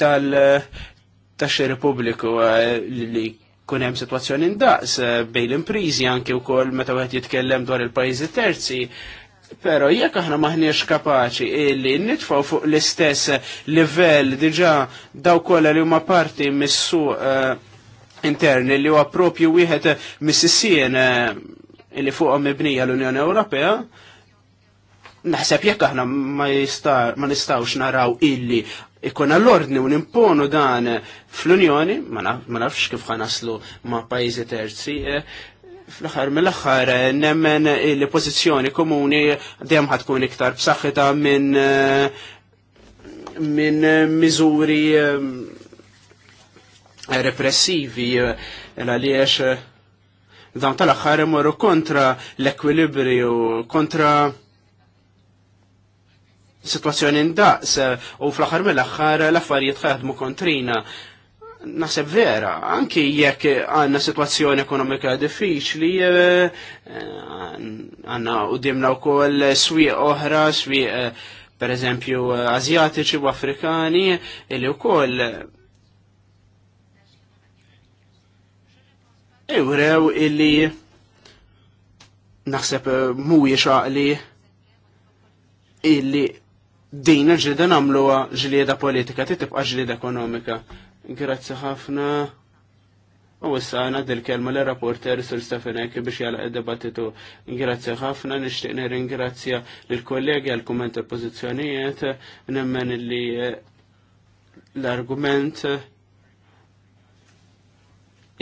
tal tax-xiri pubbliku eh, li kun hemm sitwazzjoni ndaqs eh, bejn l-imprizi anke wkoll meta wieħed jitkellem dwar il-pajjiżi terzi. Pero jekk aħna maħniex kapaċi illi nitfaw fuq l-istess livell diġà daw kollha li huma parti mis-suq eh, interni li huwa propju wieħed mis-sissien eh, li fuqhom mibnija l-Unjoni Ewropea, naħseb jekk aħna ma, ma nistawx naraw illi ikun l-ordni u nimponu dan fl-Unjoni, ma nafx kif ħanaslu ma pajjiżi terzi, eh, fl-axar mill-axar eh, nemmen il-pozizjoni komuni dejjem ħatkun iktar b'saħħitha minn minn miżuri repressivi għaliex eh, eh, dan tal-axħar imorru kontra l-ekwilibrju, kontra situazzjoni ndaqs eh, u fl-axħar mill-axħar l-affarijiet ħadmu kontrina. Naħseb vera, anki jekk għanna situazzjoni ekonomika diffiċli, għanna u dimna u koll swi oħra, swi per eżempju azjatiċi u afrikani, li u koll Ewrew illi naħseb eh, mhuwiex għaqli illi din ġlieda nagħmluha ġlieda politika, titibqa' ġlieda ekonomika. Grazzi ħafna. U issa għana kelma l rapporter Sur Stefanek biex jala id-debattitu. Grazzja ħafna, nishtiq nirringrazzja l-kollegi għal-komment il-pozizjonijiet, nemmen l-argument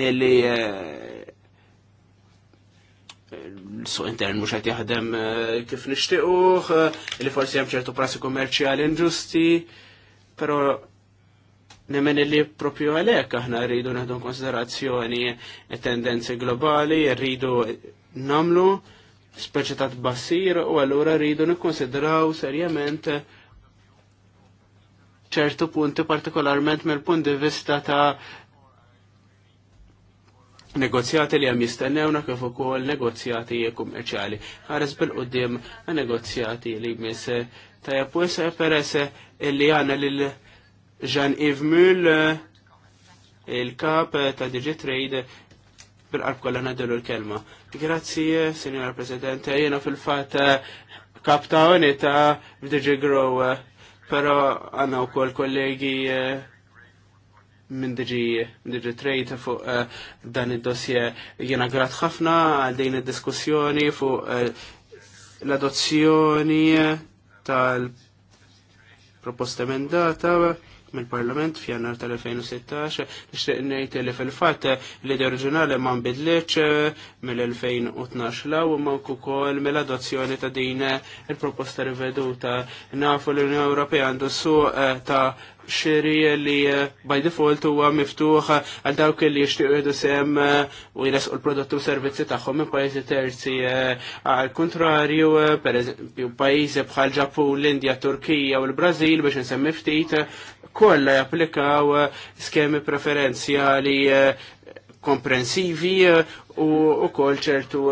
li eh, l-suq intern mux għet jaħdem eh, kif nishtiquh, eh, li forsi hemm ċertu prassi kummerċjali inġusti, pero nemmen li propju għalek aħna rridu naħdu konsiderazzjoni tendenzi globali, rridu namlu speċi ta' u allura rridu nikkonsidraw serjament ċertu punti partikolarment mill punt di vista ta' negozjati li għam jistennewna kif ukoll negozjati kummerċjali. Ħares bil-qoddim negozjati li jmiss eh, ta' japwis eh, peress eh, li għana lil Jean-Yves Mull il-kap ta' Digitrade bil-qarb kollha nadilu l-kelma. Grazzi, Signora Presidente. jiena fil fat kap ta' unita Digi Grow, però għanna wkoll kollegi minn diġi trejta fuq eh, dan id-dossier jiena grat ħafna għal din id-diskussjoni fuq eh, l-adozzjoni tal-proposta emendata mill-Parlament f'jannar tal-2016 nixtieq ngħid li fil-fatt l-idea oriġinali ma nbidlitx eh, mill-2012 law imma wkoll mill-adozzjoni ta' din il-proposta riveduta nafu l-Unjoni Ewropea għandu su ta' xiri li eh, by default huwa miftuħ għal dawk li jixtiequ jieħdu sem eh, u jresqu l-prodotti u servizzi tagħhom minn pajjiżi terzi. Eh, għal kontrarju, pereżempju pajjiżi bħal Ġappun, l-Indja, Turkija u l-Brażil biex nsemmi ftit, kollha japplikaw skemi preferenzjali komprensivi u wkoll ċertu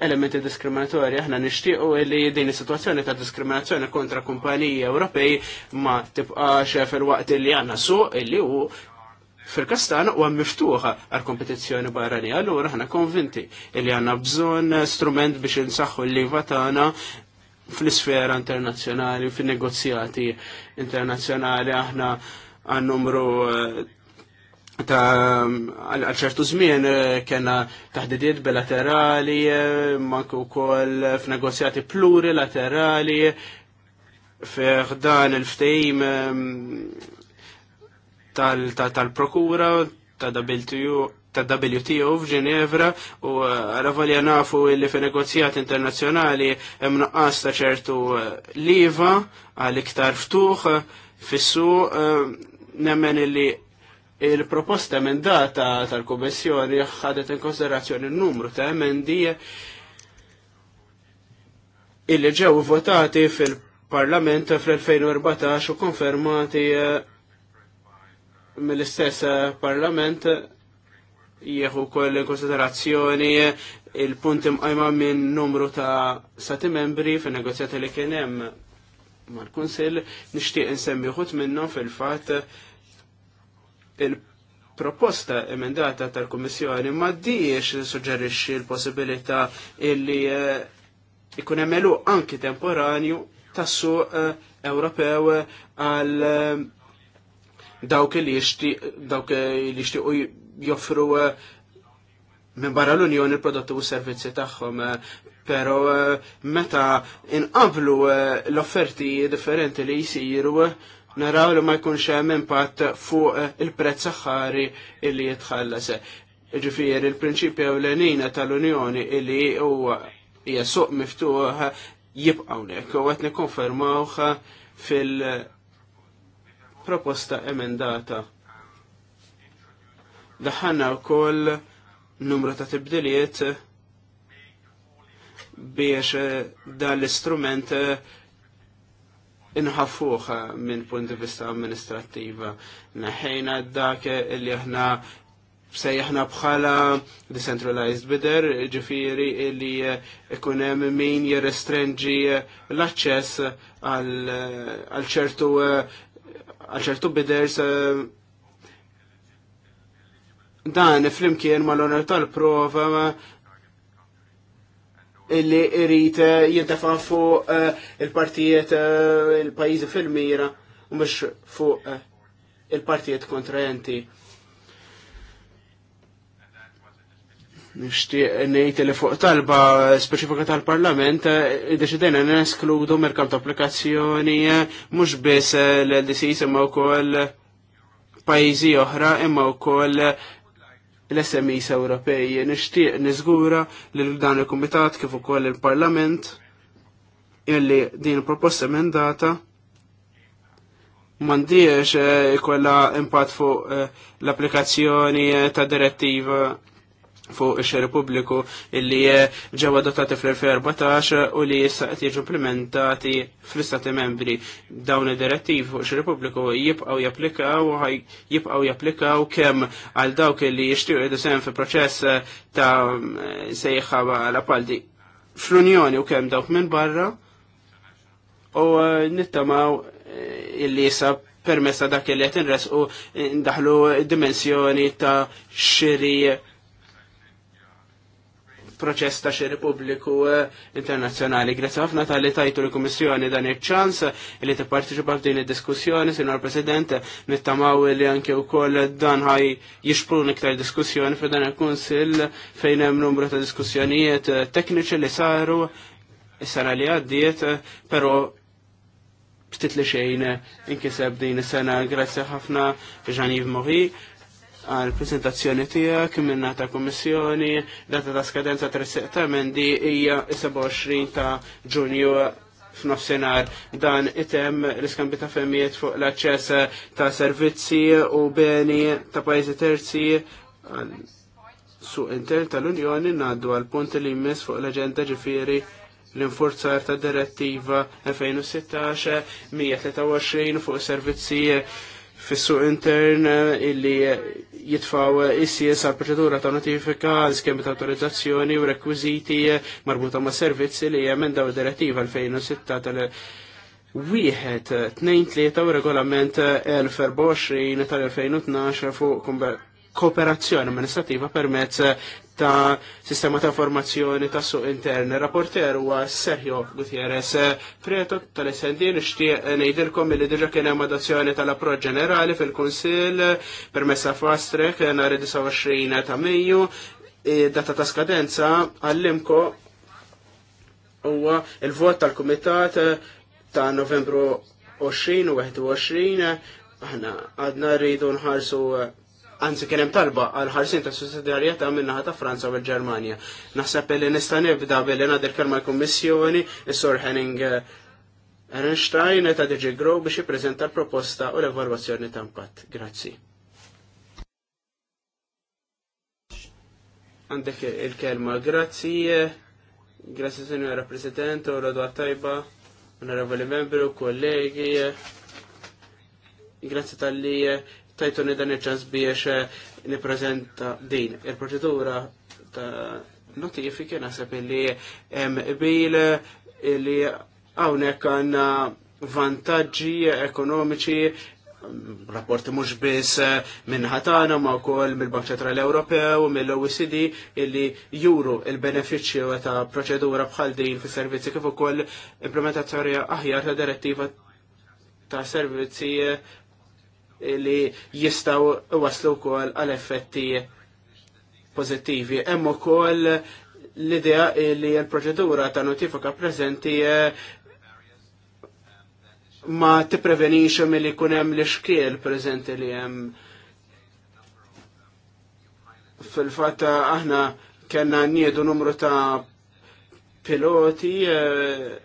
elementi diskriminatorji. Aħna nixtiequ li din is-sitwazzjoni ta' diskriminazzjoni kontra kumpaniji Ewropej ma tibqax fil-waqt li għandna suq li hu fil-kastana u miftuħa għal kompetizzjoni barrani. Allura aħna konvinti li għandna bżonn strument biex insaħħu l-liva tagħna fl-isfera internazzjonali, fin negozjati internazzjonali aħna għan numru eh, ta' għal ċertu żmien eh, kena taħdidiet bilaterali, eh, manku kol f'negozjati plurilaterali, f'dan il-ftejm eh, tal-prokura, ta' WTO f'Ġenevra u għal-avalja nafu li fi negozjat internazjonali hemm naqqas ta' ċertu liva għal iktar ftuħ fissu nemmen illi il-proposta emendata tal komissjoni ħadet in konsiderazzjoni n-numru ta' emendi illi ġew votati fil-Parlament fl-2014 u konfermati eh, mill-istess Parlament jieħu koll konsiderazzjoni il-punt imqajma minn numru ta' sati membri fin negozjati li kien hemm mal-Kunsill nixtieq nsemmi minnhom fil-fatt il-proposta emendata tal-Kommissjoni ma diex suġġerixxi l-possibilità illi eh, ikun emmelu anki temporanju tassu eh, Ewropew għal eh, dawk li u joffru minn barra l-Unjoni il-prodotti u servizzi tagħhom. Pero meta inqablu l-offerti differenti li jisiru naraw li ma jkunx hemm impatt fuq eh, il-prezz aħħari illi jitħallas. Ġifieri il-prinċipju ewlenina tal-Unjoni illi huwa hija suq miftuħ jibqgħu hekk u qed nikkonfermawh fil-proposta emendata. Daħanna wkoll numru ta' tibdiliet biex dan l-istrument inħafuħ minn punti vista amministrativa. Naħejna dak li aħna sejjaħna bħala decentralized bidder, ġifiri li ikunem min jirrestrenġi l-access għal ċertu għal ċertu bidders dan flimkien mal onor tal-prova li irrit eh, jintafa fuq eh, il-partijiet eh, il-pajizi fil-mira u mux fuq il-partijiet kontrajenti. Nishtiq nejt li fuq talba specifika tal-parlament, deċidejna neskludu merkam applikazzjoni mux biss l-LDCs imma u koll pajizi oħra imma u koll l-SMIs Ewropej nixtieq niżgura li dan il-Kumitat kif ukoll il-Parlament illi din proposta emendata mandiex eh, ikolla impatt fuq eh, l-applikazzjoni ta' direttiva fuq ix-xeri pubbliku illi ġew adottati fl-2014 u li issa qed jiġu implementati fl-istati membri. Dawn id-direttivi fuq ix-xeri pubbliku jibqgħu japplikaw u jibqgħu japplikaw kemm għal dawk li jixtiequ sehem fi proċess ta' sejħa l paldi fl-Unjoni u kemm dawk minn barra u eh, nittamaw eh, illi issa permessa dak li qed inresqu ndaħlu dimensjoni ta' xiri proċess ta' xiri pubbliku eh, internazzjonali. Grazie ħafna tal-li tajtu l-Kummissjoni dan il ċans eh, li partiċipa f'din id-diskussjoni, Sinor President, nittamaw li anke wkoll dan ħaj jixprun iktar diskussjoni fi dan il-Kunsill fejn hemm numru ta' diskussjonijiet eh, tekniċi li saru is-sena li għaddiet, però ftit li xejn inkiseb din is-sena grazzi ħafna Ġanjiv Mohi għal prezentazzjoni tija, kimminna ta' kommissjoni, data ta' skadenza 3 settamendi hija 27 ta' ġunju f'nofsenar dan item l-iskambi ta' femmijiet fuq l-aċċess ta' servizzi u beni ta' pajzi terzi su inter tal-Unjoni naddu għal punt li jmiss fuq l-agenda ġifiri l-infurzar ta' direttiva 2016-123 fuq servizzi fissu intern eh, illi eh, jitfaw eh, issies għal proċedura ta' notifika għal skemi ta' autorizzazzjoni u rekwiziti marbuta ma' servizzi li jemendaw direttiva 2006 tal Wieħed, tnejn tlieta u regolament 1024 tal-2012 fuq kooperazzjoni amministrativa permezz ta' sistema ta' formazzjoni ta' suq intern. Rapporter huwa Sergio Gutierrez, preto tal essendin ixtieq ngħidilkom li diġà kien hemm adozzjoni tal-approċċ ġenerali fil-Kunsill permessa fast track nhar 29 ta' Mejju, e, data ta' skadenza għallimko huwa il-vot tal-Kumitat ta' Novembru 20 u 21 aħna għadna rridu nħarsu anzi kien hemm talba għal ħarsin ta' sussidjarjetà minnaħa ta' Franza u l-Ġermanja. Naħseb li nista' nibda billi nagħdil kelma l-Kummissjoni, is-Sur Henning Einstein eh, ta' DG Grow biex jippreżenta l-proposta u l-evalwazzjoni ta' impatt. Grazzi. Għandek il-kelma, grazzi, eh, grazzi Signora President, u l tajba, onorevoli membri u kollegi, eh. grazzi tal-li tajtuni dan il-ċans biex eh, niprezenta din. Il-proċedura ta' notifiki nasab li bil li hawnhekk għandna vantaġġi ekonomiċi rapporti mhux biss eh, minn ħatana ma wkoll mill-Bank Ċentrali Ewropew, mill-OECD illi juru il-benefiċċju ta' proċedura bħal din fis-servizzi kif ukoll implementazzjoni aħjar ta' direttiva ta' servizzi eh, li jistaw waslu kol għal effetti pozittivi. Emmu kol l-idea li l-proċedura ta' notifika prezenti eh, ma tipprevenix mill-li kunem li xkiel prezenti li jem. Fil-fat aħna kena njedu numru ta' piloti eh,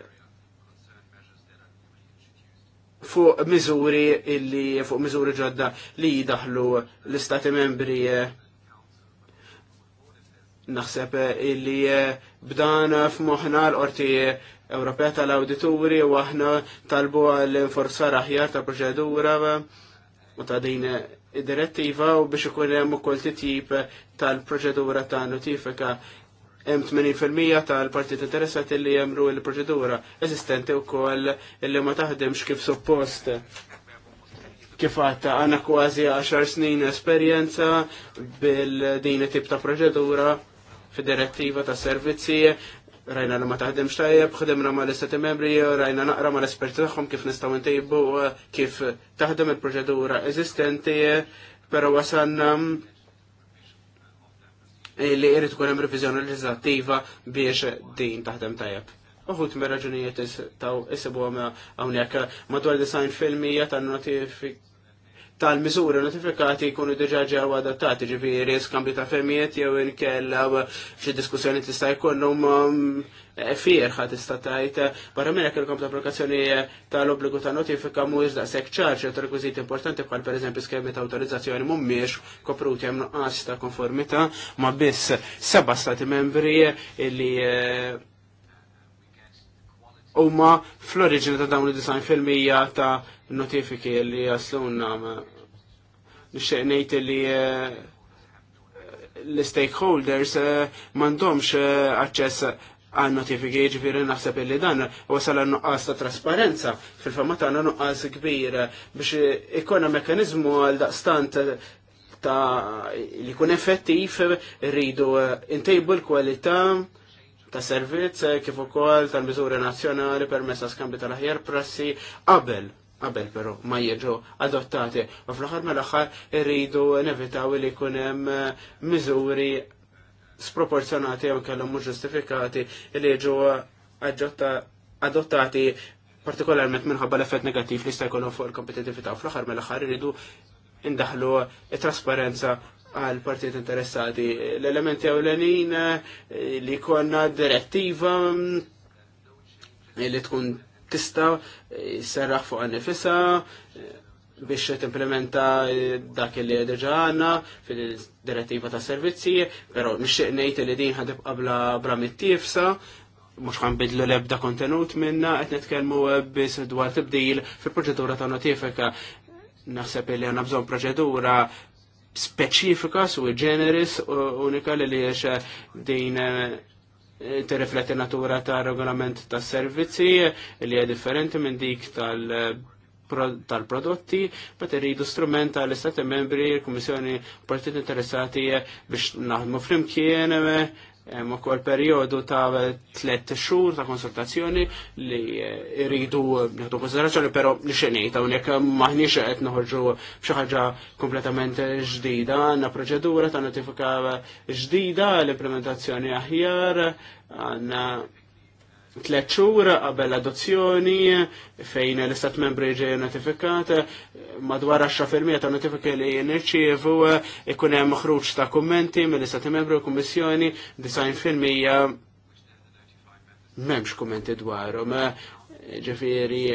fuq miżuri illi fuq miżuri ġodda li jidaħlu l-istati membri naħseb illi eh, bdan f'moħna l-qorti Ewropea tal-Awdituri u aħna talbu l-inforzar aħjar ta' proċedura u ta' din id-direttiva u biex ikun hemm ukoll titjib tal-proċedura ta' notifika hemm 80% tal-partit interessati li jemru l-proċedura eżistenti wkoll li ma taħdimx kif suppost. Kif għatta għana kważi 10 snin esperjenza bil-din tip ta' proċedura fid-direttiva ta' servizzi, rajna li ma taħdimx tajjeb, ħdimna ma l-istati membri, rajna naqra ma l-esperti tagħhom kif nistgħu ntejbu kif taħdem il-proċedura eżistenti, però wasanna li jrid tkun hemm reviżjoni leġislattiva biex din taħdem tajjeb. Uħut me raġunijiet taw isibu għamna għawnek madwar design filmija ta' notifik tal-miżuri notifikati jkunu diġa ġew adattati, ġifiri skambi ta' femijiet jew inkella xi diskussjoni tista' jkollhom um, eh, firħa tista' tajt barra minn hekk ta' applikazzjoni eh, tal-obbligu ta' notifika mhuwiex daqshekk ċarċ ta' rekwiżiti importanti bħal pereżempju skemi ta' awtorizzazzjoni mhumiex kopruti hemm nuqqas ta' konformità ma' biss seba' stati membri li eh, huma fl-oriġini ta' dawn il design fil-mija ta' notifiki li jaslunna nixtieq ngħid li eh, l-stakeholders eh, m'għandhomx eh, aċċess għan notifiki ġifiri naħseb li dan wasal għan nuqqas ta' trasparenza fil-famat għan nuqqas kbir biex ikona mekanizmu għal daqstant ta' li kun effettiv rridu intejbu l-kwalità ta' servizz kif ukoll tal mizuri nazzjonali permessa skambi tal-aħjar prassi qabel qabel però ma jiġu adottati. U fl-aħħar mill-aħħar irridu nevitaw li jkun hemm eh, miżuri sproporzjonati jew kellhom mhux ġustifikati li jiġu adottati partikolarment minħabba l-effett negativ li jista' jkollhom fuq il-kompetitività u fl-aħħar mill-aħħar irridu indaħlu trasparenza għal partijiet interessati. L-elementi ewlenin eh, li konna direttiva eh, li tkun tista serraħ fuq għannifisa eh, biex implementa eh, dak li deġa għanna fil-direttiva ta' servizzi, pero nixtieq ngħid li din ħadib qabla bra mit mux għan bidlu lebda kontenut minna, qed nitkellmu eh, biss dwar tibdil fil-proċedura ta' notifika. Naħseb li għandna bżonn proċedura speċifika su generis unika li li din tirrifletti natura ta' regolament ta' servizzi li hija differenti minn dik tal-prodotti, tal ma irridu strument tal-Istati membri, il-Kummissjoni partit interessati biex naħdmu flimkien Hemm ukoll perjodu ta' tliet xhur ta' konsultazzjoni li jridu nieħdu konsiderazzjoni però li xenejta hawnhekk maħniex qed noħorġu b'xi ħaġa kompletament ġdida, għandna proċedura ta' notifika ġdida l-implementazzjoni aħjar, għandna tlet xhur qabel adozzjoni fejn l-istat membri ġej notifikat madwar 10% ta' notifika li nirċievu ikun hemm ħruġ ta' kummenti mill-istat membri u kummissjoni 90% m'hemmx kummenti dwarhom. Ġifieri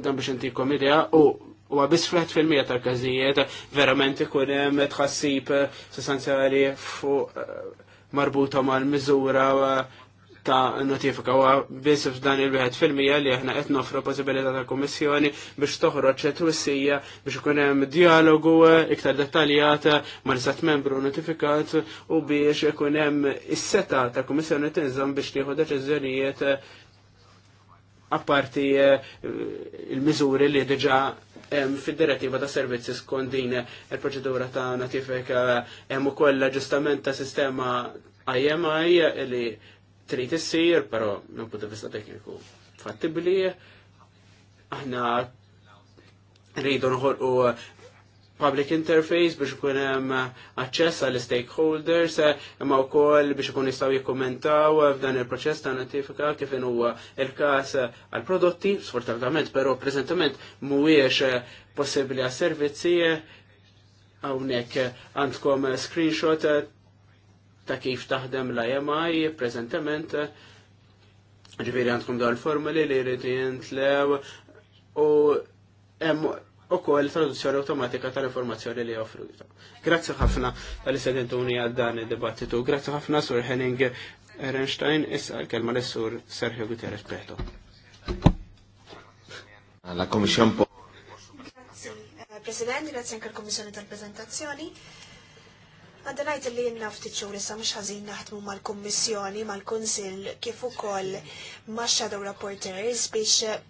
dan biex intikom idea u u għabis fl fil-mija tal-kazijiet verament ikun hemm tħassib sostanzjali fuq marbuta mal-miżura ta' notifika wa biss f'dan il-wieħed fil-mija li aħna qed nofru possibilità ta' kummissjoni biex toħroġ twissija biex ikun hemm dialogu iktar dettaljata ma' l-istat membru notifikat u biex ikun hemm is-seta ta' kummissjoni tinżamm biex tieħu deċiżjonijiet apparti eh, il-miżuri li diġa fil-direttiva ta' servizzi skondin il-proċedura ta' notifika hemm ukoll l-aġġustament ta' sistema IMI li trid issir, però minn punt ta' vista tekniku fattibbli, aħna rridu noħolqu uh, public interface biex ikun hemm aċċess għall stakeholders uh, imma wkoll biex ikun jistgħu jikkumentaw f'dan il-proċess ta' notifika kif in huwa il-każ għall prodotti, sfortunatament però preżentament mhuwiex uh, possibbli għas servizzi hawnhekk għandkom screenshot ta' kif taħdem la jemaj prezentament ġviri għandkom daw l-formuli li jrid jintlew u hemm ukoll traduzzjoni automatika tal-informazzjoni li joffru. Grazzi ħafna tal-istudentuni għal dan id-dibattitu. Grazzi ħafna sur Henning Ehrenstein, issa l-kelma l-sur Sergio Guterres Preto. La Commission eh, President, grazie anche al Commissione tal-prezentazzjoni. Għadda najt li jenna ftitxur issa mux ħazin naħdmu mal-kommissjoni, mal-konsil, kif ukoll ma' shadow rapporters biex eh,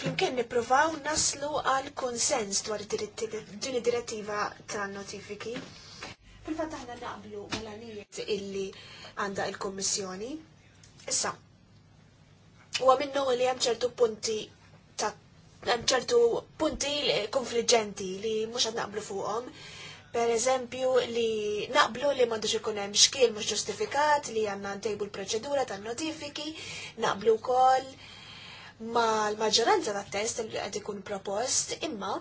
flimkien niprovaw naslu għal konsens dwar din id-direttiva ta' notifiki. Fil-fatt aħna naqblu mal-għanijiet illi għanda il-kommissjoni. Issa, huwa minnu li hemm ċertu punti ta' ċertu punti konfliġenti li mhux qed naqblu fuqhom per eżempju li naqblu li mandux ikun hemm xkiel mhux ġustifikat li għandna ntejbu l-proċedura tan-notifiki, naqblu wkoll ma l-maġġoranza tat-test li qed ikun propost, imma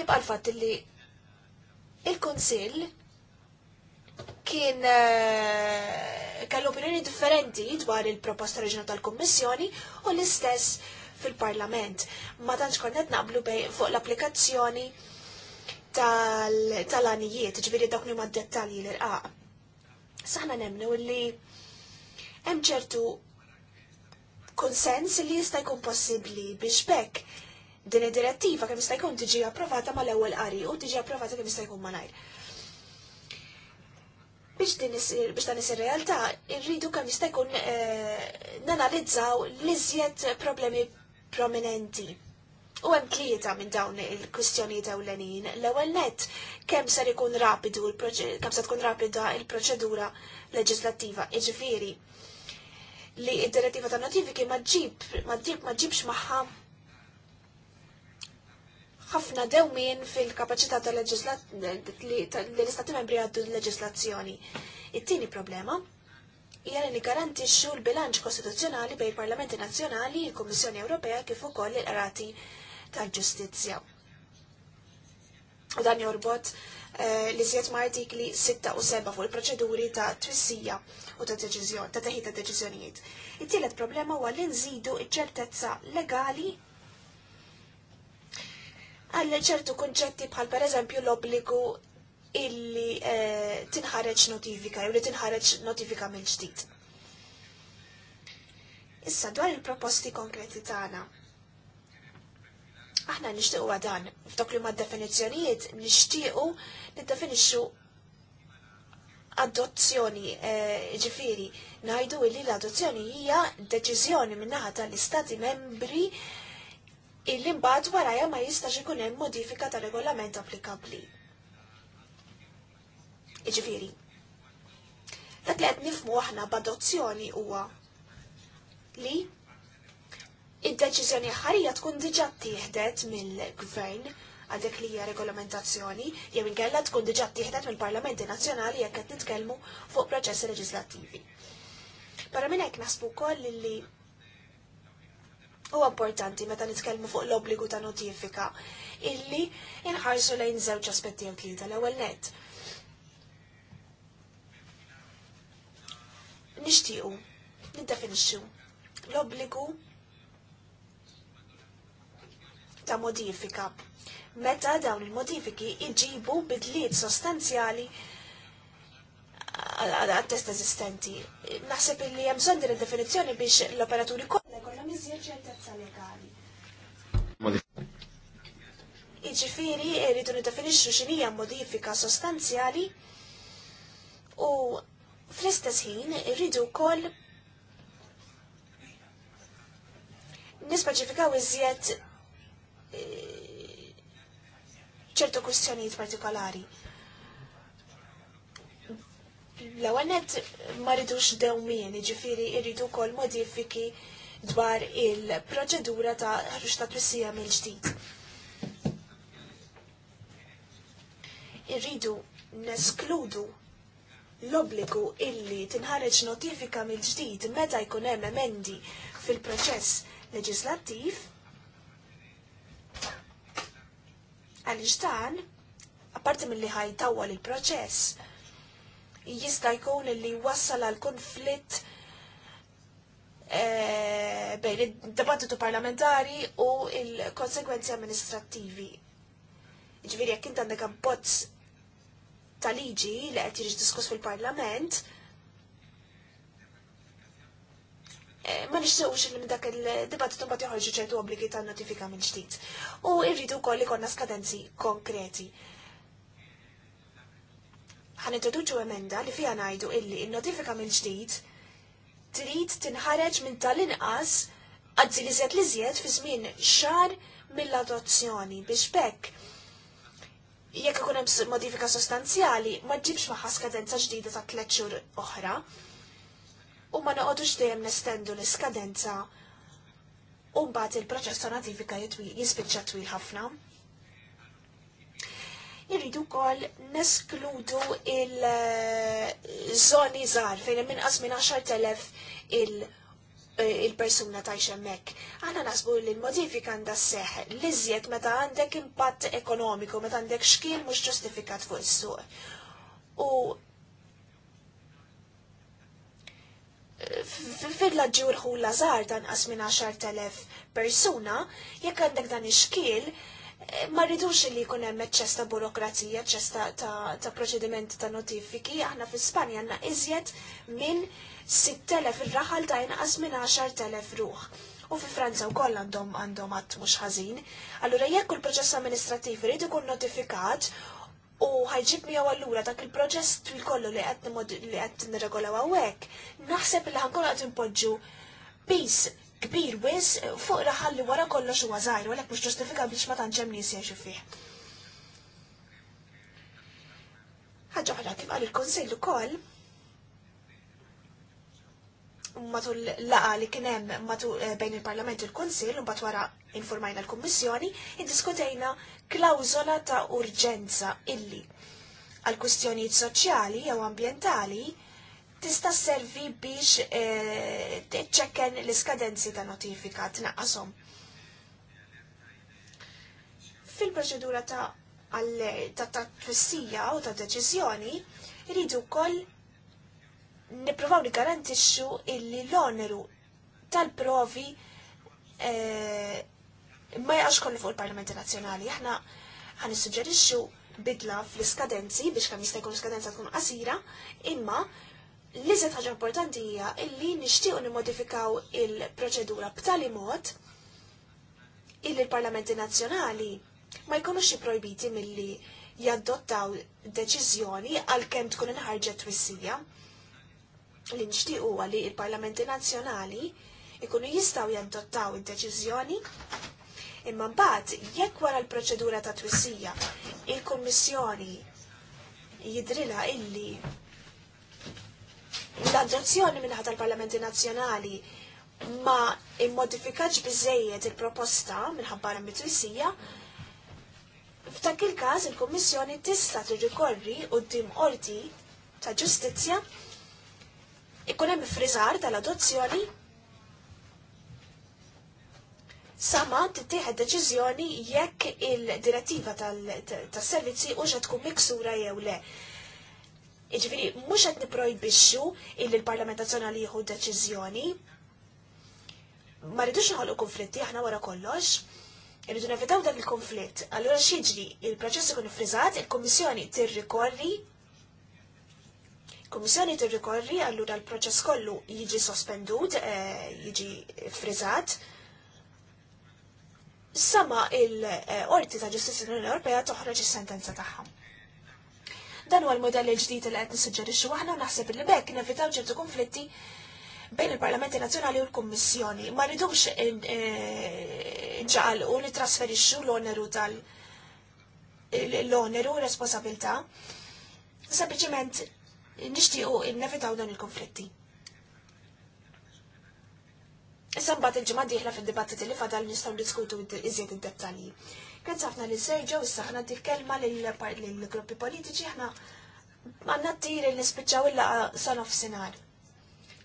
jibqa' l-fatt li il-Kunsill kien eh, kellu opinjoni differenti dwar il-proposta reġina tal-Kummissjoni u l-istess fil-Parlament. Ma tantx konnet qed naqblu fuq l-applikazzjoni tal-anijiet, ġviri dawk li ma dettalji l-irqaq. Saħna nemnu li hemm ċertu konsens li jista' jkun possibbli biex bekk din id-direttiva kemm jista' jkun tiġi approvata mal-ewwel qari u tiġi approvata kemm jista' jkun malajr. Biex, din isir, biex dan isir realtà, irridu kemm jista' jkun eh, nanalizzaw l-iżjed problemi prominenti. U hemm tlieta minn dawn il-kwistjonijiet ewlenin. L-ewwel nett kemm ser ikun rapidu kemm se tkun rapida il-proċedura leġislattiva. Iġifieri li id-direttiva ta' notifiki ma ġib ma ġib ma ġibx magħha ħafna dewmien fil-kapaċità tal l-istati membri għaddu l-leġislazzjoni. It-tieni problema hija li nigarantixxu l-bilanċ kostituzzjonali bejn il-Parlamenti Nazzjonali, il-Kummissjoni Ewropea kif ukoll il-Qrati tal-ġustizzja. U dan jorbot eh, li siet ma' artikli 6 u 7 fuq il-proċeduri ta' twissija u ta' deċiżjon, ta' teħid ta' deċiżjonijiet. It-tielet problema huwa li nżidu ċ-ċertezza legali għal ċertu kunċetti bħal pereżempju l-obbligu illi eh, tinħareġ notifika, jew li tinħareġ notifika mill-ġdid. Issa dwar il-proposti konkreti tagħna. Aħna nishtiqu għadan, f'dok li ma' definizzjonijiet nixtiequ definixxu adozzjoni, eh, ġifiri, najdu illi l-adozzjoni hija deċiżjoni minnaħa tal-istati membri illi mbagħad warajja ma jistax ikun hemm modifika tar regolament applikabbli. Ġifiri, dak li qed nifmu aħna b'adozzjoni huwa li id-deċiżjoni ħarija tkun diġà tieħdet mill-gvern għadek li hija regolamentazzjoni jew inkella tkun diġà tieħdet mill-Parlamenti Nazzjonali jekk qed nitkellmu fuq proċessi leġislattivi. Para minn hekk nasbu wkoll li huwa importanti meta nitkellmu fuq l-obbligu ta' notifika illi inħarsu lejn żewġ aspetti jew tlieta l-ewwel nett. Nixtiequ niddefinixxu l-obbligu ta' modifika. Meta dawn il-modifiki iġibu bidliet sostanzjali għat-test eżistenti. Naħseb li hemm bżonn din id-definizzjoni biex l-operaturi kollha jkollhom iżjed ċertezza legali. Iġifieri rridu niddefinixxu x'inhija modifika sostanzjali u fl-istess ħin irridu wkoll nispaċifikaw iżjed ċertu kwistjonijiet partikolari. L-ewwel net ma rridux dewmien, jiġifieri rridu wkoll modifiki dwar il-proċedura ta' ħruġ ta' twissija mill-ġdid. Irridu neskludu l-obbligu illi tinħareġ notifika mill-ġdid meta jkun hemm emendi fil-proċess leġislattiv Għaliex dan, apparti mill-li ħajtawwal il-proċess, jista' jkun li wassal għal konflitt e, bejn id debattitu parlamentari u il-konsekwenzi amministrattivi. Ġviri, jekk inti għandek abbozz ta' liġi li qed jiġi diskuss fil-Parlament, ma nixtiequx li minn dak il-dibattitu mbagħad joħorġu ċertu obbligi ta' notifika minn ġdid. U rridu wkoll ikollna konna skadenzi konkreti. Ħanintroduċu emenda li fiha ngħidu illi n-notifika mill ġdid trid tinħareġ minn tal-inqas għadzi li li zed fi żmien xar mill-adozzjoni biex bekk. Jekk ikun hemm modifika sostanzjali, ma ġibx magħha skadenza ġdida ta' tliet xhur oħra u ma noqogħdux dejjem nestendu l-iskadenza u mbagħad il-proċess ta' ratifika jispiċċa twil ħafna. Irridu wkoll neskludu il-żoni żgħar fejn hemm inqas minn 10,000 il- il-persuna tajx hemmhekk. Aħna nasbu li l-modifika għandha seħ li żjed meta għandek impatt ekonomiku, meta għandek xkien mhux ġustifikat fuq is-suq. U fil-villaġġi u l-ħula tanqas minn 10,000 persuna, jekk għandek dan ix-xkiel, eh, ma rridux li jkun hemm ċesta burokrazija, ċesta ta' proċediment ta' notifiki, aħna fi Spanja għandna iżjed minn 6,000 ir-raħal ta' inqas minn 10,000 ruħ. U fi Franza wkoll għandhom għandhom għatt mhux ħażin. Allura jekk il-proċess amministrativ irid ikun notifikat U ħajġib mi għallura dak il-proġess twil kollu li għed li għed nirregolaw għawek. Naħseb li ħankun għed impoġġu bis kbir wis fuq raħalli wara kollox u għazajru, għalek mux ġustifika biex ma tanġem nis fih. ħagġa oħra kif għal il-konsillu koll, matul laqa li kien hemm matul eh, bejn il-Parlament u l-Kunsill u mbagħad wara informajna l-Kummissjoni, iddiskutejna klawżola ta' urġenza illi għal kwistjonijiet soċjali jew ambjentali tista' sservi biex eh, tiċċekken l-iskadenzi ta' notifika tnaqqashom. Fil-proċedura ta' ta' twissija u ta' deċiżjoni, rridu wkoll niprofaw li garantixxu illi l-oneru tal-provi eh, ma jgħax kollu fuq il-Parlamenti Nazzjonali. Aħna ħan nissuġġerixxu bidla fl-iskadenzi biex kemm jista' jkun iskadenza tkun qasira, imma l se ħaġa importanti hija illi nixtiequ nimmodifikaw il-proċedura b'tali mod illi l-Parlamenti Nazzjonali ma jkunux projbiti milli jaddottaw deċiżjoni għal kemm tkun inħarġet twissija li nixtiequ li il-Parlamenti Nazzjonali ikunu jistaw jaddottaw id-deċiżjoni imma mbagħad jekk wara l-proċedura ta' twissija il-Kummissjoni jidrilha illi l-adozzjoni minn tal-Parlamenti Nazzjonali ma immodifikax biżejjed il-proposta minħabba mit-twissija, f'dak il-każ il-Kummissjoni tista' tirrikorri quddiem qorti ta' ġustizzja ikun hemm friżar tal-adozzjoni sama tittieħed deċiżjoni jekk il-direttiva tas-servizzi u xa tkun miksura jew le. Iġviri, mux għed niprojbixxu il parlament Nazzjonali jieħu deċiżjoni. Ma rridux nħolqu konflitti aħna wara kollox. Irridu nevitaw dan il-konflitt. Allura x'jiġri? Il-proċess ikun ifriżat, il-Kummissjoni tirrikorri Kummissjoni tirrikorri allura l-proċess kollu jiġi sospendut, eh, jiġi frizzat. Sama il-Qorti ta' Ġustizja l-Unjoni Ewropea toħroġ is-sentenza tagħha. Dan huwa l-modell il-ġdid li qed nissuġġerixxu aħna naħseb li bekk nevitaw ċertu konflitti bejn il-Parlamenti Nazzjonali u l-Kummissjoni. Ma rridux ġaqal eh, u nitrasferixxu l-oneru tal l-oneru responsabilità. Sempliċiment nixtiequ innevitaw dawn il konfletti Issa mbagħad il-ġimgħa dieħla fid-dibattiti li fadal nistgħu diskutu iżjed id-dettalji. Kien ħafna li Serġo issa ħna kelma lill-gruppi politiċi ħna għandna ttiri li nispiċċaw il-laqa sa nofsinhar.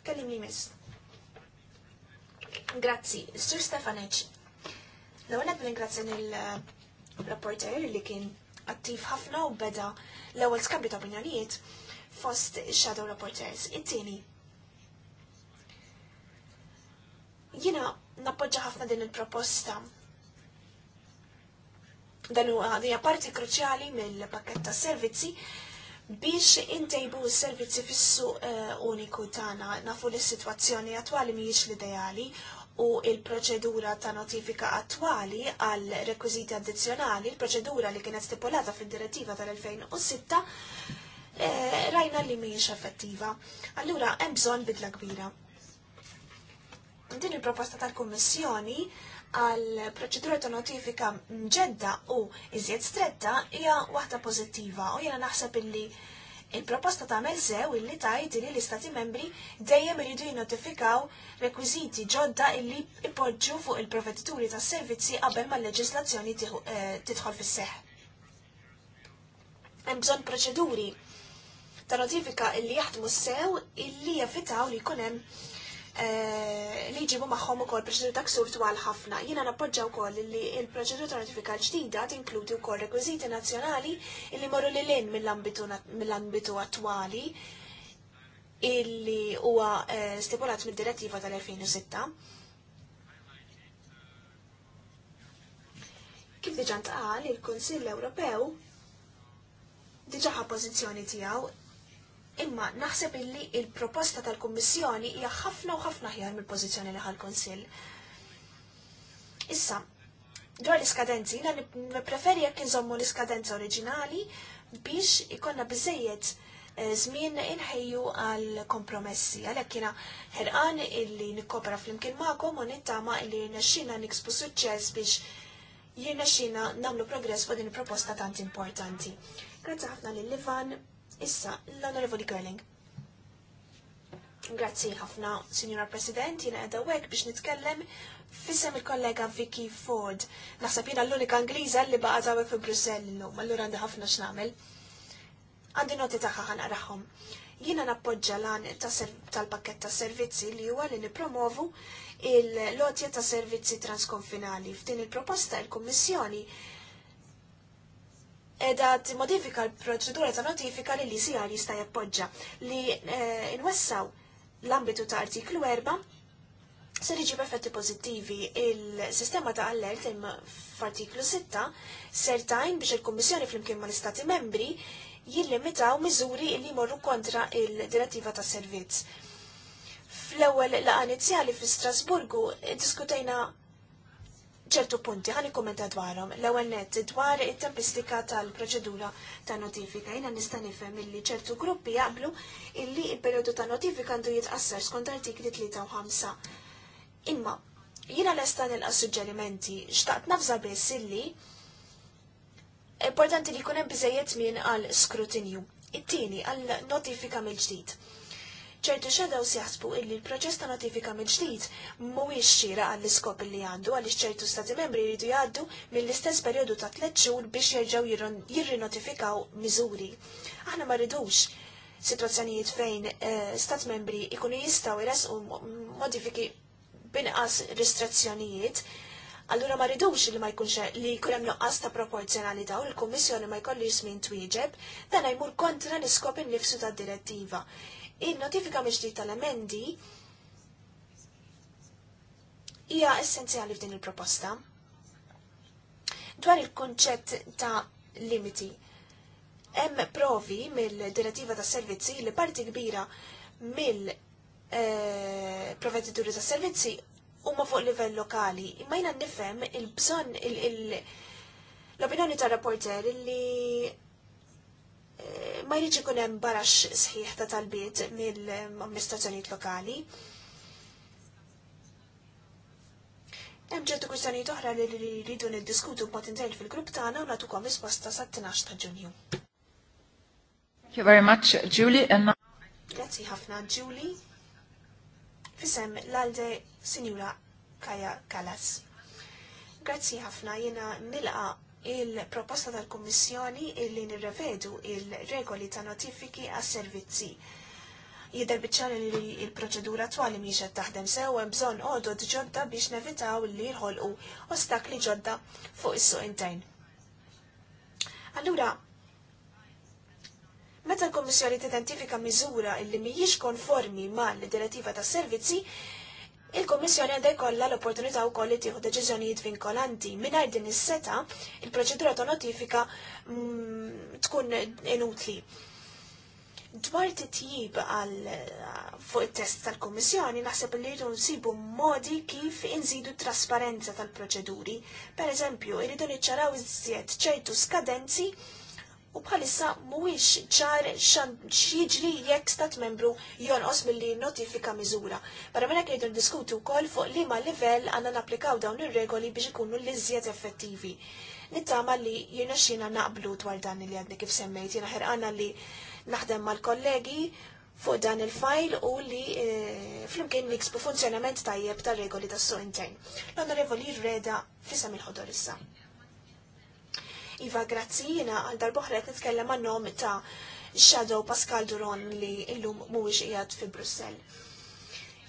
Kellimni miss. Grazzi, Sur Stefanec. L-għonet ringrazzjan il-rapporter eh, li kien attiv ħafna u beda l-ewwel skambju ta' opinjonijiet fost shadow reporters. It-tieni. Jina nappoġġa ħafna din il-proposta. Dan huwa hija parti kruċjali mill-pakket ta' servizzi biex intejbu s-servizzi fis uh, eh, uniku tagħna nafu li sitwazzjoni attwali mhijiex l-ideali u il-proċedura ta' notifika attwali għal rekwiziti addizzjonali, il-proċedura li kienet stipulata fil-direttiva tal-2006, Eh, rajna li mhijiex effettiva. Allura hemm bżonn bidla kbira. Din il-proposta tal-Kummissjoni għal proċedura ta' notifika mġedda u iżjed stretta hija waħda pożittiva u jiena naħseb illi il-proposta ta' sew illi tajt li l-istati membri dejjem iridu jinotifikaw rekwiżiti ġodda illi ipoġġu fuq il-provedituri ta' servizzi qabel ma' leġislazzjoni eh, tidħol fis-seħ. Hemm bżonn proċeduri ta' notifika illi jaħdmu sew illi jevitaw li kunem eh, li jġibu maħħom u kol proċedura ta' ksur twal ħafna. Jina nappoġġaw kol li il-proċedura ta' notifika ġdida tinkludi u kol rekwiziti nazjonali illi morru li l-in mill-ambitu attuali illi huwa eh, stipulat mid-direttiva tal-2006. Kif diġan tqal il-Konsill Ewropew diġaħa pozizjoni tijaw tiegħu Imma naħseb illi il-proposta tal-Kummissjoni hija ħafna u ħafna ħjar mill-pożizzjoni li ħal-Konsill. Issa, dwar l-iskadenzi, jina nipreferi jekk inżommu l-iskadenza oriġinali biex ikonna biżejjed eh, żmien inħejju għal kompromessi. Għalhekk jiena ħerqan illi nikkopra flimkien magħkom u nittama illi jirnexxina niksbu suċċess biex jirnexxina namlu progress fuq din il proposta tant importanti. Grazzi ħafna lil Livan Issa, l-Onorevoli Girling. Grazzi ħafna, Signora President, jina għedha wek biex nitkellem fissem il-kollega Vicky Ford. Naħseb jina l-unika Angliża li baqa għawek fi Brussell l-lum, allura għandi ħafna x'namel. Għandi noti taħħa ħanqraħom. Jina nappoġġa lan tal-pakket ta' servizzi li huwa li nipromovu il-lotja ta' servizzi transkonfinali. F'din il-proposta il-Kummissjoni il proposta il kummissjoni il kummissjoni edha t-modifika l-proċedura ta' notifika li l-ICR jista' jappoġġa li eh, nwessaw l-ambitu ta' artiklu 4 se riġib effetti pozittivi il-sistema ta' allert f'artiklu 6 ser tajn biex il-Kummissjoni flimkien ma' l-Istati membri jillimitaw miżuri li jmorru kontra il-direttiva ta' servizz. Fl-ewwel laqa inizjali fi Strasburgu diskutejna ċertu punti għan ikkommenta dwarhom. L-ewwel nett dwar it-tempistika tal-proċedura ta' notifika jiena nista' nifhem illi ċertu gruppi jaqblu illi il-perjodu ta' notifika għandu jitqassar skont artikli 3 u jina Imma jiena lesta assuġġerimenti suġġerimenti xtaqt nafza biss illi importanti li jkun hemm min għal skrutinju. It-tieni għal notifika mill-ġdid ċertu shadows jaħsbu illi l-proċess ta' notifika mill-ġdid mhuwiex xira għall-iskop illi għandu għaliex ċertu stati membri jridu jgħaddu mill-istess perjodu ta' tliet xhur biex jerġgħu jirrinotifikaw miżuri. Aħna ma rridux situazzjonijiet fejn eh, stat membri ikunu jistgħu jresqu modifiki binqas restrizzjonijiet Allura ma ridux li ma jkunx li jkun hemm noqqas ta' proporzjonalità u l-Kummissjoni ma jkollix min twieġeb, dan jmur kontra l-iskop innifsu tad-direttiva il-notifika miġdijt tal-emendi hija essenzjali f'din il-proposta. Dwar il-konċett ta' limiti, hemm provi mill-direttiva ta' servizzi li parti kbira mill eh, provedituri ta' servizzi huma fuq livell lokali. Imma jiena nifhem il-bżonn l-opinjoni tar rapporter li ma jridx ikun hemm barax sħiħ ta' talbiet mill-amministrazzjonijiet lokali. Hemm ġettu kwistjonijiet oħra li rridu niddiskutu b'mod intejl fil-grupp tagħna u nagħtukom risposta sa' 12 ta' Ġunju. Thank you very much, Julie. And... Grazzi ħafna, Julie. Fisem l-alde Sinjura Kaja Kalas. Grazzi ħafna, jena nilqa' il-proposta tal-Kommissjoni illi nirrevedu il-regoli ta' notifiki għas servizzi Jidher biċċar li il-proċedura twali miex qed taħdem sew hemm bżonn għodod ġodda biex nevitaw li jħolqu ostakli ġodda fuq is-suq intern. Allura, meta l-Kommissjoni t-identifika miżura illi mhijiex konformi mal-direttiva tas servizzi, il-Kommissjoni għandha jkollha l-opportunità wkoll li tieħu deċiżjonijiet vinkolanti. Mingħajr din is-seta, il-proċedura ta' notifika mm, tkun inutli. Dwar titjib għal fuq it-test tal-Kommissjoni naħseb li rridu nsibu modi kif inżidu trasparenza tal-proċeduri. Per eżempju, irridu niċċaraw iżjed ċertu skadenzi u bħalissa mhuwiex ċar x'jiġri jekk stat membru jonqos milli notifika miżura. Barra minn hekk n-diskutu wkoll fuq liema livell għandna napplikaw dawn ir-regoli biex ikunu l-iżjed effettivi. Nittama li jiena xina naqblu dwar dan li għadni kif semmejt, jiena ħerqana li naħdem mal-kollegi fuq dan il-fajl u li e, flimkien niksbu funzjonament tajjeb tal-regoli tas-suq intern. L-onorevoli r-reda fissam il-ħodor issa. Iva, Grazzina jena għal darboħret nitkellem għannom ta' Shadow Pascal Duron li illum mhuwiex qiegħed fi Brussell.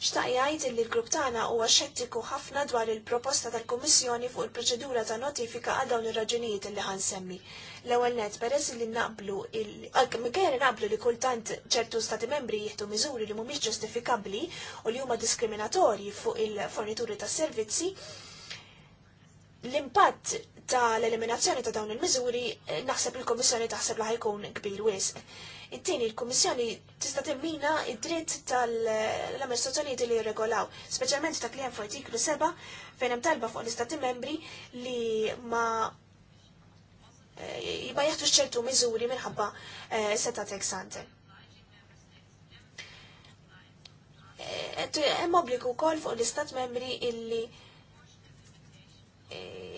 Xtaq jgħid li l-grupp tagħna huwa xettiku ħafna dwar il-proposta tal-Kummissjoni fuq il-proċedura ta' notifika għal dawn ir-raġunijiet li ħansemmi. L-ewwel net peress li naqblu il naqblu li kultant ċertu stati membri jieħdu miżuri li mhumiex ġustifikabbli u li huma diskriminatorji fuq il-fornituri tas-servizzi, l-impatt ta' l-eliminazzjoni ta' dawn il-miżuri eh, naħseb il-Komissjoni taħseb li ħajkun kbir wisq. It-tieni l-Kummissjoni tista' timmina id-dritt tal-amministrazzjonijiet li jirregolaw, speċjalment ta' klient f'artiklu 7 fejn hemm talba fuq l-Istati membri li ma jibba eh, jaħtu ċertu miżuri minħabba eh, seta' teksante. Hemm obbligu wkoll fuq l-Istat membri illi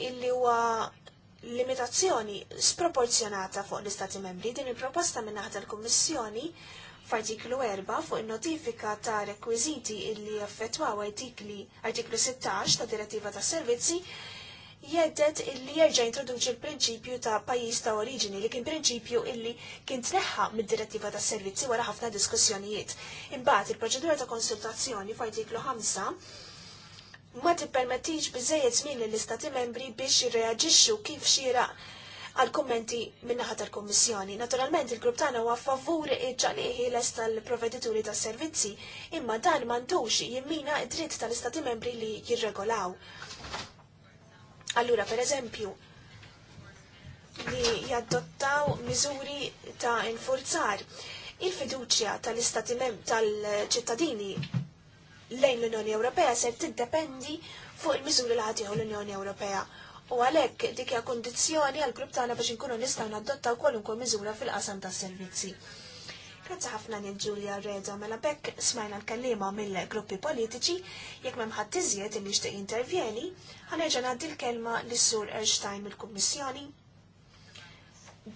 illi huwa limitazzjoni sproporzjonata fuq l-Istati membri din il-proposta minn naħta l-Kummissjoni f'artiklu 4 fuq il-notifika ta' rekwiziti illi effettwaw artikli artiklu 16 ta' direttiva ta' servizzi jeddet illi jerġa' introduċi l-prinċipju ta' pajjiż ta' oriġini li kien prinċipju illi kien tneħħa mid-direttiva ta' servizzi wara ħafna diskussjonijiet. Imbagħad il-proċedura ta' konsultazzjoni f'artiklu 5 ma tippermettix biżejjed żmien lill-istati membri biex jirreaġixxu kif xira għal kummenti minnaħat tal-Kommissjoni. Naturalment il-grupp tagħna huwa favur iġġalih les tal-provedituri tas servizzi, imma dan m'għandux jimmina id-dritt tal-istati membri li jirregolaw. Allura, per eżempju, li jaddottaw miżuri ta' infurzar il-fiduċja tal-istati tal-ċittadini lejn l-Unjoni Ewropea ser tiddependi fuq il-miżuri li ħatiħu l-Unjoni Ewropea. U għalhekk dik hija kundizzjoni għall grupp tagħna biex inkunu nistgħu nadottaw kwalunkwe miżura fil-qasam tas-servizzi. Grazzi ħafna lil Ġulja Reda mela bekk smajna l kelliema mill-gruppi politiċi jekk m'hemm ħadd iżjed li jixtieq intervjeni, ħanerġa' ngħaddi l-kelma lis-Sur Erstein mill-Kummissjoni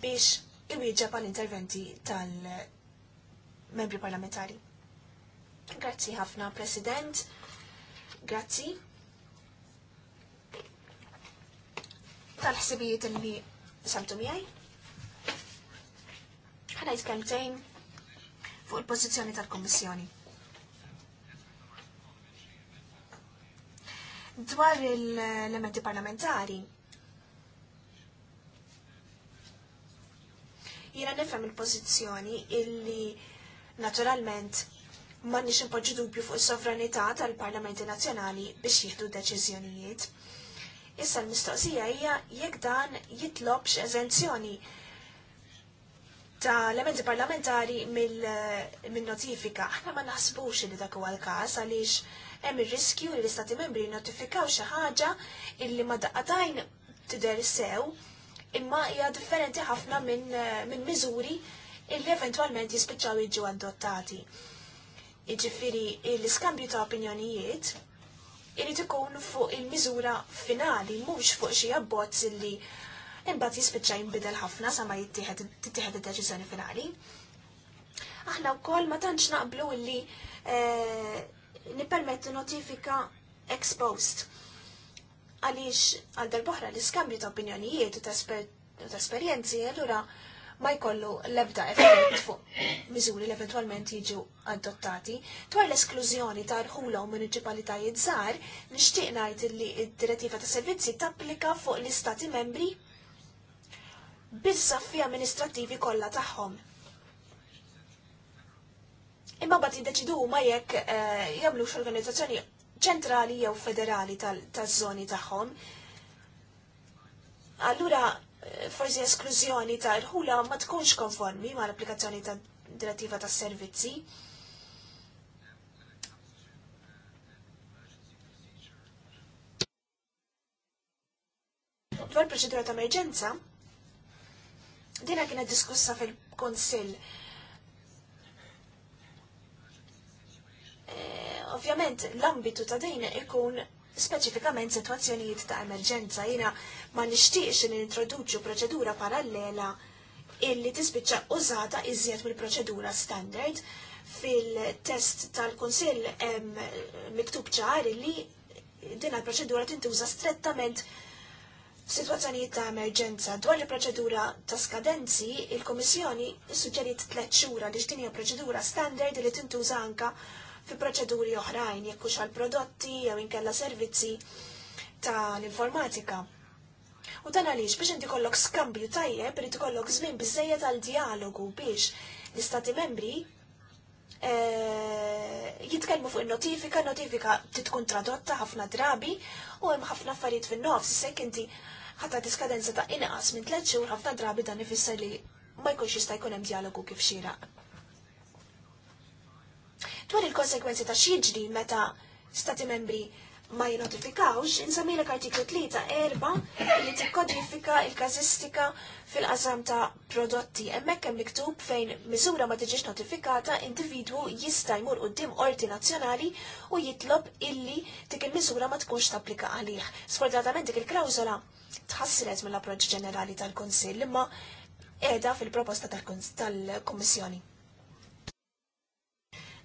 biex iwieġeb għall-interventi tal-membri parlamentari. Grazzi ħafna, President. Grazzi. Tal-ħsibijiet li samtu miħaj. Ħana jitkellem fuq il-pożizzjoni tal-Kommissjoni. Dwar l-elementi parlamentari, jiena nifhem il-pożizzjoni illi naturalment ma nix impoġġu dubju fuq is-sovranità tal-Parlamenti Nazzjonali biex jieħdu deċiżjonijiet. Issa l-mistoqsija hija jekk dan jitlobx eżenzjoni ta' elementi parlamentari mill-notifika. Eh, Aħna ma naħsbux li dak huwa l-każ għaliex hemm ir-riskju li l-Istati Membri notifikaw xi ħaġa illi ma daqatajn tidher sew imma hija differenti ħafna minn eh, miżuri illi eventwalment jispiċċaw jiġu adottati. Iġifiri, l-iskambju ta' opinjonijiet irrid ikun fuq il-miżura finali, mhux fuq xi abbozz li imbat jispiċċa jinbidel ħafna sa ma jittieħed id-deċiżjoni finali. Aħna wkoll ma tantx naqblu illi eh, nippermettu notifika ex post. Għaliex għal darbohra l skambju ta' opinjonijiet u ta' esperjenzi, allura ma jkollu l-ebda effett fuq miżuri li eventualment jiġu adottati. Dwar l-esklużjoni ta' rħula u municipalitajiet żgħar, nixtieq ngħid li d-direttiva ta' servizzi tapplika fuq l-istati membri biż saffi amministrativi kollha tagħhom. Imma bat jiddeċidu huma jekk eh, jagħmlux organizzazzjoni ċentrali jew federali taż-żoni tagħhom. Allura forsi esklużjoni ta' rħula ma tkunx konformi ma' l-applikazzjoni ta' direttiva ta' servizzi. Dwar proċedura ta' emerġenza, dina kienet diskussa fil konsil eh, Ovvjament, l-ambitu ta' din ikun speċifikament situazzjonijiet ta' emerġenza. Jina ma nixtieqx li introduċu proċedura parallela illi tispiċċa użata iżjed mill-proċedura standard fil-test tal-Kunsill miktub ċar li din il-proċedura tintuża strettament f'sitwazzjonijiet ta' emerġenza. Dwar il-proċedura ta' skadenzi, il-Komissjoni suġġeriet tliet xhura li x'din hija proċedura standard li tintuża anka fi proċeduri oħrajn, jekk hux għal prodotti jew inkella servizzi tal-informatika. U dan għaliex biex inti kollok skambju tajjeb, irid ikollok żmien biżejjed għal dialogu biex l-istati membri eh, jitkellmu fuq il-notifika, notifika titkun tradotta ħafna drabi u hemm ħafna affarijiet fin-nofs, sekk inti ħatta diskadenza ta' inqas minn tliet xhur ħafna drabi dan ifisser li ma jkunx jista' jkun hemm dialogu kif xieraq. Dwar il-konsekwenzi ta' xi jiġri meta stati membri ma jinotifikawx, insamilek artiklu 3 erba li tikkodifika il-kazistika fil-qasam ta' prodotti. Emmek hemm miktub fejn miżura ma tiġix notifikata, individwu jista' jmur qudiem orti nazzjonali u jitlob illi dik il-miżura ma tkunx tapplika għalih. Sfortunatament dik il-klawżola tħassilet mill-approċċ ġenerali tal-Kunsill imma qiegħda fil-proposta tal-Kummissjoni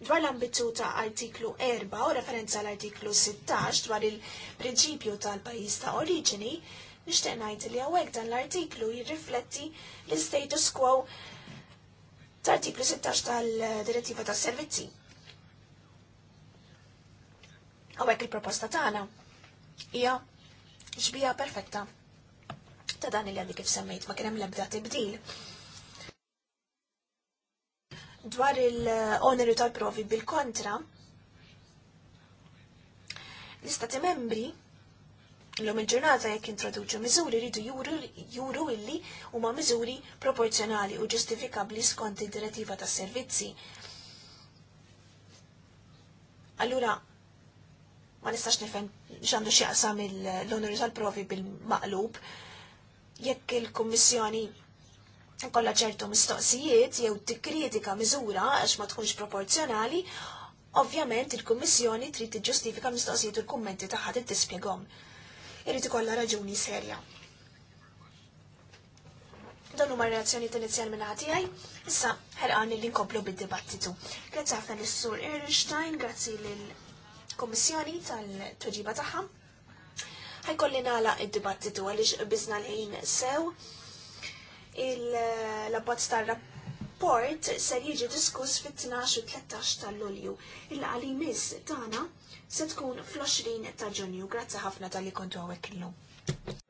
dwar l-ambizju ta' artiklu 4 u referenza l-artiklu 16 dwar il-prinċipju tal-pajis ta' oriġini, nishtiq ngħid li hawnhekk dan l-artiklu jirrifletti l-status quo ta' artiklu 16 tal-direttiva tas servizzi. Hawnhekk il-proposta tagħna hija xbija perfetta ta' dan li kif semmejt ma kien hemm l-ebda tibdil dwar il-oneru tal-provi bil-kontra, l-istati membri l-lum il-ġurnata jekk introduċu miżuri ridu juru illi huma miżuri proporzjonali u ġustifikabli skont id-direttiva tas servizzi. Allura, ma nistax nifhem xandu xieqsam qasam l tal-provi bil-maqlub jekk il-Kummissjoni kolla ċertu mistoqsijiet jew tikkritika miżura għax ma tkunx proporzjonali, ovvjament il-Kummissjoni trid tiġġustifika mistoqsijiet u l-kummenti tagħha trid tispjegom. Irid ikollha raġuni serja. Dan huma r-reazzjoni inizjal minn tiegħi, issa ħerqan li nkomplu bid-dibattitu. Grazzi ħafna l sur Irnstein, grazzi lill-Kummissjoni tal tuġiba tagħha. Ħajkollina nagħlaq id-dibattitu għaliex biżna l-ħin sew il-labbozz tal-rapport ser jiġi diskuss fit-12 u 13 ta' Lulju. Il-qali miss tagħna se tkun fl-20 ta' Ġunju. Grazzi ħafna tal-li kontu għawek